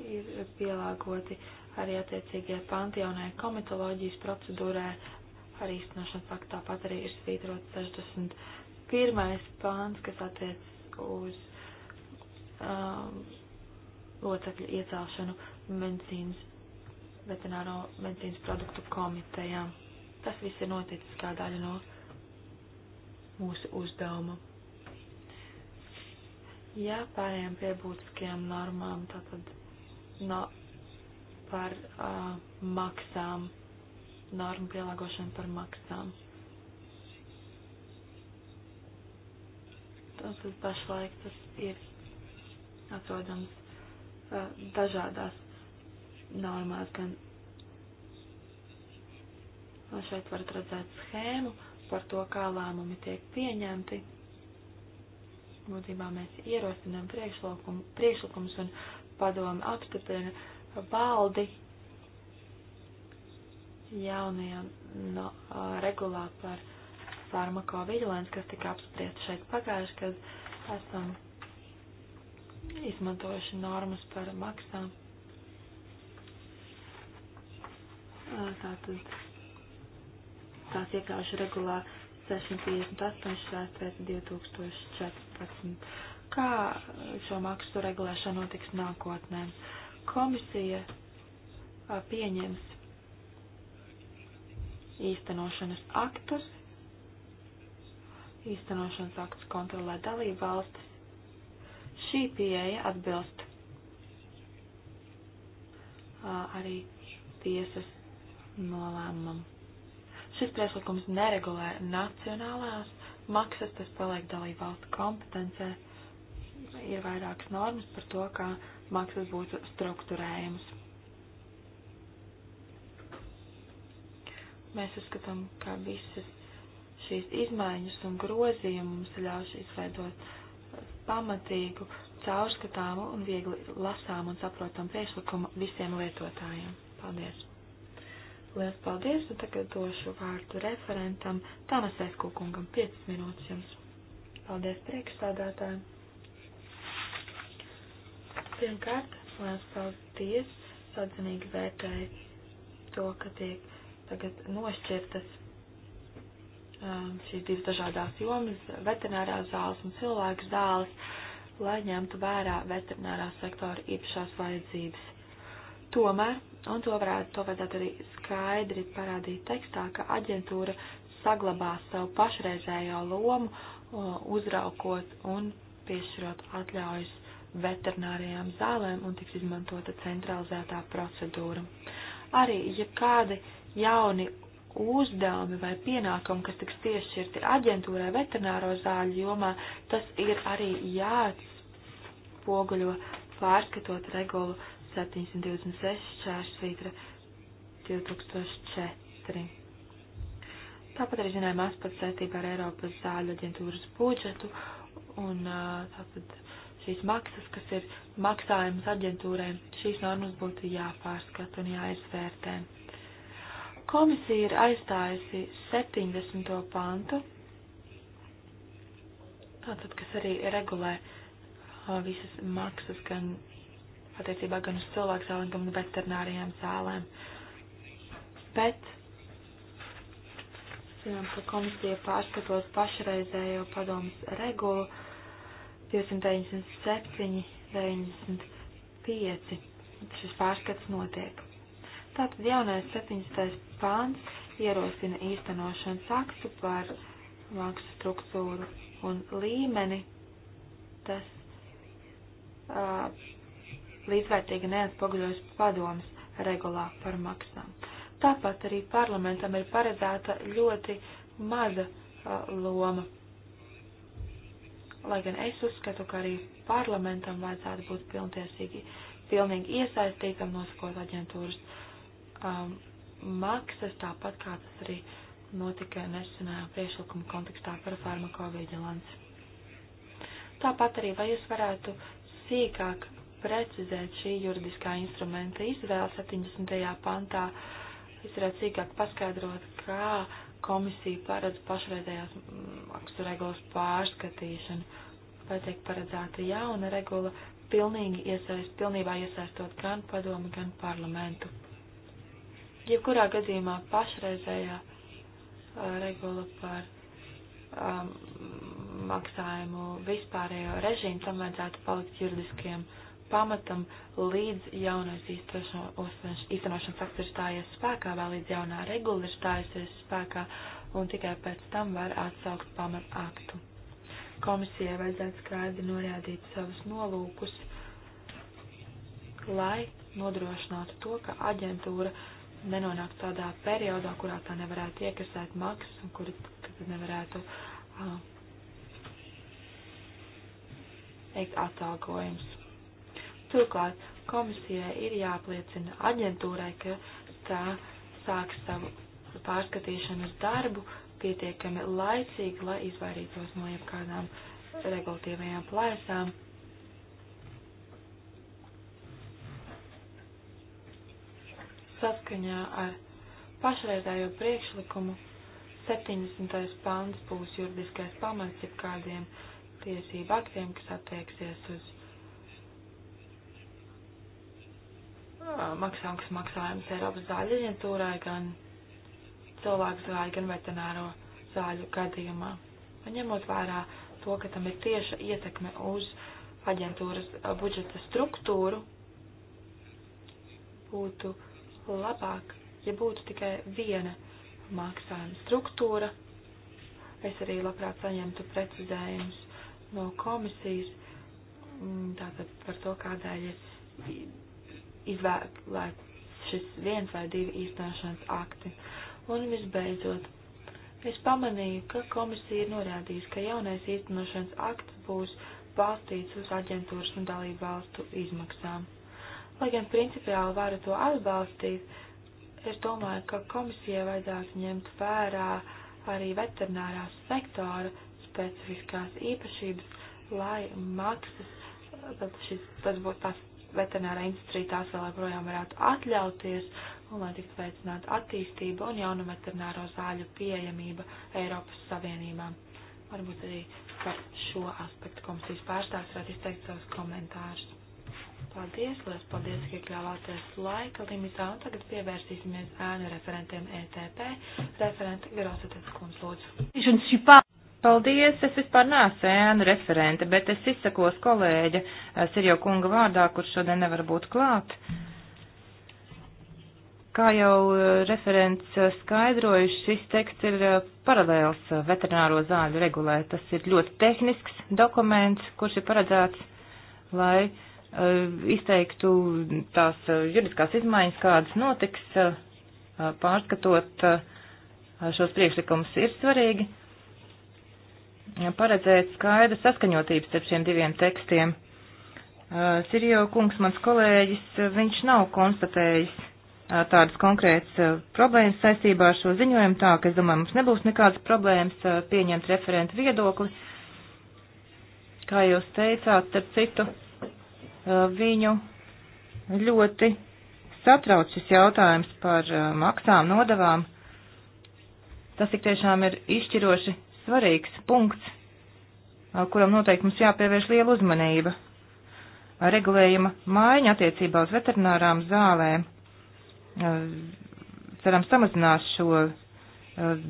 Ir pielāgoti arī attiecīgie panti jaunai komitoloģijas procedūrai ar īstenošanas faktu. Tāpat arī ir svītrots 61. pants, kas attiec uz um, locekļu iecelšanu medicīnas, veterināro medicīnas produktu komitejām. Tas viss ir noticis kā daļa no mūsu uzdevuma. Jā, pārējām pie būtiskajām normām, tātad no, par uh, maksām, normu pielāgošanu par maksām. Tātad pašlaik tas ir atrodams uh, dažādās normās, gan šeit varat redzēt schēmu par to, kā lēmumi tiek pieņemti. Būtībā mēs ierosinām priekšlikumus un padomu apstiprina valdi jaunajā no, regulā par farmakovigilants, kas tika apspriest šeit pagājuši, kad esam izmantojuši normas par maksām. tātad tās iekļaušu regulā 658 šķērstvēs 2014. Kā šo maksu regulēšana notiks nākotnē? Komisija pieņems īstenošanas aktus. Īstenošanas aktus kontrolē dalību valstis. Šī pieeja atbilst arī tiesas nolēmumam. Šis priekšlikums neregulē nacionālās maksas, tas paliek dalību valstu kompetencē. Ir vairākas normas par to, kā maksas būtu strukturējamas. Mēs uzskatām, ka visas šīs izmaiņas un grozījumi mums ļaus izveidot pamatīgu, caurskatāmu un viegli lasām un saprotam priekšlikumu visiem lietotājiem. Paldies! Lielas paldies, un tagad došu vārdu referentam Tamasais Kukungam 5 minūtes jums. Paldies priekšstādātājiem. Pirmkārt, liels paldies, sadzinīgi vērtēju to, ka tiek tagad nošķirtas um, šīs divas dažādās jomas - veterinārās zāles un cilvēku zāles, lai ņemtu vērā veterinārā sektora īpašās vajadzības Tomēr, un to varētu, to vajadzētu arī skaidri parādīt tekstā, ka aģentūra saglabā savu pašreizējo lomu, uzraukot un piešķirot atļaujas veterinārijām zālēm un tiks izmantota centralizētā procedūra. Arī, ja kādi jauni uzdevumi vai pienākumi, kas tiks piešķirti aģentūrai veterināro zāļu jomā, tas ir arī jāatspoguļo pārskatot regulu 726 čērsvītra 2004. Tāpat arī zinājām aspekts saistībā ar Eiropas zāļu aģentūras budžetu un tāpat šīs maksas, kas ir maksājums aģentūrēm, šīs normas būtu jāpārskata un jāizvērtē. Komisija ir aizstājusi 70. pantu, tātad, kas arī regulē visas maksas gan attiecībā gan uz cilvēku zālēm, gan uz veterinārijām zālēm. Bet zinām, ka komisija pārskatot pašreizējo padomus regulu 297, 95. Šis pārskats notiek. Tātad jaunais 17. pāns ierosina īstenošanas aktu par mākslas struktūru un līmeni. Tas uh, līdzvērtīgi neatspoguļojas padomas regulā par maksām. Tāpat arī parlamentam ir paredzēta ļoti maza uh, loma. Lai gan es uzskatu, ka arī parlamentam vajadzētu būt pilntiesīgi, pilnīgi iesaistītam nosakot aģentūras um, maksas, tāpat kā tas arī notika nesenajā priešlikuma kontekstā par farmakoviģilanci. Tāpat arī vai jūs varētu sīkāk precizēt šī juridiskā instrumenta izvēle 70. pantā. Es varētu sīkāk paskaidrot, kā komisija paredz pašreizējās maksu mm, regulas pārskatīšanu, vai tiek paredzēta jauna regula, pilnīgi iesaist, pilnībā iesaistot gan padomi, gan parlamentu. Jebkurā gadījumā pašreizējā regula par um, maksājumu vispārējo režīmu tam vajadzētu palikt juridiskiem uh, pamatam līdz jaunais īstenošanas akts ir stājies spēkā, vēl līdz jaunā regula ir stājusies spēkā, un tikai pēc tam var atsaukt pamat aktu. Komisijai vajadzētu skaidri norādīt savus nolūkus, lai nodrošinātu to, ka aģentūra nenonāk tādā periodā, kurā tā nevarētu iekasēt maksas un kur tad nevarētu uh, teikt atalgojums Turklāt komisijai ir jāpliecina aģentūrai, ka tā sāks savu pārskatīšanas darbu pietiekami laicīgi, lai izvairītos no jebkādām regulatīvajām plēsām. Saskaņā ar pašreizējo priekšlikumu 70. pāns būs juridiskais pamats jebkādiem tiesību aktiem, kas attieksies uz Ah, maksāks maksājums Eiropas zāļu aģentūrai gan cilvēku zāļu, gan veterināro zāļu gadījumā. Un ņemot vērā to, ka tam ir tieša ietekme uz aģentūras eh, budžeta struktūru, būtu labāk, ja būtu tikai viena maksājuma struktūra. Es arī labprāt saņemtu precizējumus no komisijas, mm, tātad par to, kādēļ ir izvēlēts šis viens vai divi īstenošanas akti. Un visbeidzot, es pamanīju, ka komisija ir norādījusi, ka jaunais īstenošanas akts būs balstīts uz aģentūras un dalību valstu izmaksām. Lai gan principiāli varu to atbalstīt, es domāju, ka komisijai vajadzētu ņemt vērā arī veterinārās sektora specifiskās īpašības, lai maksas, tad šis, tas būtu tas veterinārā industrija tās vēl aizvien varētu atļauties un lai tiktu veicināta attīstība un jaunu veterināro zāļu pieejamība Eiropas Savienībā. Varbūt arī par šo aspektu komisijas pārstāvs varētu izteikt savus komentārus. Paldies, liels paldies, ka iekļāvāties laika limitā un tagad pievērsīsimies ēnu referentiem ETP. Referenta Grosates kundz lūdzu. Paldies, es vispār neesmu ēnu referente, bet es izsakos kolēģa eh, Sirjo kunga vārdā, kurš šodien nevar būt klāt. Kā jau eh, referents eh, skaidroja, šis teksts ir paralēls veterināro zāļu regulē. Tas ir ļoti tehnisks dokuments, kurš ir paredzēts, lai izteiktu tās juridiskās izmaiņas, kādas notiks, pārskatot šos priekšlikumus ir svarīgi paredzēt skaidru saskaņotību starp šiem diviem tekstiem. Uh, Sirijo kungs, mans kolēģis, uh, viņš nav konstatējis uh, tādas konkrētas problēmas saistībā ar šo ziņojumu, tā ka es domāju, mums nebūs nekādas problēmas pieņemt referentu viedokli. Kā jūs teicāt, starp citu, viņu ļoti satrauc šis jautājums par maksām, nodavām. Tas tik tiešām ir izšķiroši svarīgs punkts, kuram noteikti mums jāpievērš liela uzmanība. Regulējuma maiņa attiecībā uz veterinārām zālēm cerams samazinās šo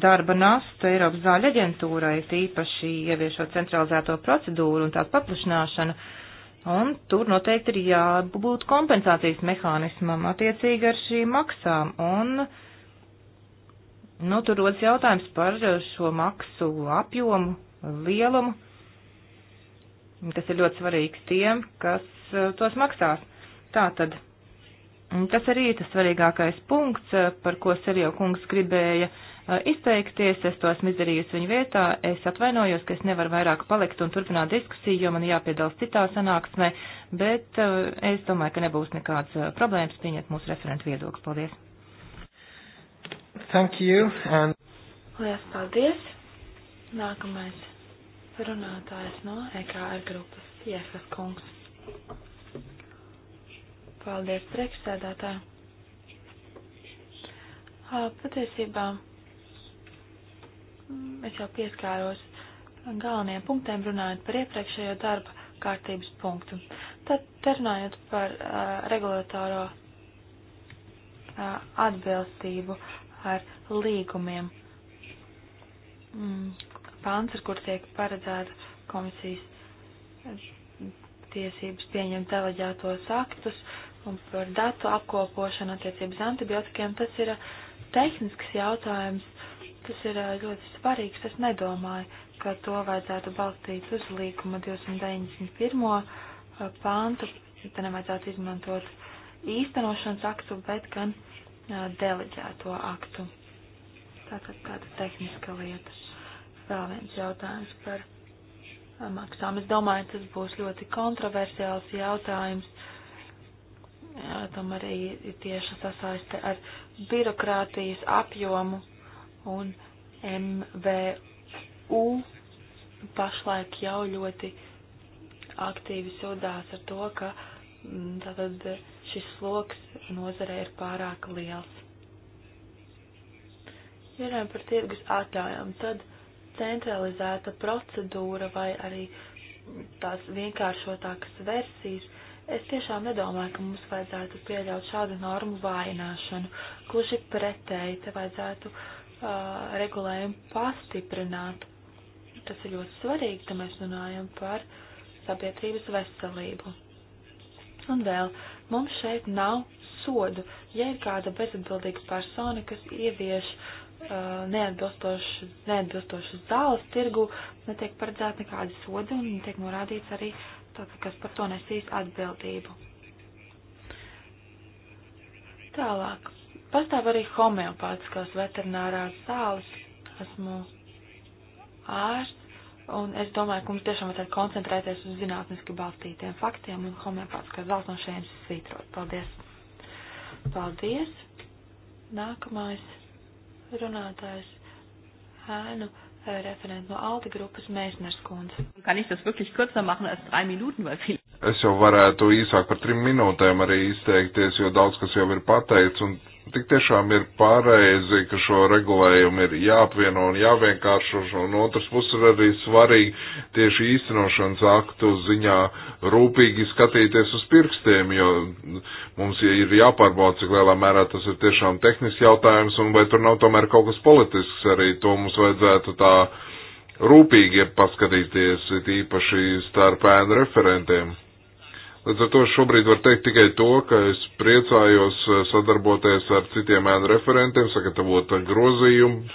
darba nastu Eiropas zāļu aģentūrai, tīpaši ieviešot centralizēto procedūru un tās paplašināšanu. Un tur noteikti ir jābūt kompensācijas mehānismam attiecīgi ar šīm maksām. Un uh, Nu, tur rodas jautājums par eh, šo maksu apjomu, lielumu, kas ir ļoti svarīgs tiem, kas eh, tos maksās. Tātad, tas arī ir tas svarīgākais punkts, eh, par ko Serjo kungs gribēja izteikties, es to esmu izdarījusi viņu vietā, es atvainojos, ka es nevaru vairāk palikt un turpināt diskusiju, jo man jāpiedalās citā sanāksmē, bet es domāju, ka nebūs nekāds problēmas pieņemt mūsu referentu viedokli. Paldies! Thank you. And... Lielas paldies. Nākamais runātājs no EKR grupas, Jēkab Kungs. Paldies, priekšsēdētāji. Patiesībā mm, es jau pieskāros galvenajiem punktiem runājot par iepriekšējo darba kārtības punktu. Tad runājot par uh, regulatoro uh, atbilstību, ar līgumiem. Mm, Pāns, ar kur tiek paredzēta komisijas tiesības pieņemt deleģētos aktus un par datu apkopošanu attiecības antibiotikiem, tas ir uh, tehnisks jautājums, tas ir uh, ļoti svarīgs. Es nedomāju, ka to vajadzētu balstīt uz līguma 291. Uh, pāntu, te nevajadzētu izmantot īstenošanas aktu, bet gan deleģēto aktu. Tātad tāda tehniska lieta. Vēl viens jautājums par maksām. Es domāju, tas būs ļoti kontroversiāls jautājums. Tam arī ir tieši sasaiste ar birokrātijas apjomu un MVU pašlaik jau ļoti aktīvi sūdās ar to, ka tātad. Uh, šis sloks nozarē ir pārāk liels. Ja runājam par tirgus atļaujām, tad centralizēta procedūra vai arī tās vienkāršotākas versijas, es tiešām nedomāju, ka mums vajadzētu pieļaut šādu normu vājināšanu. Gluži pretēji, te vajadzētu uh, regulējumu pastiprināt. Tas ir ļoti svarīgi, ka mēs runājam par sabiedrības veselību. Un vēl Mums šeit nav sodu. Ja ir kāda bezatbildīga persona, kas ievieš uh, neatbilstošas, neatbilstošas zāles tirgu, netiek paredzēta nekāda soda un tiek norādīts arī tātad, kas par to nesīs atbildību. Tālāk. Pastāv arī homeopātiskās veterinārās zāles. Esmu ārsts Un es domāju, ka mums tiešām vajadzētu koncentrēties uz zinātniski balstītiem faktiem un homeopātiskās zāles no šejienes svītrot. Paldies! Paldies! Nākamais runātājs ēnu eh, referents no Aldi grupas Mēsners kundze. Kann ich das wirklich kürzer machen als drei Minuten, weil viel. Es jau varētu īsāk par trim minūtēm arī izteikties, jo daudz kas jau ir pateicis, un Tik tiešām ir pareizi, ka šo regulējumu ir jāapvieno un jāvienkāršo, un otrs puses ir arī svarīgi tieši īstenošanas aktu ziņā rūpīgi skatīties uz pirkstiem, jo mums ir jāpārbauda, cik lielā mērā tas ir tiešām tehnisks jautājums, un vai tur nav tomēr kaut kas politisks arī, to mums vajadzētu tā rūpīgi paskatīties, it īpaši starp ēnu referentiem. Līdz ar to šobrīd var teikt tikai to, ka es priecājos eh, sadarboties ar citiem ēnu referentiem, sagatavot grozījumus.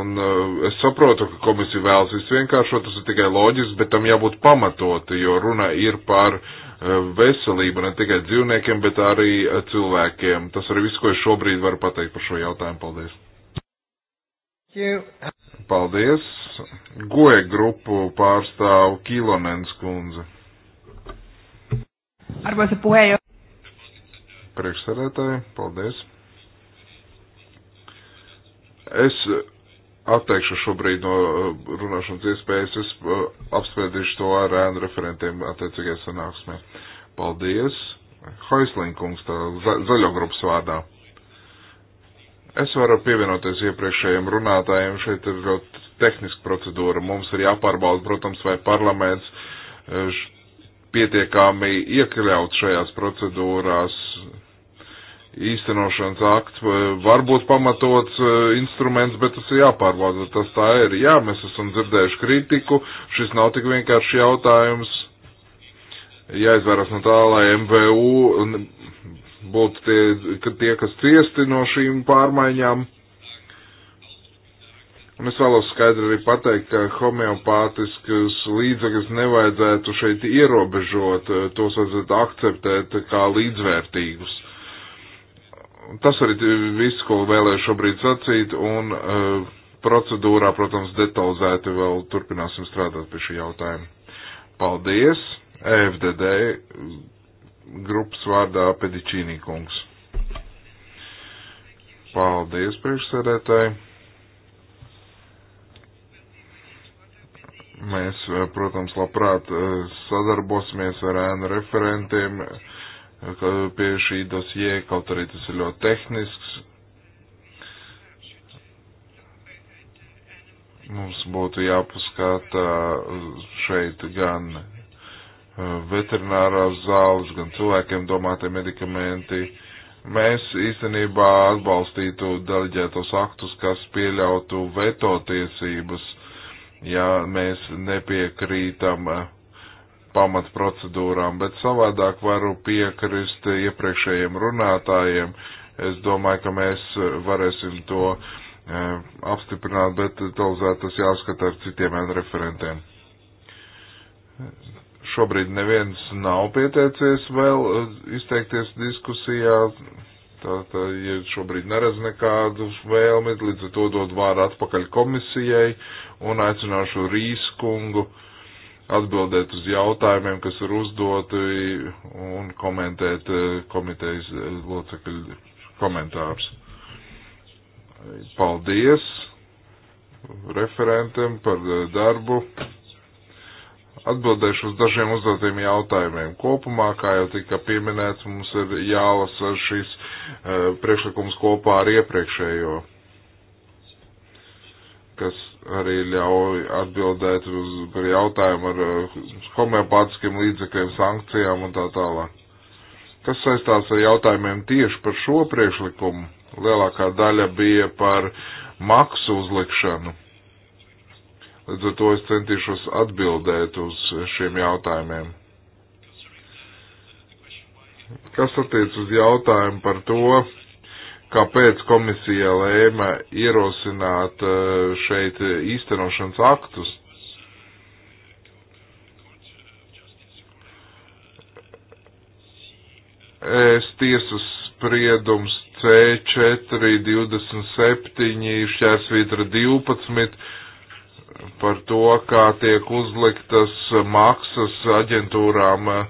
Un eh, es saprotu, ka komisija vēlas visu vienkāršot, tas ir tikai loģiski, bet tam jābūt pamatoti, jo runa ir par eh, veselību ne tikai dzīvniekiem, bet arī cilvēkiem. Tas arī viss, ko es šobrīd varu pateikt par šo jautājumu. Paldies! Paldies! Goja grupu pārstāvu Kilonens kundze. Arvoisa puheenjohtaja. Priekšsēdētāji, paldies. Es atteikšu šobrīd no eh, runāšanas iespējas. Es eh, apspriedīšu to ar ēnu referentiem attiecīgajā sanāksmē. Paldies. Haislinkungs, tā za, zaļo grupas vārdā. Es varu pievienoties iepriekšējiem runātājiem. Šeit ir ļoti tehniska procedūra. Mums ir jāpārbauda, protams, vai parlaments eh, pietiekami iekļauts šajās procedūrās. Īstenošanas akts eh, var būt pamatots eh, instruments, bet tas ir jāpārbauda. Tas tā ir. Jā, mēs esam dzirdējuši kritiku. Šis nav tik vienkāršs jautājums. Jāizvērās no tā, lai MVU būtu tie, tie kas ciesti no šīm pārmaiņām. Un es vēlos skaidri arī pateikt, ka homeopātiskas līdzekļus nevajadzētu šeit ierobežot, eh, tos vajadzētu akceptēt kā līdzvērtīgus. Tas arī viss, ko vēlēju šobrīd sacīt, un uh, procedūrā, protams, detalizēti vēl turpināsim strādāt pie šī jautājuma. Paldies! EFDD grupas vārdā Pedičīnī kungs. Paldies, priekšsēdētāji! Mēs, eh, protams, labprāt eh, sadarbosimies ar ēnu referentiem eh, pie šī dosie, kaut arī tas ir ļoti tehnisks. Mums būtu jāpaskata šeit gan veterinārās zāles, gan cilvēkiem domātie medikamenti. Mēs īstenībā atbalstītu deleģētos aktus, kas pieļautu veto tiesības ja mēs nepiekrītam eh, pamatprocedūrām, bet savādāk varu piekrist iepriekšējiem runātājiem. Es domāju, ka mēs varēsim to eh, apstiprināt, bet detalizēt tas jāskata ar citiem referentiem. Šobrīd neviens nav pieteicies vēl eh, izteikties diskusijā Tātad, ja šobrīd neredz nekādu vēlmi, līdz ar to dod vāru atpakaļ komisijai un aicināšu Rīskungu atbildēt uz jautājumiem, kas ir uzdoti un komentēt eh, komitejas eh, locekļu komentārus. Paldies referentiem par eh, darbu. Atbildēšu uz dažiem uzdotiem jautājumiem. Kopumā, kā jau tika pieminēts, mums ir jālasa šis Uh, priekšlikums kopā ar iepriekšējo, kas arī ļauj atbildēt uz jautājumu ar uh, homeopātiskiem līdzekļiem, sankcijām un tā tālāk. Kas saistās ar jautājumiem tieši par šo priekšlikumu? Lielākā daļa bija par maksu uzlikšanu. Līdz ar to es centīšos atbildēt uz šiem jautājumiem. Kas attiec uz jautājumu par to, kāpēc komisija lēma ierosināt e, šeit īstenošanas aktus. Es tiesas spriedums C4, 27, šķērsvītra 12 par to, kā tiek uzliktas maksas aģentūrām uh,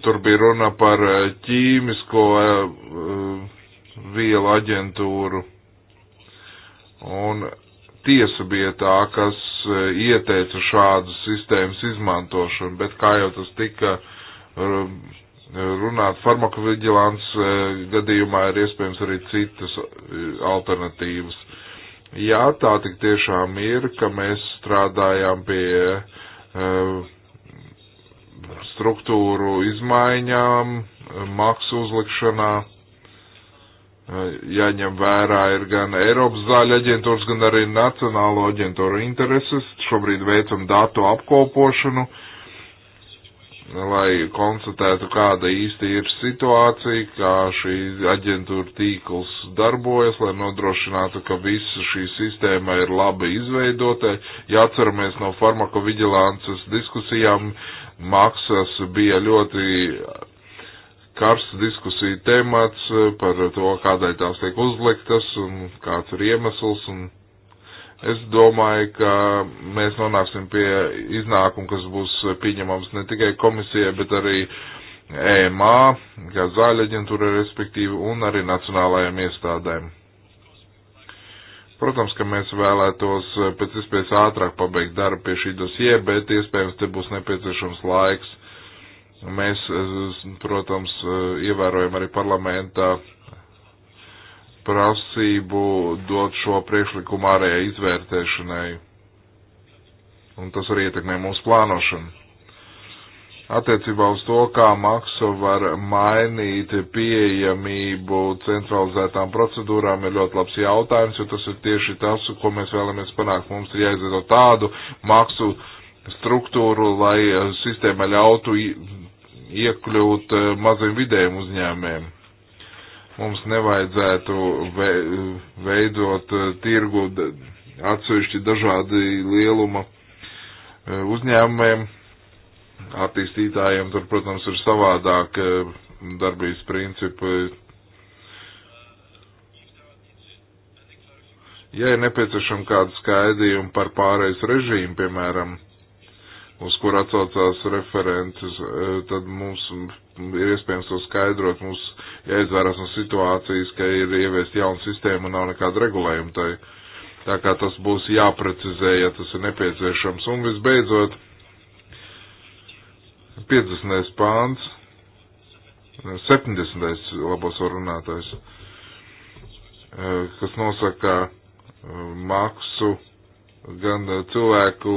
Tur bija runa par eh, ķīmisko eh, vielu aģentūru. Un tiesa bija tā, kas eh, ieteica šādas sistēmas izmantošanu, bet kā jau tas tika runāt, farmakovigilants gadījumā ir iespējams arī citas alternatīvas. Jā, tā tik tiešām ir, ka mēs strādājām pie uh, struktūru izmaiņām, maksu uzlikšanā. Jāņem vērā ir gan Eiropas zāļu aģentūras, gan arī Nacionālo aģentūru intereses. Šobrīd veicam datu apkopošanu, lai konstatētu, kāda īsti ir situācija, kā šī aģentūra tīkls darbojas, lai nodrošinātu, ka visa šī sistēma ir labi izveidota. Jāatceramies no farmakoviģilances diskusijām, uh, maksas bija ļoti karsts diskusija temats par to, kādēļ tās tiek uzliktas un kāds ir iemesls. Un es domāju, ka mēs nonāksim pie iznākuma, kas būs pieņemams ne tikai komisijai, bet arī EMA, kā zāļa aģentūra respektīvi, un arī nacionālajām iestādēm. Protams, ka mēs vēlētos eh, pēc iespējas ātrāk pabeigt darbu pie šī dosie, bet iespējams te būs nepieciešams laiks. Mēs, eh, protams, eh, ievērojam arī parlamentā prasību dot šo priekšlikumu ārējai izvērtēšanai. Un tas arī ietekmē mūsu plānošanu attiecībā uz to, kā maksu var mainīt pieejamību centralizētām procedūrām, ir ļoti labs jautājums, jo tas ir tieši tas, ko mēs vēlamies panākt. Mums ir jāizveido tādu maksu struktūru, lai eh, sistēma ļautu iekļūt eh, maziem vidējiem uzņēmēm. Mums nevajadzētu veidot eh, tirgu atsevišķi dažādi lieluma uzņēmumiem, attīstītājiem tur, protams, ir savādāk eh, darbības principi. Ja ir nepieciešama kāda skaidījuma par pārējais režīmu, piemēram, uz kur atsaucās referents, eh, tad mums ir iespējams to skaidrot, mums jāizvērās no situācijas, ka ir ieviest jauna sistēma un nav nekāda regulējuma tai. Tā kā tas būs jāprecizē, ja tas ir nepieciešams. Un visbeidzot, 50. pāns, 70. labos runātājs, eh, kas nosaka eh, maksu gan cilvēku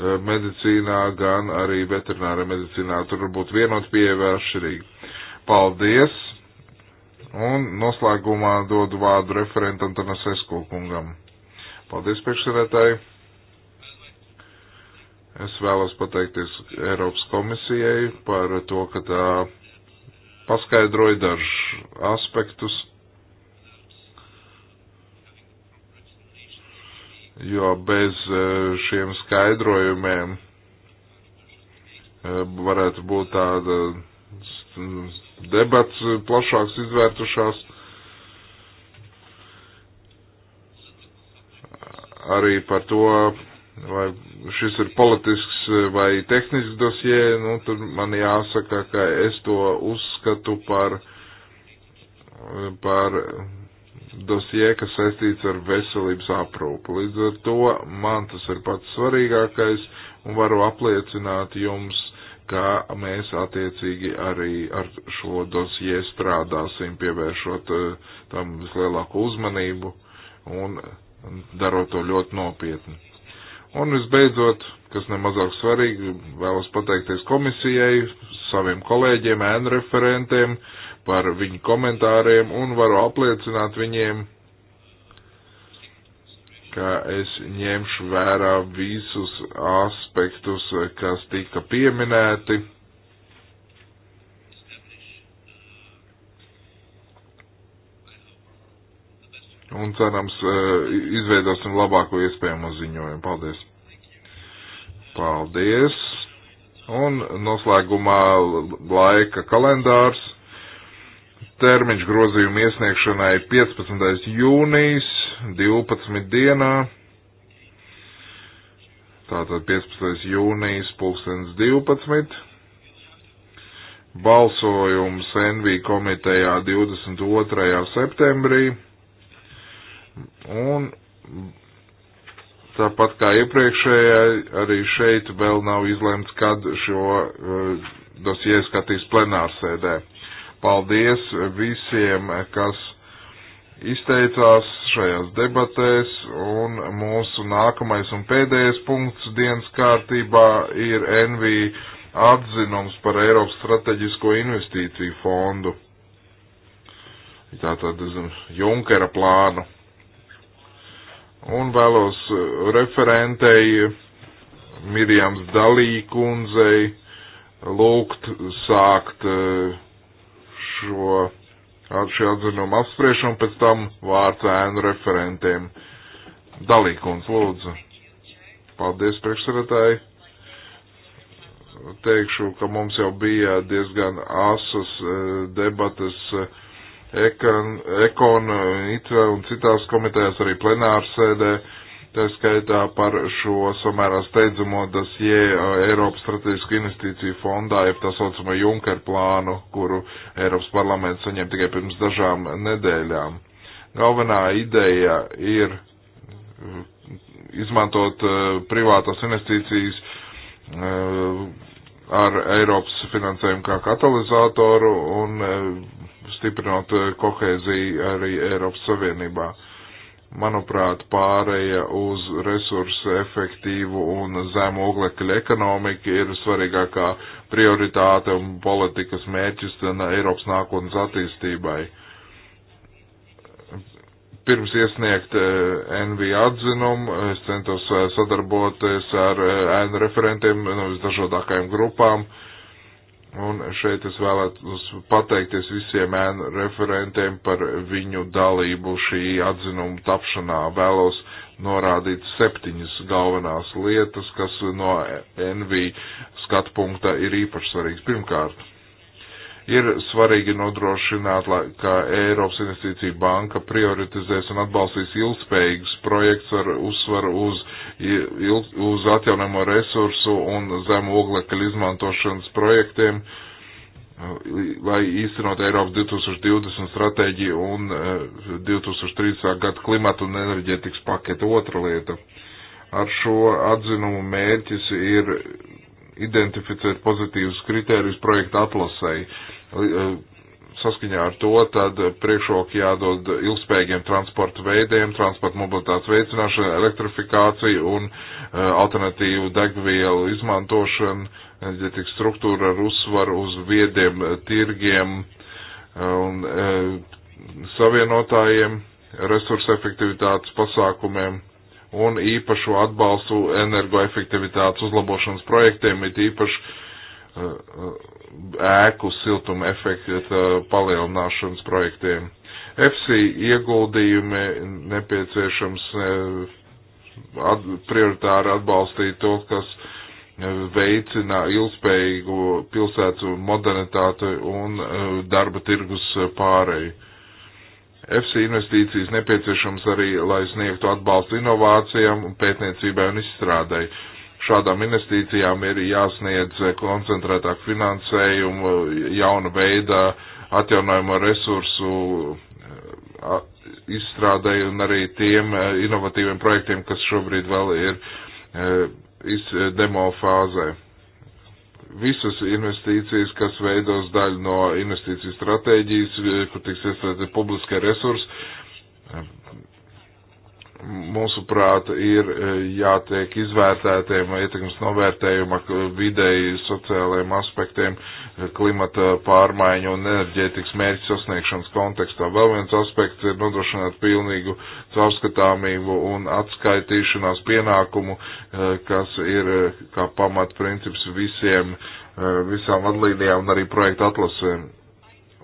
eh, medicīnā, gan arī veterinārā medicīnā. Tur būtu vienot pieeja atšķirīgi. Paldies! Un noslēgumā dodu vārdu referentam Tanasesku kungam. Paldies, priekšsēdētāji! Es vēlos pateikties Eiropas komisijai par to, ka tā paskaidroja dažus aspektus, jo bez e, šiem skaidrojumiem e, varētu būt tāda debats plašāks izvērtušās. Arī par to, vai šis ir politisks vai tehnisks dosie, nu, tad man jāsaka, ka es to uzskatu par, par dosie, kas saistīts ar veselības aprūpu. Līdz ar to man tas ir pats svarīgākais un varu apliecināt jums, ka mēs attiecīgi arī ar šo dosie strādāsim, pievēršot eh, tam vislielāku uzmanību un darot to ļoti nopietni. Un visbeidzot, kas nemazāk svarīgi, vēlos pateikties komisijai, saviem kolēģiem, ēnu referentiem par viņu komentāriem un varu apliecināt viņiem, ka es ņemšu vērā visus aspektus, kas tika pieminēti un cerams e, izveidosim labāko iespējamo ziņojumu. Paldies! Paldies! Un noslēgumā laika kalendārs. Termiņš grozījuma iesniegšanai 15. jūnijas 12. dienā. Tātad 15. jūnijas 2012. Balsojums NV komitejā 22. septembrī Un tāpat kā iepriekšējā, arī šeit vēl nav izlemts, kad šo uh, dosie skatīs plenārsēdē. Paldies visiem, kas izteicās šajās debatēs, un mūsu nākamais un pēdējais punkts dienas kārtībā ir NV atzinums par Eiropas strateģisko investīciju fondu. Tātad Junkera plānu un vēlos eh, referentei Mirjams Dalī kundzei lūgt sākt eh, šo ar šī atzinuma apspriešanu, pēc tam vārds ēnu referentiem. Dalīkums, lūdzu. Paldies, priekšsarētāji. Teikšu, ka mums jau bija diezgan asas eh, debatas ekon, itve un citās komitejās arī plenārsēdē, tā skaitā par šo samērā steidzamo dasjē Eiropas strateģisku investīciju fondā, jeb tā saucamo Junker plānu, kuru Eiropas parlaments saņem tikai pirms dažām nedēļām. Galvenā ideja ir izmantot privātās investīcijas ar Eiropas finansējumu kā katalizatoru un stiprinot eh, kohēziju arī Eiropas Savienībā. Manuprāt, pāreja uz resursu efektīvu un zemu oglekļa ekonomiku ir svarīgākā prioritāte un politikas mērķis Eiropas nākotnes attīstībai. Pirms iesniegt eh, NV atzinumu, es centos eh, sadarboties ar ēnu referentiem no nu, visdažādākajām grupām. Uh, Un šeit es vēlētos pateikties visiem ēnu referentiem par viņu dalību šī atzinuma tapšanā. Vēlos norādīt septiņas galvenās lietas, kas no NV skatu punktā ir īpaši svarīgas. Pirmkārt, Ir svarīgi nodrošināt, lai, ka Eiropas investīcija banka prioritizēs un atbalstīs ilgspējīgus projekts ar uzsvaru uz, ilg, uz atjaunamo resursu un zemu oglekļu izmantošanas projektiem, lai īstenot Eiropas 2020 stratēģiju un 2030. E, gadu klimatu un enerģetikas paketu. Otra lieta. Ar šo atzinumu mērķis ir identificēt pozitīvus kritērijus projekta atlasēji, Eh, saskaņā ar to tad priekšroki jādod ilgspējīgiem transporta veidiem, transporta mobilitātes veicināšana, elektrifikācija un eh, alternatīvu degvielu izmantošana, enerģetikas struktūra ar uzsvaru uz viediem eh, tirgiem un savienotājiem, resursu efektivitātes pasākumiem un īpašu atbalstu energoefektivitātes uzlabošanas projektiem, it īpaši Uh, uh, ēku siltuma efekta uh, palielināšanas projektiem. EFSI ieguldījumi nepieciešams at, prioritāri atbalstīt to, kas veicina ilgspējīgu pilsētu modernitāti un darba tirgus pāreju. EFSI investīcijas nepieciešams arī, lai sniegtu atbalstu inovācijām un pētniecībai un izstrādai. Uh, šādām investīcijām ir jāsniedz koncentrētāk finansējumu, jauna veida atjaunojumu resursu izstrādēju un arī tiem e, inovatīviem projektiem, kas šobrīd vēl ir e, e, demo fāzē. Visas investīcijas, kas veidos daļu no investīciju stratēģijas, kur tiks iesaistīti publiskie resursi, mūsuprāt, ir e, jātiek izvērtētiem ietekmes novērtējuma videi sociālajiem aspektiem e, klimata pārmaiņu un enerģētikas mērķu sasniegšanas kontekstā. Vēl viens aspekts ir nodrošināt pilnīgu caurskatāmību un atskaitīšanās pienākumu, e, kas ir kā pamatprincips visiem, visām vadlīnijām un arī projektu atlasēm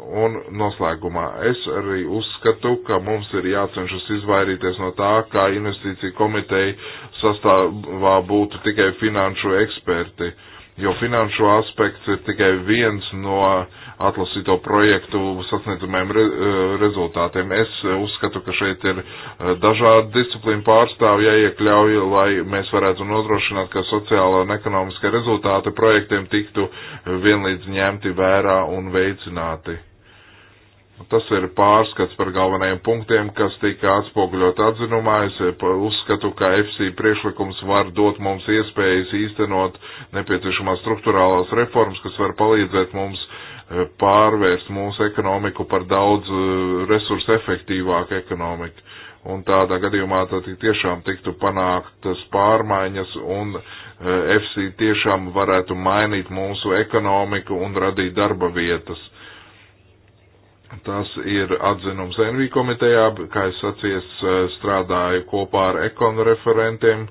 Un noslēgumā es arī uzskatu, ka mums ir jācenšas izvairīties no tā, kā investīcija komiteja sastāvā būtu tikai finanšu eksperti, jo finanšu aspekts ir tikai viens no uh, atlasīto projektu sasniedzamiem re, e, rezultātiem. Es uzskatu, ka šeit ir e, dažādi disciplīnu pārstāvji jāiekļauj, lai mēs varētu nodrošināt, ka sociālā un ekonomiskā rezultāta projektiem tiktu vienlīdz ņemti vērā un veicināti. Tas ir pārskats par galvenajiem punktiem, kas tika atspoguļot atzinumā. Es e, uzskatu, ka FC priekšlikums var dot mums iespējas īstenot nepieciešamās struktūrālās reformas, kas var palīdzēt mums uh, Eh, pārvērst mūsu ekonomiku par daudz eh, resursu efektīvāku ekonomiku. Un tādā gadījumā tad tiešām tiktu panāktas pārmaiņas un eh, FC tiešām varētu mainīt mūsu ekonomiku un radīt darba vietas. Tas ir atzinums NV komitejā, kā es sacies, strādāju kopā ar ekonu referentiem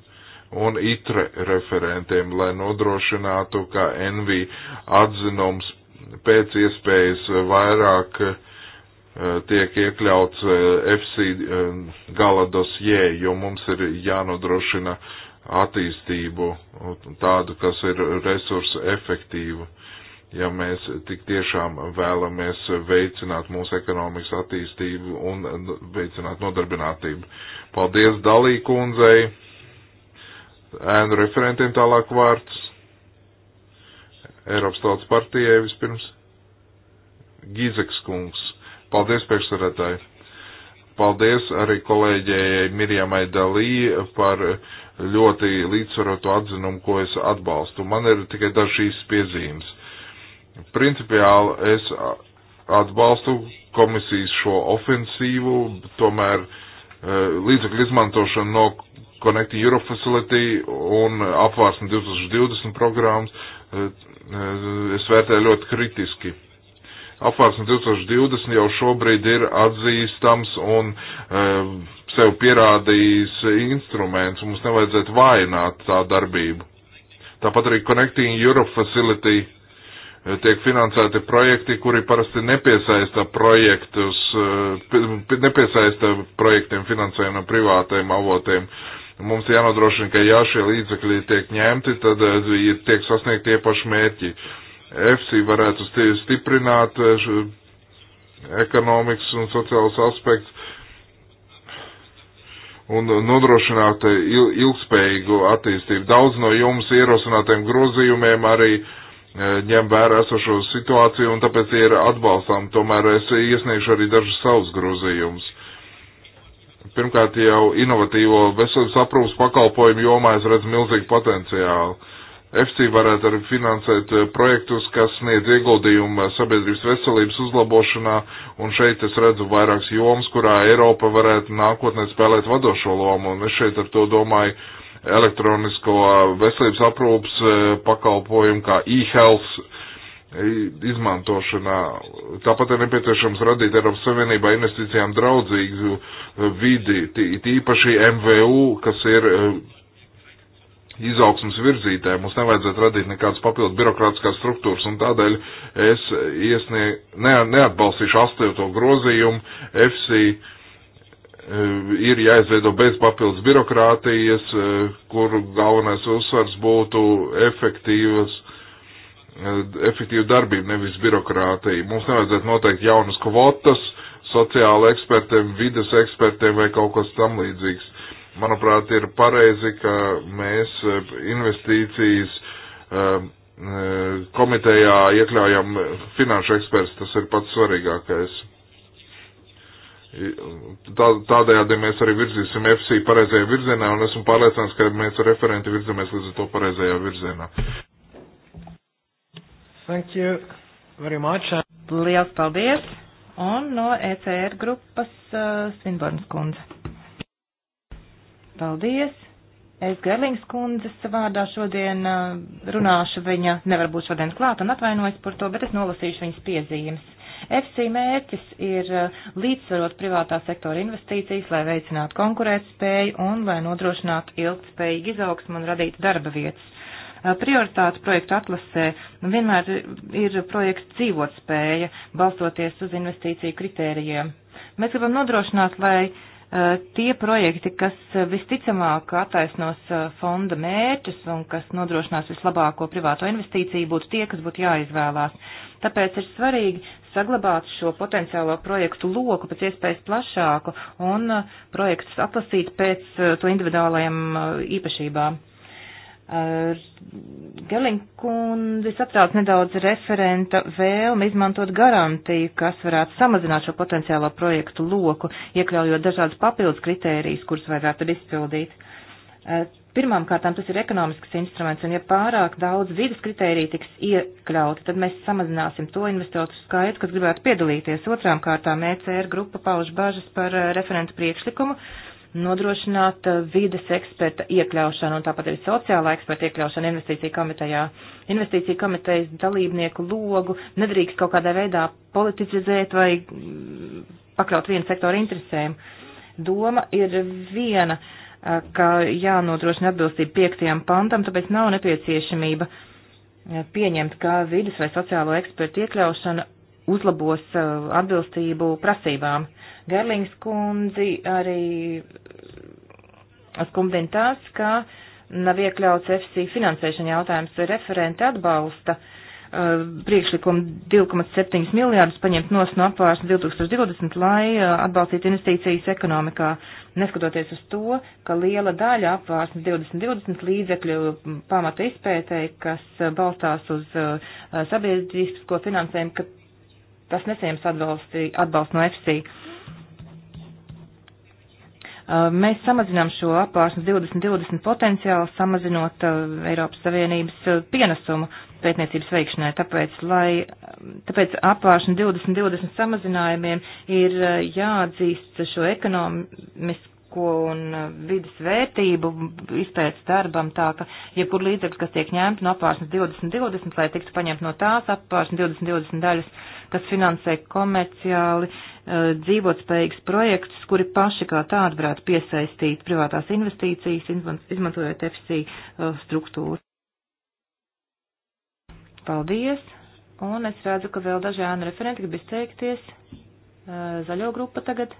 un ITRE referentiem, lai nodrošinātu, ka NV atzinums pēc iespējas vairāk eh, tiek iekļauts eh, FC eh, gala dosjē, jo mums ir jānodrošina attīstību tādu, kas ir resursu efektīvu. Ja mēs tik tiešām vēlamies veicināt mūsu ekonomikas attīstību un veicināt nodarbinātību. Paldies Dalī kundzei, ēnu referentiem tālāk vārds. Eiropas Tautas partijai vispirms. Gīzeks kungs. Paldies, priekšsarētāji. Paldies arī kolēģējai Mirjamai Dalī par ļoti līdzsvarotu atzinumu, ko es atbalstu. Man ir tikai dažīs piezīmes. Principiāli es atbalstu komisijas šo ofensīvu, tomēr e, līdzekļu izmantošanu no Connecting Europe Facility un apvārsni 2020 programmas es vērtēju ļoti kritiski. Apvārsne 2020 jau šobrīd ir atzīstams un e, sev pierādījis instruments, un mums nevajadzētu vainot tā darbību. Tāpat arī Connecting Europe Facility e, tiek finansēti projekti, kuri parasti nepiesaista projektus, e, nepiesaista projektiem finansējumu no privātajiem avotiem. Nu, mums jānodrošina, ka ja šie līdzekļi tiek ņemti, tad eh, tiek sasniegt tie paši mērķi. EFSI varētu stiprināt eh, ekonomikas un sociālas aspekts un nodrošināt eh, ilgspējīgu attīstību. Daudz no jums ierosinātiem grozījumiem arī ņem vērā esošo situāciju, un tāpēc ir atbalstām. Tomēr es iesniegšu arī dažus savus grozījumus. Pirmkārt jau inovatīvo veselības aprūpas pakalpojumu jomā es redzu milzīgu potenciālu. FC varētu arī finansēt eh, projektus, kas sniedz ieguldījumu eh, sabiedrības veselības uzlabošanā, un šeit es redzu vairākas jomas, kurā Eiropa varētu nākotnē spēlēt vadošo lomu, un es šeit ar to domāju elektronisko eh, veselības aprūpas pakalpojumu, kā e-health izmantošanā. Tāpat ir nepieciešams radīt Eiropas Savienībā investīcijām draudzīgu e, vidi, tīpaši MVU, kas ir e, izaugsmas virzītē. Mums nevajadzētu radīt nekādas papildu birokrātiskās struktūras, un tādēļ es iesnie, ne, neatbalstīšu astoto grozījumu. FC e, ir jāizveido bez papildus birokrātijas, kur galvenais uzsvars būtu efektīvas Eh, efektīvu darbību, nevis birokrātiju. Mums nevajadzētu noteikt jaunas kvotas sociāla ekspertiem, vides ekspertiem vai kaut kas tam līdzīgs. Manuprāt, ir pareizi, ka mēs eh, investīcijas eh, komitejā iekļaujam finanšu eksperts, tas ir pats svarīgākais. Tā, tādējādi mēs arī virzīsim FC pareizajā virzienā, un esmu pārliecināts, ka mēs ar referenti virzamies līdz to pareizajā virzienā. Thank you very much. Liels paldies. Un no ECR grupas uh, Svinbornas kundze. Paldies. Es Gerlings kundzes vārdā šodien uh, runāšu. Viņa nevar būt šodien klāt un atvainojas par to, bet es nolasīšu viņas piezīmes. FC mērķis ir uh, līdzsvarot privātā sektora investīcijas, lai veicinātu konkurētspēju un lai nodrošinātu ilgspējīgu izaugsmu un radītu darba vietas. Prioritāte projektu atlasē vienmēr ir projekts dzīvotspēja, balstoties uz investīciju kritērijiem. Mēs gribam nodrošināt, lai e, tie projekti, kas e, visticamāk attaisnos e, fonda mērķus un kas nodrošinās vislabāko privāto investīciju, būtu tie, kas būtu jāizvēlās. Tāpēc ir svarīgi saglabāt šo potenciālo projektu loku pēc iespējas plašāku un projektus atlasīt pēc to individuālajiem īpašībām. Gelinkundze satrauc nedaudz referenta vēlme izmantot garantiju, kas varētu samazināt šo potenciālo projektu loku, iekļaujot dažādas papildus kritērijas, kuras vajadzētu izpildīt. Pirmām kārtām tas ir ekonomisks instruments, un ja pārāk daudz vidas kritērija tiks iekļauti, tad mēs samazināsim to investoru skaitu, kas gribētu piedalīties. Otrām kārtām ECR grupa pauž bažas par eh, referentu priekšlikumu, uh, nodrošināt eh, vides eksperta iekļaušanu un tāpat arī sociālā eksperta iekļaušanu investīciju komitejā. Investīciju komitejas dalībnieku logu nedrīkst kaut kādā veidā politizēt vai mm, pakļaut vienu sektoru interesēm. Doma ir viena, eh, ka jānodrošina atbilstība piektajam pantam, tāpēc nav nepieciešamība eh, pieņemt, ka vidas vai sociālo ekspertu iekļaušana uzlabos uh, atbilstību prasībām. Gerlings kundzi arī skumdina tās, ka nav iekļauts FC finansēšana jautājums. Referenti atbalsta uh, priekšlikumu 2,7 miljārdus paņemt nos no apvārsnes 2020, lai uh, atbalstītu investīcijas ekonomikā, neskatoties uz to, ka liela daļa apvārsnes 2020 līdzekļu pamata izpētēji, kas uh, balstās uz uh, sabiedrisko finansējumu, ka tas nesaņems atbalstu, atbalstu no FC. Uh, mēs samazinām šo apvārsnes 2020 potenciālu, samazinot uh, Eiropas Savienības uh, pienesumu pētniecības veikšanai. Tāpēc, lai, tāpēc apvārsnes 2020 samazinājumiem ir jāatzīst šo ekonomiski ekoloģisko un uh, vidas vērtību izpētes darbam, tā ka jebkur līdzeklis, kas tiek ņemts no apvārsnes 2020, lai tiktu paņemt no tās apvārsnes 2020 daļas, kas finansē komerciāli uh, dzīvotspējīgus projektus, kuri paši kā tādi varētu piesaistīt privātās investīcijas, izmantojot FC uh, struktūru. Paldies! Un es redzu, ka vēl daži ēnu referenti grib izteikties. Zaļo grupa tagad.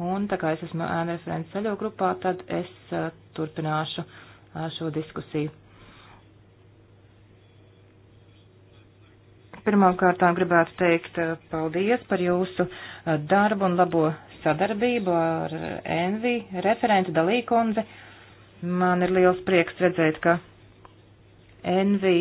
Un tā kā es esmu ēna referents ceļo grupā, tad es uh, turpināšu uh, šo diskusiju. Pirmkārt, gribētu teikt uh, paldies par jūsu darbu un labo sadarbību ar Envi referentu Dalīkundze. Man ir liels prieks redzēt, ka Envi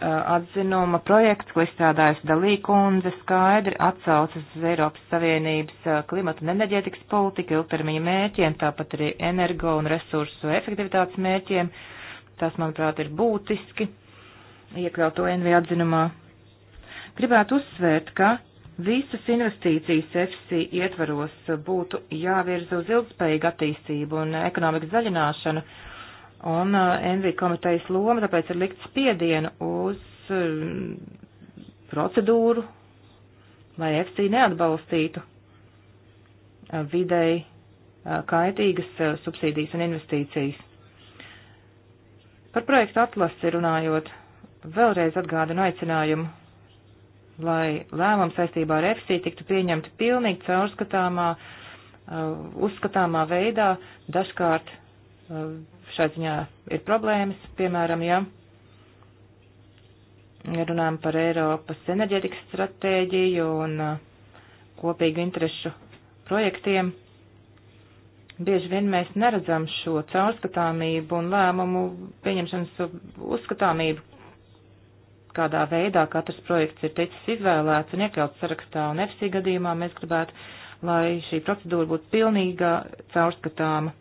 Eh, atzinuma projekts, ko izstrādājusi Dalī kundze, skaidri atsaucas uz Eiropas Savienības eh, klimata un enerģētikas politiku, ilgtermiņa mērķiem, tāpat arī energo un resursu efektivitātes mērķiem. Tas, manuprāt, ir būtiski iekļaut to NV atzinumā. Gribētu uzsvērt, ka visas investīcijas FC ietvaros būtu jāvirza uz ilgspējīgu attīstību un ekonomikas zaļināšanu Un uh, NV komitejas loma tāpēc ir likt spiedienu uz uh, procedūru, lai FC neatbalstītu uh, videi kaitīgas subsīdijas un investīcijas. Par projektu atlasi runājot, vēlreiz atgādinu aicinājumu, lai lēmums saistībā ar EFSI tiktu pieņemti pilnīgi caurskatāmā, uzskatāmā veidā, dažkārt šā ziņā ir problēmas, piemēram, ja runājam par Eiropas enerģētikas stratēģiju un uh, kopīgu interešu projektiem. Bieži vien mēs neredzam šo caurskatāmību un lēmumu pieņemšanas uzskatāmību, kādā veidā katrs projekts ir ticis izvēlēts un iekļauts sarakstā, un FC gadījumā mēs gribētu, lai šī procedūra būtu pilnīga caurskatāma.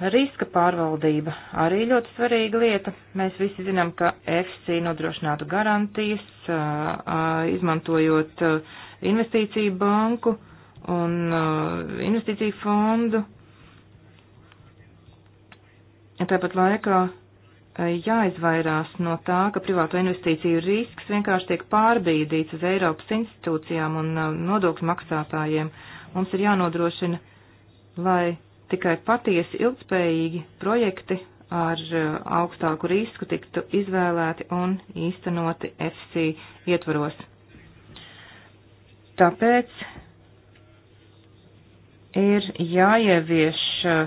Riska pārvaldība arī ļoti svarīga lieta. Mēs visi zinām, ka FC nodrošinātu garantijas, izmantojot investīciju banku un investīciju fondu. Tāpat laikā jāizvairās no tā, ka privāto investīciju risks vienkārši tiek pārbīdīts uz Eiropas institūcijām un nodokļu maksātājiem. Mums ir jānodrošina, lai Tikai patiesi ilgspējīgi projekti ar eh, augstāku risku tiktu izvēlēti un īstenoti FC ietvaros. Tāpēc ir jāievieš eh,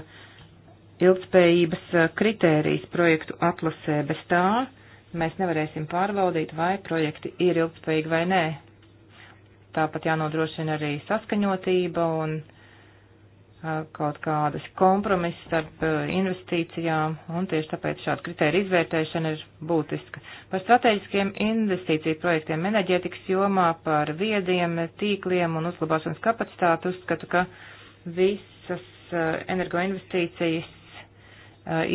ilgspējības eh, kritērijas projektu atlasē. Bez tā mēs nevarēsim pārbaudīt, vai projekti ir ilgspējīgi vai nē. Tāpat jānodrošina arī saskaņotība un kaut kādas kompromiss starp investīcijām, un tieši tāpēc šāda kritērija izvērtēšana ir būtiska. Par strateģiskiem investīciju projektiem enerģētikas jomā, par viediem tīkliem un uzlabāšanas kapacitāti uzskatu, ka visas energoinvestīcijas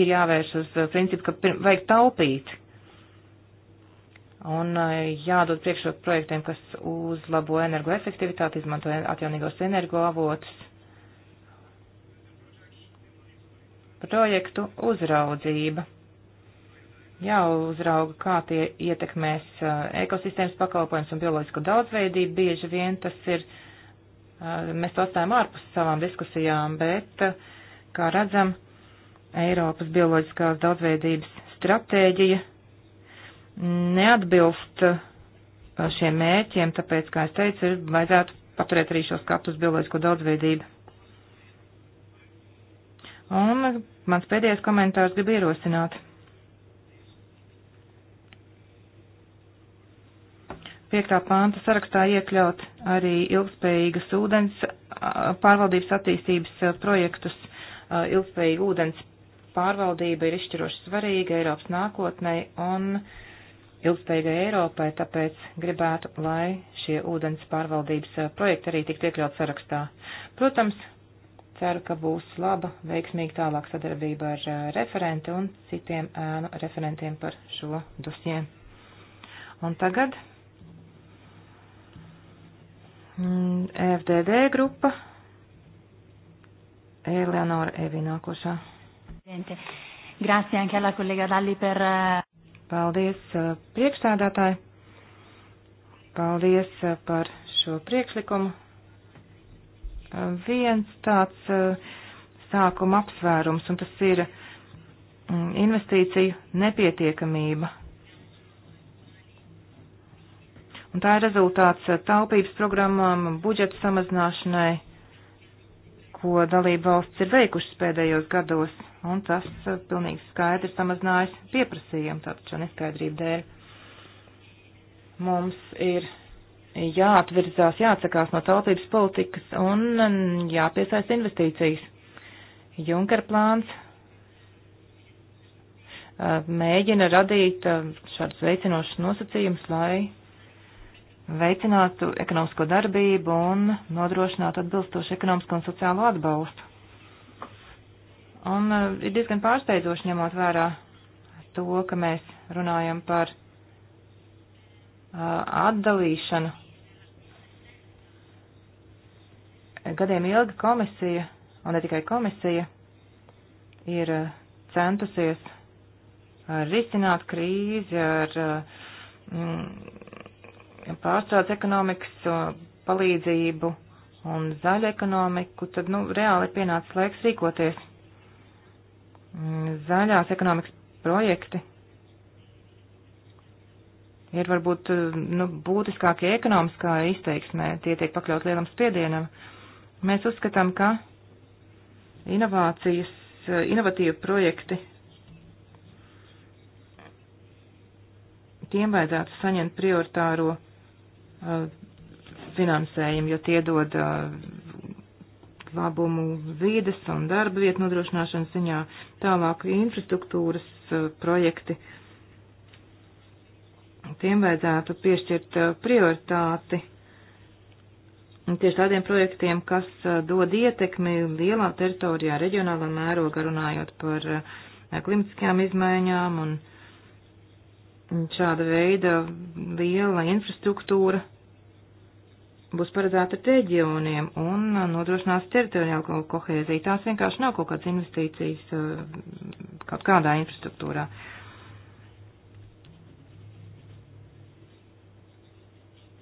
ir jāvērš uz principu, ka vajag taupīt un jādod priekšroku projektiem, kas uzlabo energoefektivitāti, izmanto atjaunīgos energoavotus projektu uzraudzība. Jāuzrauga, kā tie ietekmēs uh, ekosistēmas pakalpojums un bioloģisko daudzveidību. Bieži vien tas ir, uh, mēs to atstājam ārpus savām diskusijām, bet, uh, kā redzam, Eiropas bioloģiskās daudzveidības stratēģija neatbilst šiem mērķiem, tāpēc, kā es teicu, ir vajadzētu paturēt arī šo skatu uz bioloģisko daudzveidību. Un mans pēdējais komentārs grib ierosināt. Piektā panta sarakstā iekļaut arī ilgspējīgas ūdens pārvaldības attīstības projektus. Ilgspējīga ūdens pārvaldība ir izšķiroši svarīga Eiropas nākotnei un ilgspējīgai Eiropai, tāpēc gribētu, lai šie ūdens pārvaldības projekti arī tiktu iekļaut sarakstā. Protams, ceru, ka būs laba, veiksmīga tālāk sadarbība ar eh, referenti un citiem ēnu referentiem par šo dosiem. Un tagad mm, FDD grupa. Eleonora Evi nākošā. Grazie anche alla collega Dalli per. Eh, Paldies eh, priekšstādātāji. Paldies par šo priekšlikumu viens tāds eh, sākuma apsvērums, un tas ir mm, investīciju nepietiekamība. Un tā ir rezultāts eh, taupības programmām, budžeta samazināšanai, ko dalība valsts ir veikušas pēdējos gados, un tas eh, pilnīgi skaidri samazinājis pieprasījumu, tātad šo neskaidrību dēļ. Mums ir jāatvirzās, jāatsakās no tautības politikas un mm, jāpiesaista investīcijas. Junker plāns mēģina radīt šādus veicinošus nosacījumus, lai veicinātu ekonomisko darbību un nodrošinātu atbilstošu ekonomisko un sociālo atbalstu. Un ir diezgan pārsteidzoši ņemot vērā to, ka mēs runājam par atdalīšanu Gadiem ilgi komisija, un ne tikai komisija, ir eh, centusies eh, risināt krīzi ar eh, mm, pārstrādes ekonomikas palīdzību un zaļu ekonomiku, tad, nu, reāli ir pienācis laiks rīkoties. Mm, zaļās ekonomikas projekti ir varbūt nu, būtiskākie ekonomiskā izteiksmē, tie tiek pakļaut lielam spiedienam. Uh, Mēs uzskatām, ka inovācijas, inovatīvi projekti, tiem vajadzētu saņemt prioritāro eh, finansējumu, jo tie dod eh, labumu vīdes un darba vietu nodrošināšanas ziņā, tālāk infrastruktūras eh, projekti. Tiem vajadzētu piešķirt prioritāti tieši tādiem projektiem, kas uh, dod ietekmi lielā teritorijā, reģionālā mērogā, runājot par uh, klimatiskajām izmaiņām un šāda veida liela infrastruktūra būs paredzēta reģioniem un uh, nodrošinās teritoriālo kohēziju. Tās vienkārši nav kaut kādas investīcijas kaut kādā infrastruktūrā.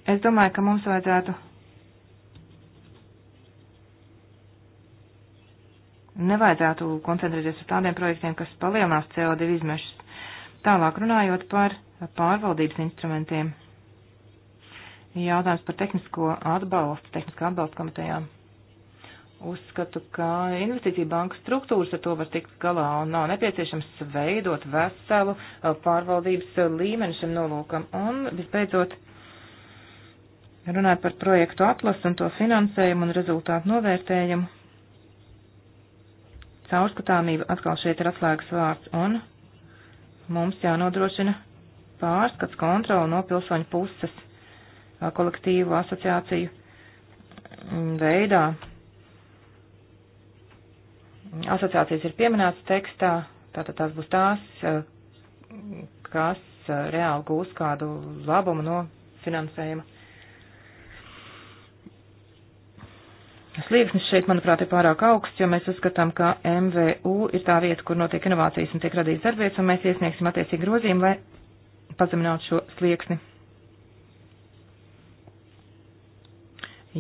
Es domāju, ka mums vajadzētu nevajadzētu koncentrēties uz tādiem projektiem, kas palielinās CO2 izmešus. Tālāk runājot par pārvaldības instrumentiem. Jautājums par tehnisko atbalstu, tehniskā atbalsta komitejām. Uzskatu, ka investīcija bankas struktūras ar to var tikt galā un nav nepieciešams veidot veselu eh, pārvaldības eh, līmeni šim nolūkam. Un visbeidzot, runāju par projektu atlasu un to finansējumu un rezultātu novērtējumu. Caurskatāmība atkal šeit ir atslēgas vārds un mums jānodrošina pārskats kontroli no pilsoņu puses kolektīvu asociāciju mm, veidā. Asociācijas ir pieminētas tekstā, tātad tās būs tās, kas reāli gūs kādu labumu no finansējuma. Slieksnis šeit, manuprāt, ir pārāk augsts, jo mēs uzskatām, ka MVU ir tā vieta, kur notiek inovācijas un tiek radīts darbvietas, un mēs iesniegsim attiecīgi grozījumu, lai pazeminātu šo slieksni.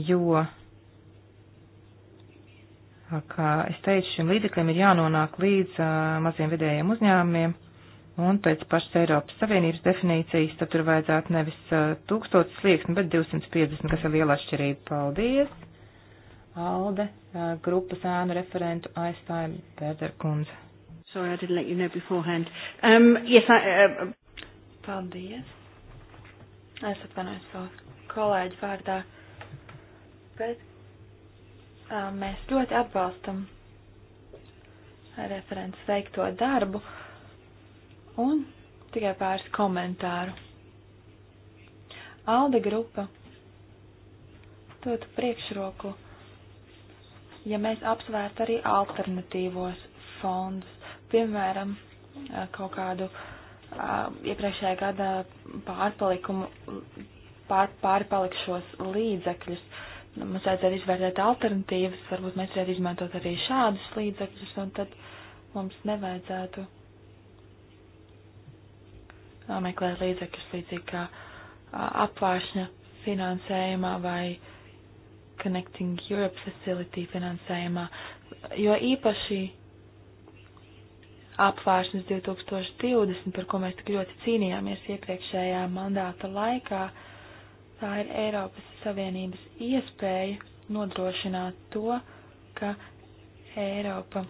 Jo, kā es teicu, šim līdzekļiem ir jānonāk līdz uh, maziem vidējiem uzņēmumiem. Un pēc pašas Eiropas Savienības definīcijas tad tur vajadzētu nevis uh, 1000 slieksni, bet 250, kas ir liela atšķirība. Paldies! Alde grupas ēnu referentu aizstāja Pēter Kunze. Sorry, I didn't let you know beforehand. Um, yes, I, uh, Paldies. Es atvainojos savu kolēģu vārdā, bet uh, mēs ļoti atbalstam referents veikto darbu un tikai pāris komentāru. Alde grupa dotu priekšroku ja mēs apsvērtu arī alternatīvos fondus, piemēram, eh, kaut kādu uh, iepriekšējā gada pārpalikumu, pār, pārpalikšos līdzekļus. Mums vajadzētu izvērtēt alternatīvas, varbūt mēs varētu izmantot arī šādus līdzekļus, un tad mums nevajadzētu eh, meklēt līdzekļus līdzīgi kā apvāršņa finansējumā vai uh, Connecting Europe Facility finansējumā, jo īpaši apvāršanas 2020, par ko mēs tik ļoti cīnījāmies iepriekšējā mandāta laikā, tā ir Eiropas Savienības iespēja nodrošināt to, ka Eiropa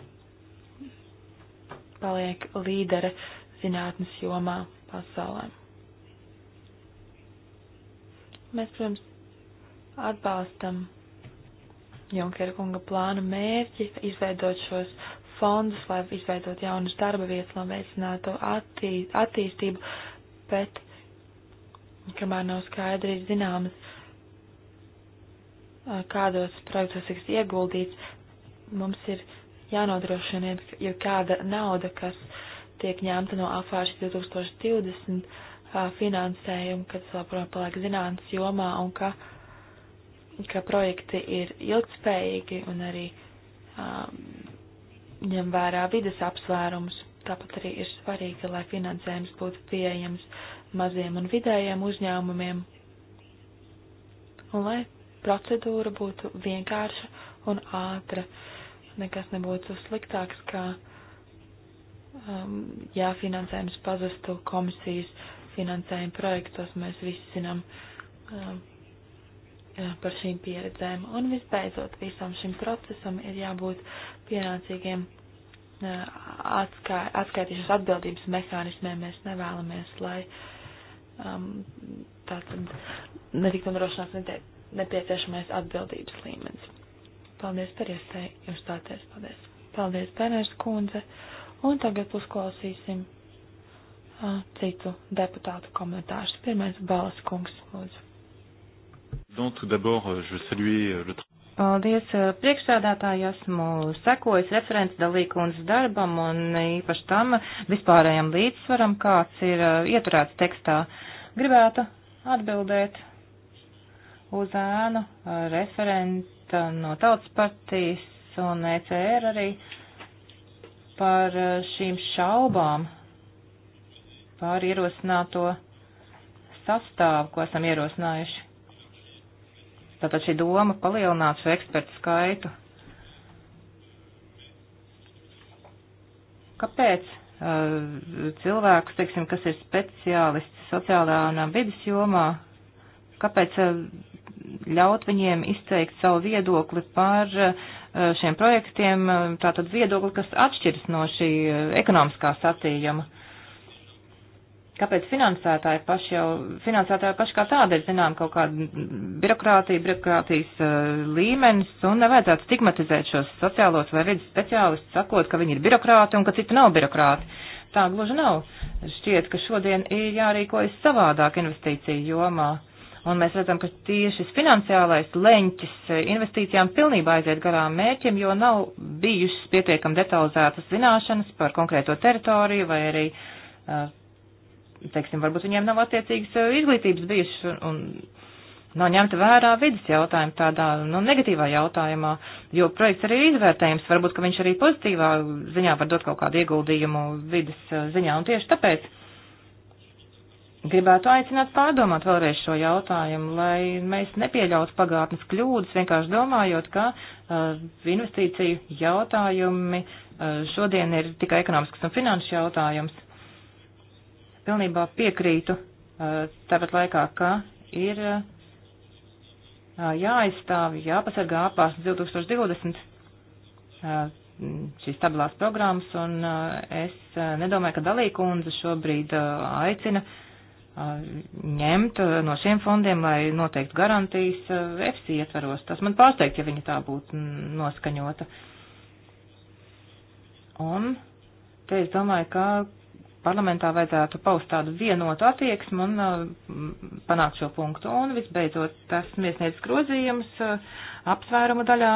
paliek līdere zinātnes jomā pasaulē. Mēs, protams, atbalstam Junkera kunga plāna mērķi izveidot šos fondus, lai izveidot jaunas darba vietas, lai veicinātu attī, attīstību, bet kamēr nav skaidri zināmas, kādos projektos tiks ieguldīts, mums ir jānodrošina jau kāda nauda, kas tiek ņemta no afāršas 2020 finansējuma, kas joprojām paliek zinātnes jomā un ka. Uh, ka projekti ir ilgspējīgi un arī um, ņem vērā vides apsvērums. Tāpat arī ir svarīgi, lai finansējums būtu pieejams maziem un vidējiem uzņēmumiem un lai procedūra būtu vienkārša un ātra. Nekas nebūtu sliktāks, kā um, ja finansējums pazustu komisijas finansējuma projektos, mēs visi zinām. Um, Eh, par šīm pieredzēm. Un visbeidzot, visam šim procesam ir jābūt pienācīgiem eh, atskaitīšanas atskait, atbildības mehānismiem. Mēs nevēlamies, lai um, tātad netiktu nodrošināts nepieciešamais atbildības līmenis. Paldies par iespēju jums stāties. Paldies. Paldies, Pērnērs kundze. Un tagad uzklausīsim uh, citu deputātu komentārus. Pirmais Balas kungs, lūdzu. Euh, euh, Paldies euh, priekšsēdētāji, esmu sekojis referents dalīkums darbam un īpaši tam vispārējam līdzsvaram, kāds ir uh, ieturēts tekstā. Gribētu atbildēt uz ēnu uh, referenta no tautas partijas un ECR arī par uh, šīm šaubām par ierosināto sastāvu, ko esam ierosinājuši. Tātad šī doma palielināt šo ekspertu skaitu. Kāpēc eh, cilvēkus, teiksim, kas ir speciālisti sociālā un eh, vidas jomā, kāpēc eh, ļaut viņiem izteikt savu viedokli par šiem projektiem, tātad viedokli, kas atšķiras no šī ekonomiskā satījuma. Kāpēc finansētāji paši jau, finansētāji paši kā tāda ir, zinām, kaut kāda birokrātija, birokrātijas uh, līmenis, un nevajadzētu stigmatizēt šos sociālos vai vidas speciālistus, sakot, ka viņi ir birokrāti un ka citi nav birokrāti. Tā gluži nav. Šķiet, ka šodien ir jārīkojas savādāk investīciju jomā. Un mēs redzam, ka tieši šis finansiālais leņķis eh, investīcijām pilnībā aiziet garām mērķim, jo nav bijušas pietiekam detalizētas zināšanas par konkrēto teritoriju vai arī uh, teiksim, varbūt viņiem nav attiecīgas eh, izglītības bijušas un nav ņemta vērā vidas jautājuma tādā, nu, negatīvā jautājumā, jo projekts arī ir izvērtējums, varbūt, ka viņš arī pozitīvā ziņā var dot kaut kādu ieguldījumu vidas eh, ziņā, un tieši tāpēc gribētu aicināt pārdomāt vēlreiz šo jautājumu, lai mēs nepieļautu pagātnes kļūdas, vienkārši domājot, ka uh, investīciju jautājumi uh, šodien ir tikai ekonomisks un finanšu jautājums pilnībā piekrītu eh, tāpat laikā, ka ir eh, jāaizstāv, jāpasargā apās 2020 eh, šīs stabilās programmas, un es nedomāju, ka dalīkundze šobrīd aicina ņemt no šiem fondiem, lai noteiktu garantijas EFSI ietvaros. Tas man pārsteigts, ja viņa tā būtu noskaņota. Un te es domāju, ka parlamentā vajadzētu paust tādu vienotu attieksmu un uh, panākt šo punktu. Un visbeidzot, tas miesniedz grozījums uh, apsvērumu daļā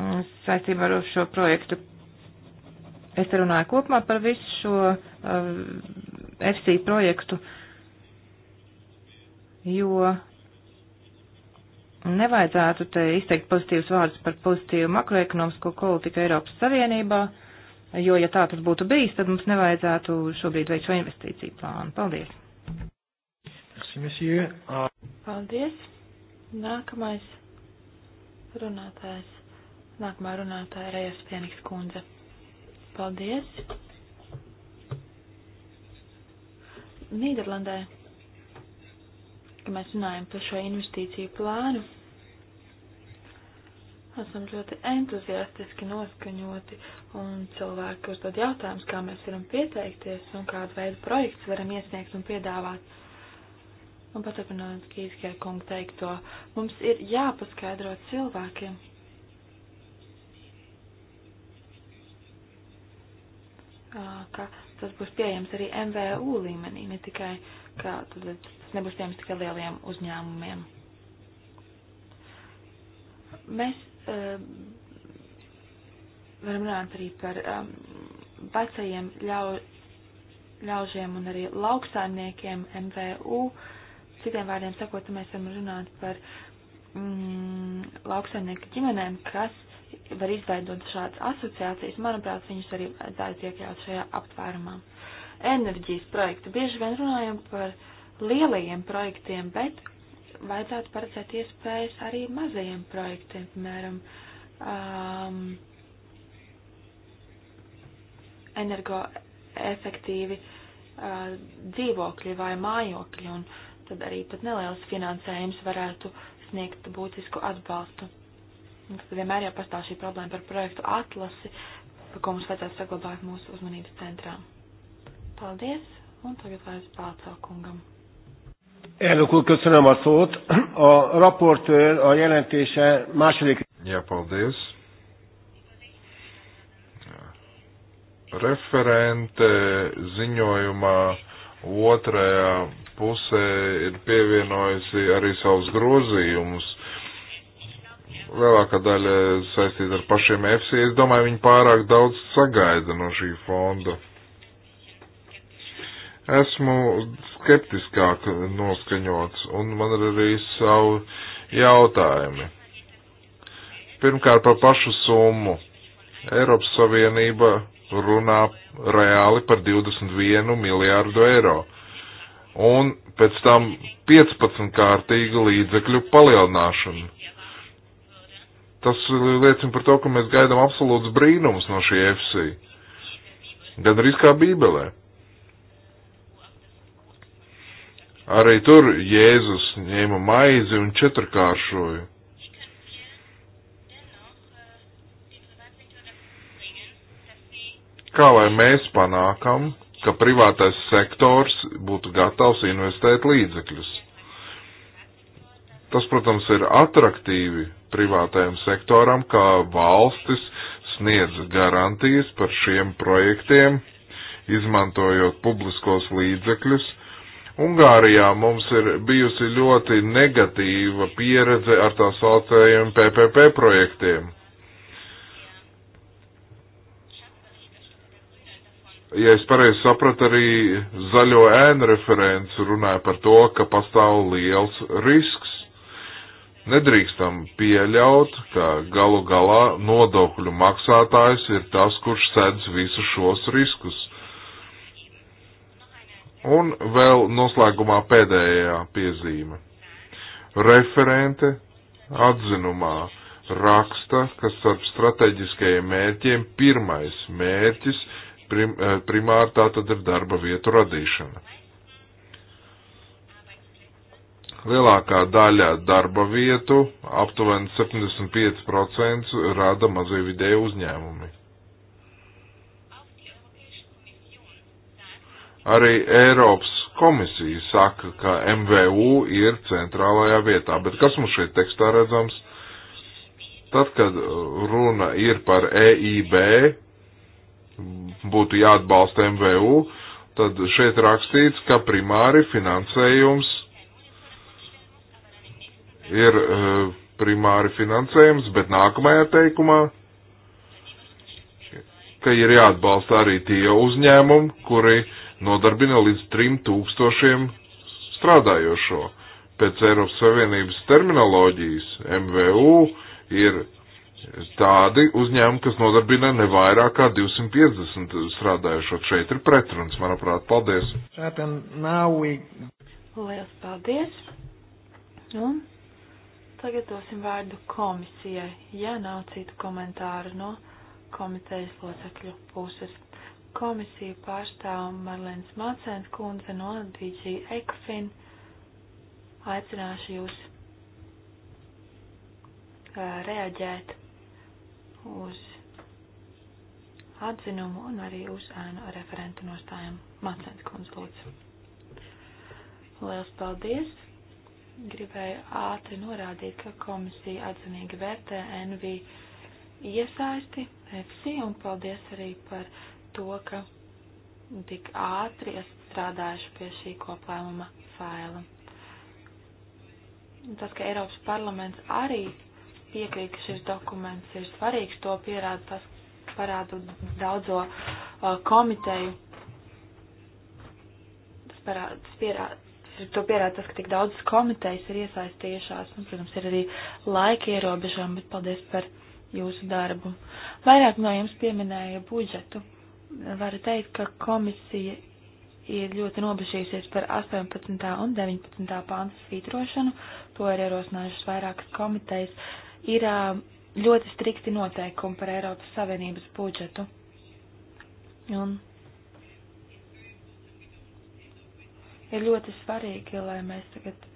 mm, saistībā ar šo projektu. Es te runāju kopumā par visu šo uh, FC projektu, jo nevajadzētu te izteikt pozitīvus vārdus par pozitīvu makroekonomisko politiku Eiropas Savienībā. Uh, jo, ja tā tas būtu bijis, tad mums nevajadzētu šobrīd veikt šo investīciju plānu. Paldies! Ah. Paldies! Nākamais runātājs. Nākamā runātāja ir Ejas Pieniks kundze. Paldies! Nīderlandē, kad mēs runājam par šo investīciju plānu, esam ļoti entuziastiski noskaņoti un cilvēki uzdod jautājumus, kā mēs varam pieteikties un kādu veidu projekts varam iesniegt un piedāvāt. Un paturpinot Kīskie kungu teikto, mums ir jāpaskaidro cilvēkiem. ka tas būs pieejams arī MVU līmenī, ne tikai, ka tas nebūs pieejams tikai lieliem uzņēmumiem. Mēs um, varam runāt arī par um, vecajiem ļau, ļaužiem un arī lauksaimniekiem MVU. Citiem vārdiem sakot, mēs varam runāt par mm, lauksaimnieku ģimenēm, kas var izveidot šādas asociācijas. Manuprāt, viņus arī vajadzētu iekļaut šajā aptvērumā. Enerģijas projekti. Bieži vien runājam par lielajiem projektiem, bet vajadzētu paredzēt iespējas arī mazajiem projektiem, piemēram, um, energoefektīvi uh, dzīvokļi vai mājokļi, un tad arī pat neliels finansējums varētu sniegt būtisku atbalstu. Un tad vienmēr jau pastāv šī problēma par projektu atlasi, par ko mums vajadzētu saglabāt mūsu uzmanības centrā. Paldies, un tagad vairs pārcaukungam. Elnök úr, köszönöm a szót. A raportőr a jelentése második... Ja, paldies. Referente eh, ziņojumā otrajā pusē ir pievienojusi arī savus grozījumus. Lielākā daļa saistīta ar pašiem EFSI. Es domāju, viņi pārāk daudz sagaida no šī fonda. Esmu skeptiskāk noskaņots, un man ir arī savu jautājumi. Pirmkārt par pašu summu. Eiropas Savienība runā reāli par 21 miljārdu eiro. Un pēc tam 15 kārtīgu līdzekļu palielināšanu. Tas liecina par to, ka mēs gaidām absolūts brīnums no šī FC. Gan arī kā Bībelē. Arī tur Jēzus ņēma maizi un četrkāršoju. Kā lai mēs panākam, ka privātais sektors būtu gatavs investēt līdzekļus? Tas, protams, ir atraktīvi privātajam sektoram, kā valstis sniedz garantijas par šiem projektiem, izmantojot publiskos līdzekļus Ungārijā mums ir bijusi ļoti negatīva pieredze ar tā saucējiem PPP projektiem. Ja es pareizi sapratu, arī zaļo ēnu referents runāja par to, ka pastāv liels risks. Nedrīkstam pieļaut, ka galu galā nodokļu maksātājs ir tas, kurš sedz visus šos riskus Un vēl noslēgumā pēdējā piezīme. Referente atzinumā raksta, ka starp strateģiskajiem mērķiem pirmais mērķis prim, eh, primāri tā tad ir darba vietu radīšana. Lielākā daļa darba vietu, aptuveni 75%, rada mazie vidēji uzņēmumi. Arī Eiropas komisija saka, ka MVU ir centrālajā vietā, bet kas mums šeit tekstā redzams? Tad, kad runa ir par EIB, būtu jāatbalsta MVU, tad šeit rakstīts, ka primāri finansējums ir eh, primāri finansējums, bet nākamajā teikumā, ka ir jāatbalsta arī tie uzņēmumi, kuri uh, nodarbina līdz 3000 strādājošo. Pēc Eiropas Savienības terminoloģijas MVU ir tādi uzņēmumi, kas nodarbina ne vairāk kā 250 strādājušo. Šeit ir pretruns, manuprāt. Paldies! Lielas paldies! Un tagad dosim vārdu komisijai, ja nav citu komentāru no komitejas locekļu puses. Komisiju pārstāv Marlēns Mācēns kundze no DG Ekofin. Aicināšu jūs reaģēt uz atzinumu un arī uz ēnu referentu nostājumu. Mācēns kundze, lūdzu. Liels paldies! Gribēju ātri norādīt, ka komisija atzinīgi vērtē NV iesaisti FC un paldies arī par to, ka tik ātri esat strādājuši pie šī koplēmuma faila. Tas, ka Eiropas parlaments arī piekrīt, ka šis dokuments ir svarīgs, to pierāda tas, parādu daudzo uh, komiteju. Tas, parāda, tas pierāda, to pierāda tas, ka tik daudzas komitejas ir iesaistījušās. Un, nu, protams, ir arī laika ierobežojumi, bet paldies par jūsu darbu. Vairāk no jums pieminēja budžetu. Uh, varu teikt, ka komisija ir ļoti nobežījusies par 18. un 19. pāntu svītrošanu, to ir ierosinājušas vairākas komitejas, ir ļoti strikti noteikumi par Eiropas Savienības budžetu. Un ir ļoti svarīgi, lai mēs tagad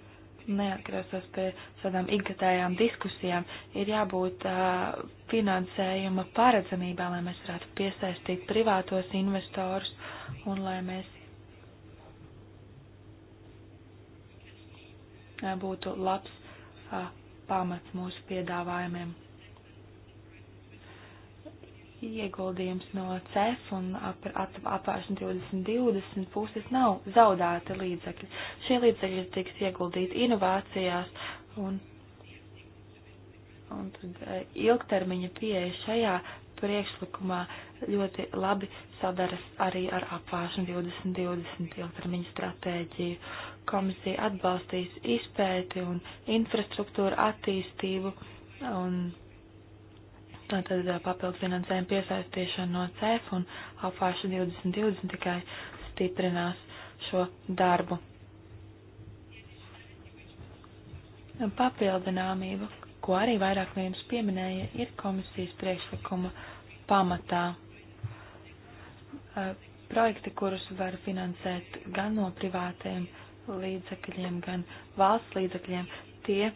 neatgrieztos pie tādām ikgadējām diskusijām, ir jābūt uh, finansējuma paredzamībā, lai mēs varētu piesaistīt privātos investorus un lai mēs uh, būtu labs uh, pamats mūsu piedāvājumiem ieguldījums no CEF un apvēršana 2020 puses nav zaudēti līdzekļi. Šie līdzekļi tiks ieguldīti inovācijās un, un tad, e, ilgtermiņa pieeja šajā priekšlikumā ļoti labi sadaras arī ar apvēršanu 2020 ilgtermiņa stratēģiju. Komisija atbalstīs izpēti un infrastruktūra attīstību un Tātad papildus finansējumu piesaistīšana no CEF un apvārša 2020 tikai stiprinās šo darbu. Papildināmība, ko arī vairāk no jums pieminēja, ir komisijas priekšlikuma pamatā. Projekti, kurus var finansēt gan no privātiem līdzekļiem, gan valsts līdzekļiem, tie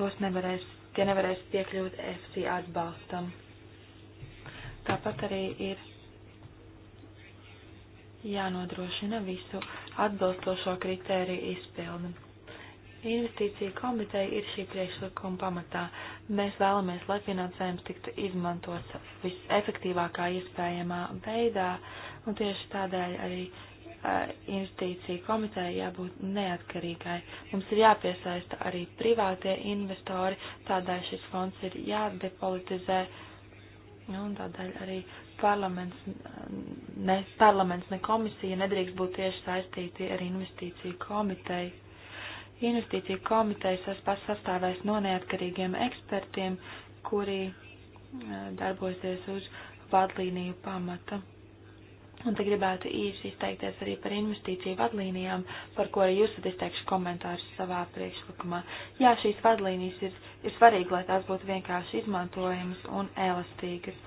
tos nevarēs tie nevarēs piekļūt FC atbalstam. Tāpat arī ir jānodrošina visu atbilstošo kritēriju izpildi. Investīcija komiteja ir šī priekšlikuma pamatā. Mēs vēlamies, lai finansējums tiktu izmantots visefektīvākā iespējamā veidā, un tieši tādēļ arī Eh, investīciju komiteja jābūt neatkarīgai. Mums ir jāpiesaista arī privātie investori, tādēļ šis fonds ir jādepolitizē, un tādēļ arī parlaments ne, parlaments, ne komisija nedrīkst būt tieši saistīti ar investīciju komiteju. Investīciju komitejas sastāvēs no neatkarīgiem ekspertiem, kuri eh, darbosies uz vadlīniju pamata. Un te gribētu īsi izteikties arī par investīciju vadlīnijām, par ko arī jūs esat izteikuši komentārus savā priekšlikumā. Jā, šīs vadlīnijas ir, ir svarīgi, lai tās būtu vienkārši izmantojamas un elastīgas.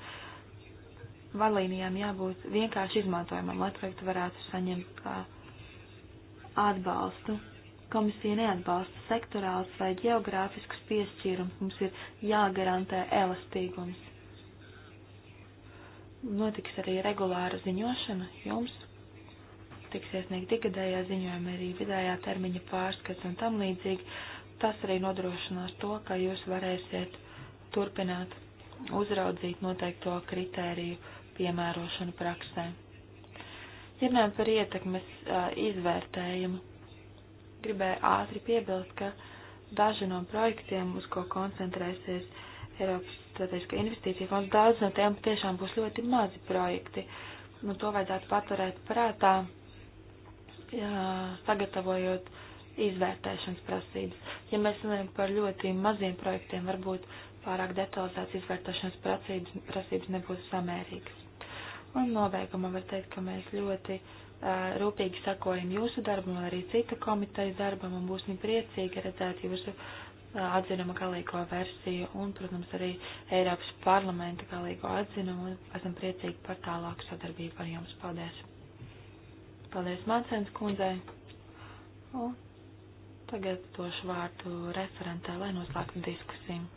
Vadlīnijām jābūt vienkārši izmantojamam, lai projektu varētu saņemt uh, atbalstu. Komisija neatbalsta sektorāls vai geogrāfiskus piešķīrums, mums ir jāgarantē elastīgums Notiks arī regulāra ziņošana jums. Tiks iesniegti gadējā ziņojumi arī vidējā termiņa pārskats un tam līdzīgi. Tas arī nodrošinās to, ka jūs varēsiet turpināt uzraudzīt noteikto kritēriju piemērošanu praksē. Ja runājam par ietekmes uh, izvērtējumu, gribēju ātri piebilst, ka daži no projektiem, uz ko koncentrēsies Eiropas Strateģiskā investīcija fonda, daudz no tiem tiešām būs ļoti mazi projekti. Nu, to vajadzētu paturēt prātā, jā, sagatavojot izvērtēšanas prasības. Ja mēs runājam par ļoti maziem projektiem, varbūt pārāk detalizēts izvērtēšanas prasības, prasības nebūs samērīgas. Un nobeigumā var teikt, ka mēs ļoti uh, rūpīgi sakojam jūsu darbam, arī cita komitejas darbam, un būsim priecīgi redzēt jūsu uh, atzinuma galīgo versiju un, protams, arī Eiropas parlamenta galīgo atzinumu. Esam priecīgi par tālāku sadarbību ar jums. Paldies! Paldies Mācens kundzei! Un tagad došu vārdu referentē, lai noslēgtu diskusiju.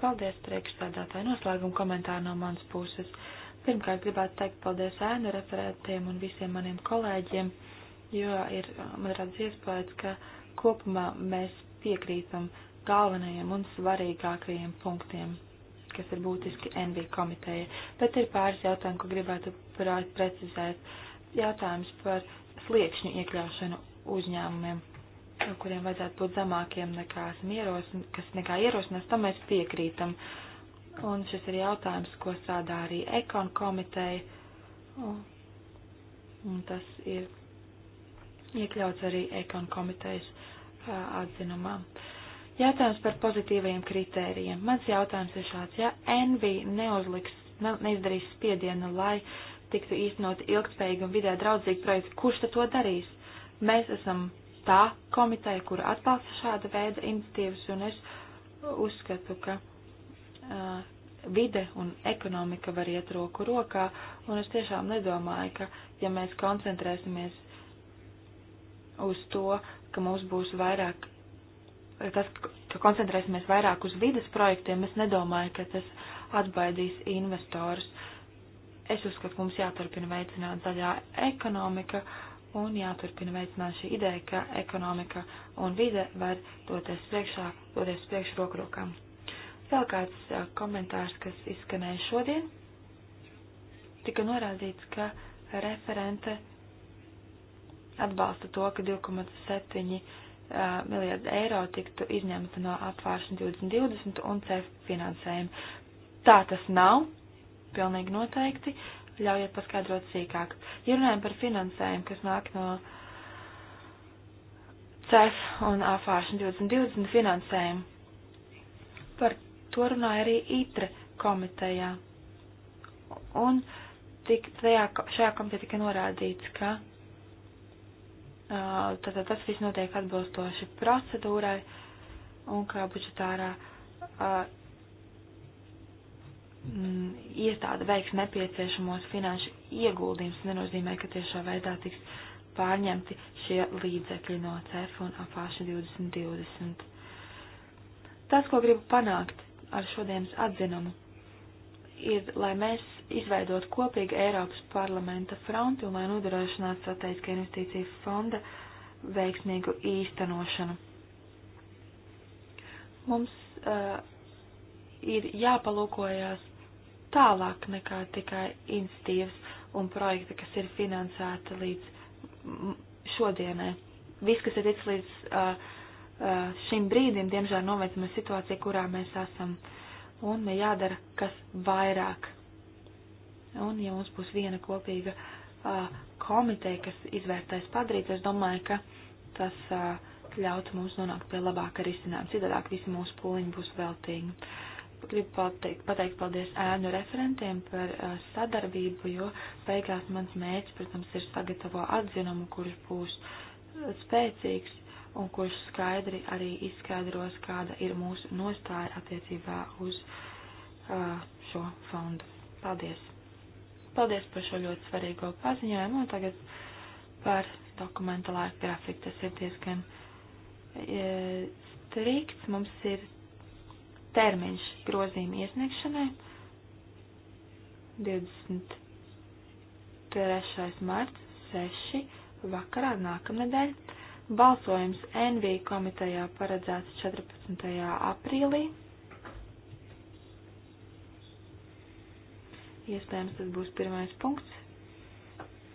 Paldies priekšsēdētāji! Noslēguma komentāru no manas puses. Pirmkārt, gribētu teikt paldies ēnu referentiem un visiem maniem kolēģiem, jo ir, man radz iespējas, ka kopumā mēs piekrītam uh, galvenajiem un svarīgākajiem punktiem, kas ir būtiski NV komiteja, bet ir pāris jautājumi, ko gribētu precizēt. Jautājums par sliekšņu iekļaušanu uzņēmumiem, kuriem vajadzētu būt zemākiem nekā esam ierosinās, kas nekā ierosinās, tam mēs piekrītam. Un šis ir jautājums, ko strādā arī ekon komiteja. Un, un tas ir iekļauts arī ekon komitejas atzinumā. Uh, Jautājums par pozitīvajiem kritērijiem. Mans jautājums ir šāds, ja NV neuzliks, ne, neizdarīs spiedienu, lai tiktu īstenot ilgspējīgi un vidē draudzīgi projekti, kurš tad to darīs? Mēs esam tā komiteja, kura atbalsta šāda veida iniciatīvas, un es uzskatu, ka uh, vide un ekonomika var iet roku rokā, un es tiešām nedomāju, ka ja mēs koncentrēsimies uz to, ka mums būs vairāk tas, ka koncentrēsimies vairāk uz vidas projektiem, es nedomāju, ka tas atbaidīs investorus. Es uzskatu, ka mums jāturpina veicināt zaļā ekonomika un jāturpina veicināt šī ideja, ka ekonomika un vide var doties priekšā, doties priekš roku rokām. Vēl kāds komentārs, kas izskanēja šodien, tika norādīts, ka referente atbalsta to, ka 2,7 miljardi eiro tiktu izņemta no apvāršana 2020 un CEF finansējuma. Tā tas nav, pilnīgi noteikti, ļaujiet paskaidrot sīkāk. Ja runājam par finansējumu, kas nāk no CEF un apvāršana 2020 finansējumu, par to runāja arī ITRE komitejā. Un tik, tajā, šajā komitejā tika norādīts, ka Tātad uh, tas viss notiek atbilstoši procedūrai un kā budžetārā uh, mm, iestāde veiks nepieciešamos finanšu ieguldījumus, nenozīmē, ka tiešā veidā tiks pārņemti šie līdzekļi no CEF un apāša 2020. Tas, ko gribu panākt ar šodienas atzinumu, ir, lai mēs izveidot kopīgu Eiropas parlamenta fronti un lai nodrošinātu strateģiskā investīcija fonda veiksmīgu īstenošanu. Mums uh, ir jāpalūkojās tālāk nekā tikai institīvas un projekti, kas ir finansēti līdz šodienai. Viss, kas ir ticis līdz uh, uh, šim brīdim, diemžēl novecina situāciju, kurā mēs esam. Uh, un jādara kas vairāk. Un ja mums būs viena kopīga uh, komiteja, kas izvērtēs padarīt, es domāju, ka tas uh, ļautu mums nonākt pie labāka risinājuma. Citādāk visi mūsu pūliņi būs veltīgi. Gribu pateikt, pateikt paldies ēnu referentiem par uh, sadarbību, jo beigās mans mērķis, protams, ir sagatavo atzinumu, kurš būs spēcīgs un kurš skaidri arī izskaidros, kāda ir mūsu nostāja attiecībā uz uh, šo fondu. Paldies! Paldies par šo ļoti svarīgo paziņojumu un tagad par dokumenta laika grafiku. Tas ir diezgan e, strikts. Mums ir termiņš grozījuma iesniegšanai 23. marts 6. vakarā nākamnedēļ. Balsojums NV komitejā paredzēts 14. aprīlī. Iespējams, tas būs pirmais punkts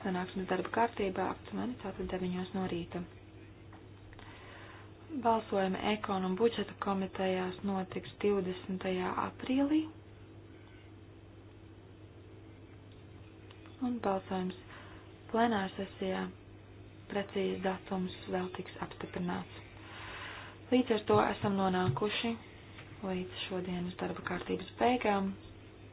sanāksmes darba kārtībā aptuveni tātad 9 no rīta. Balsojumi ekonu un budžeta komitejās notiks 20. aprīlī. Un balsojums plenārsesijā precīzi datums vēl tiks apstiprināts. Līdz ar to esam nonākuši līdz šodienas darba kārtības beigām.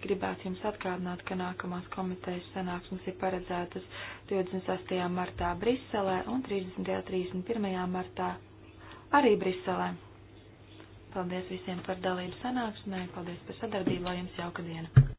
Gribētu jums atgādināt, ka nākamās komitejas sanāksmes ir paredzētas 28. martā Briselē un 30. 31. martā arī Briselē. Paldies visiem par dalību sanāksmē, paldies par sadarbību, lai jums jauka diena!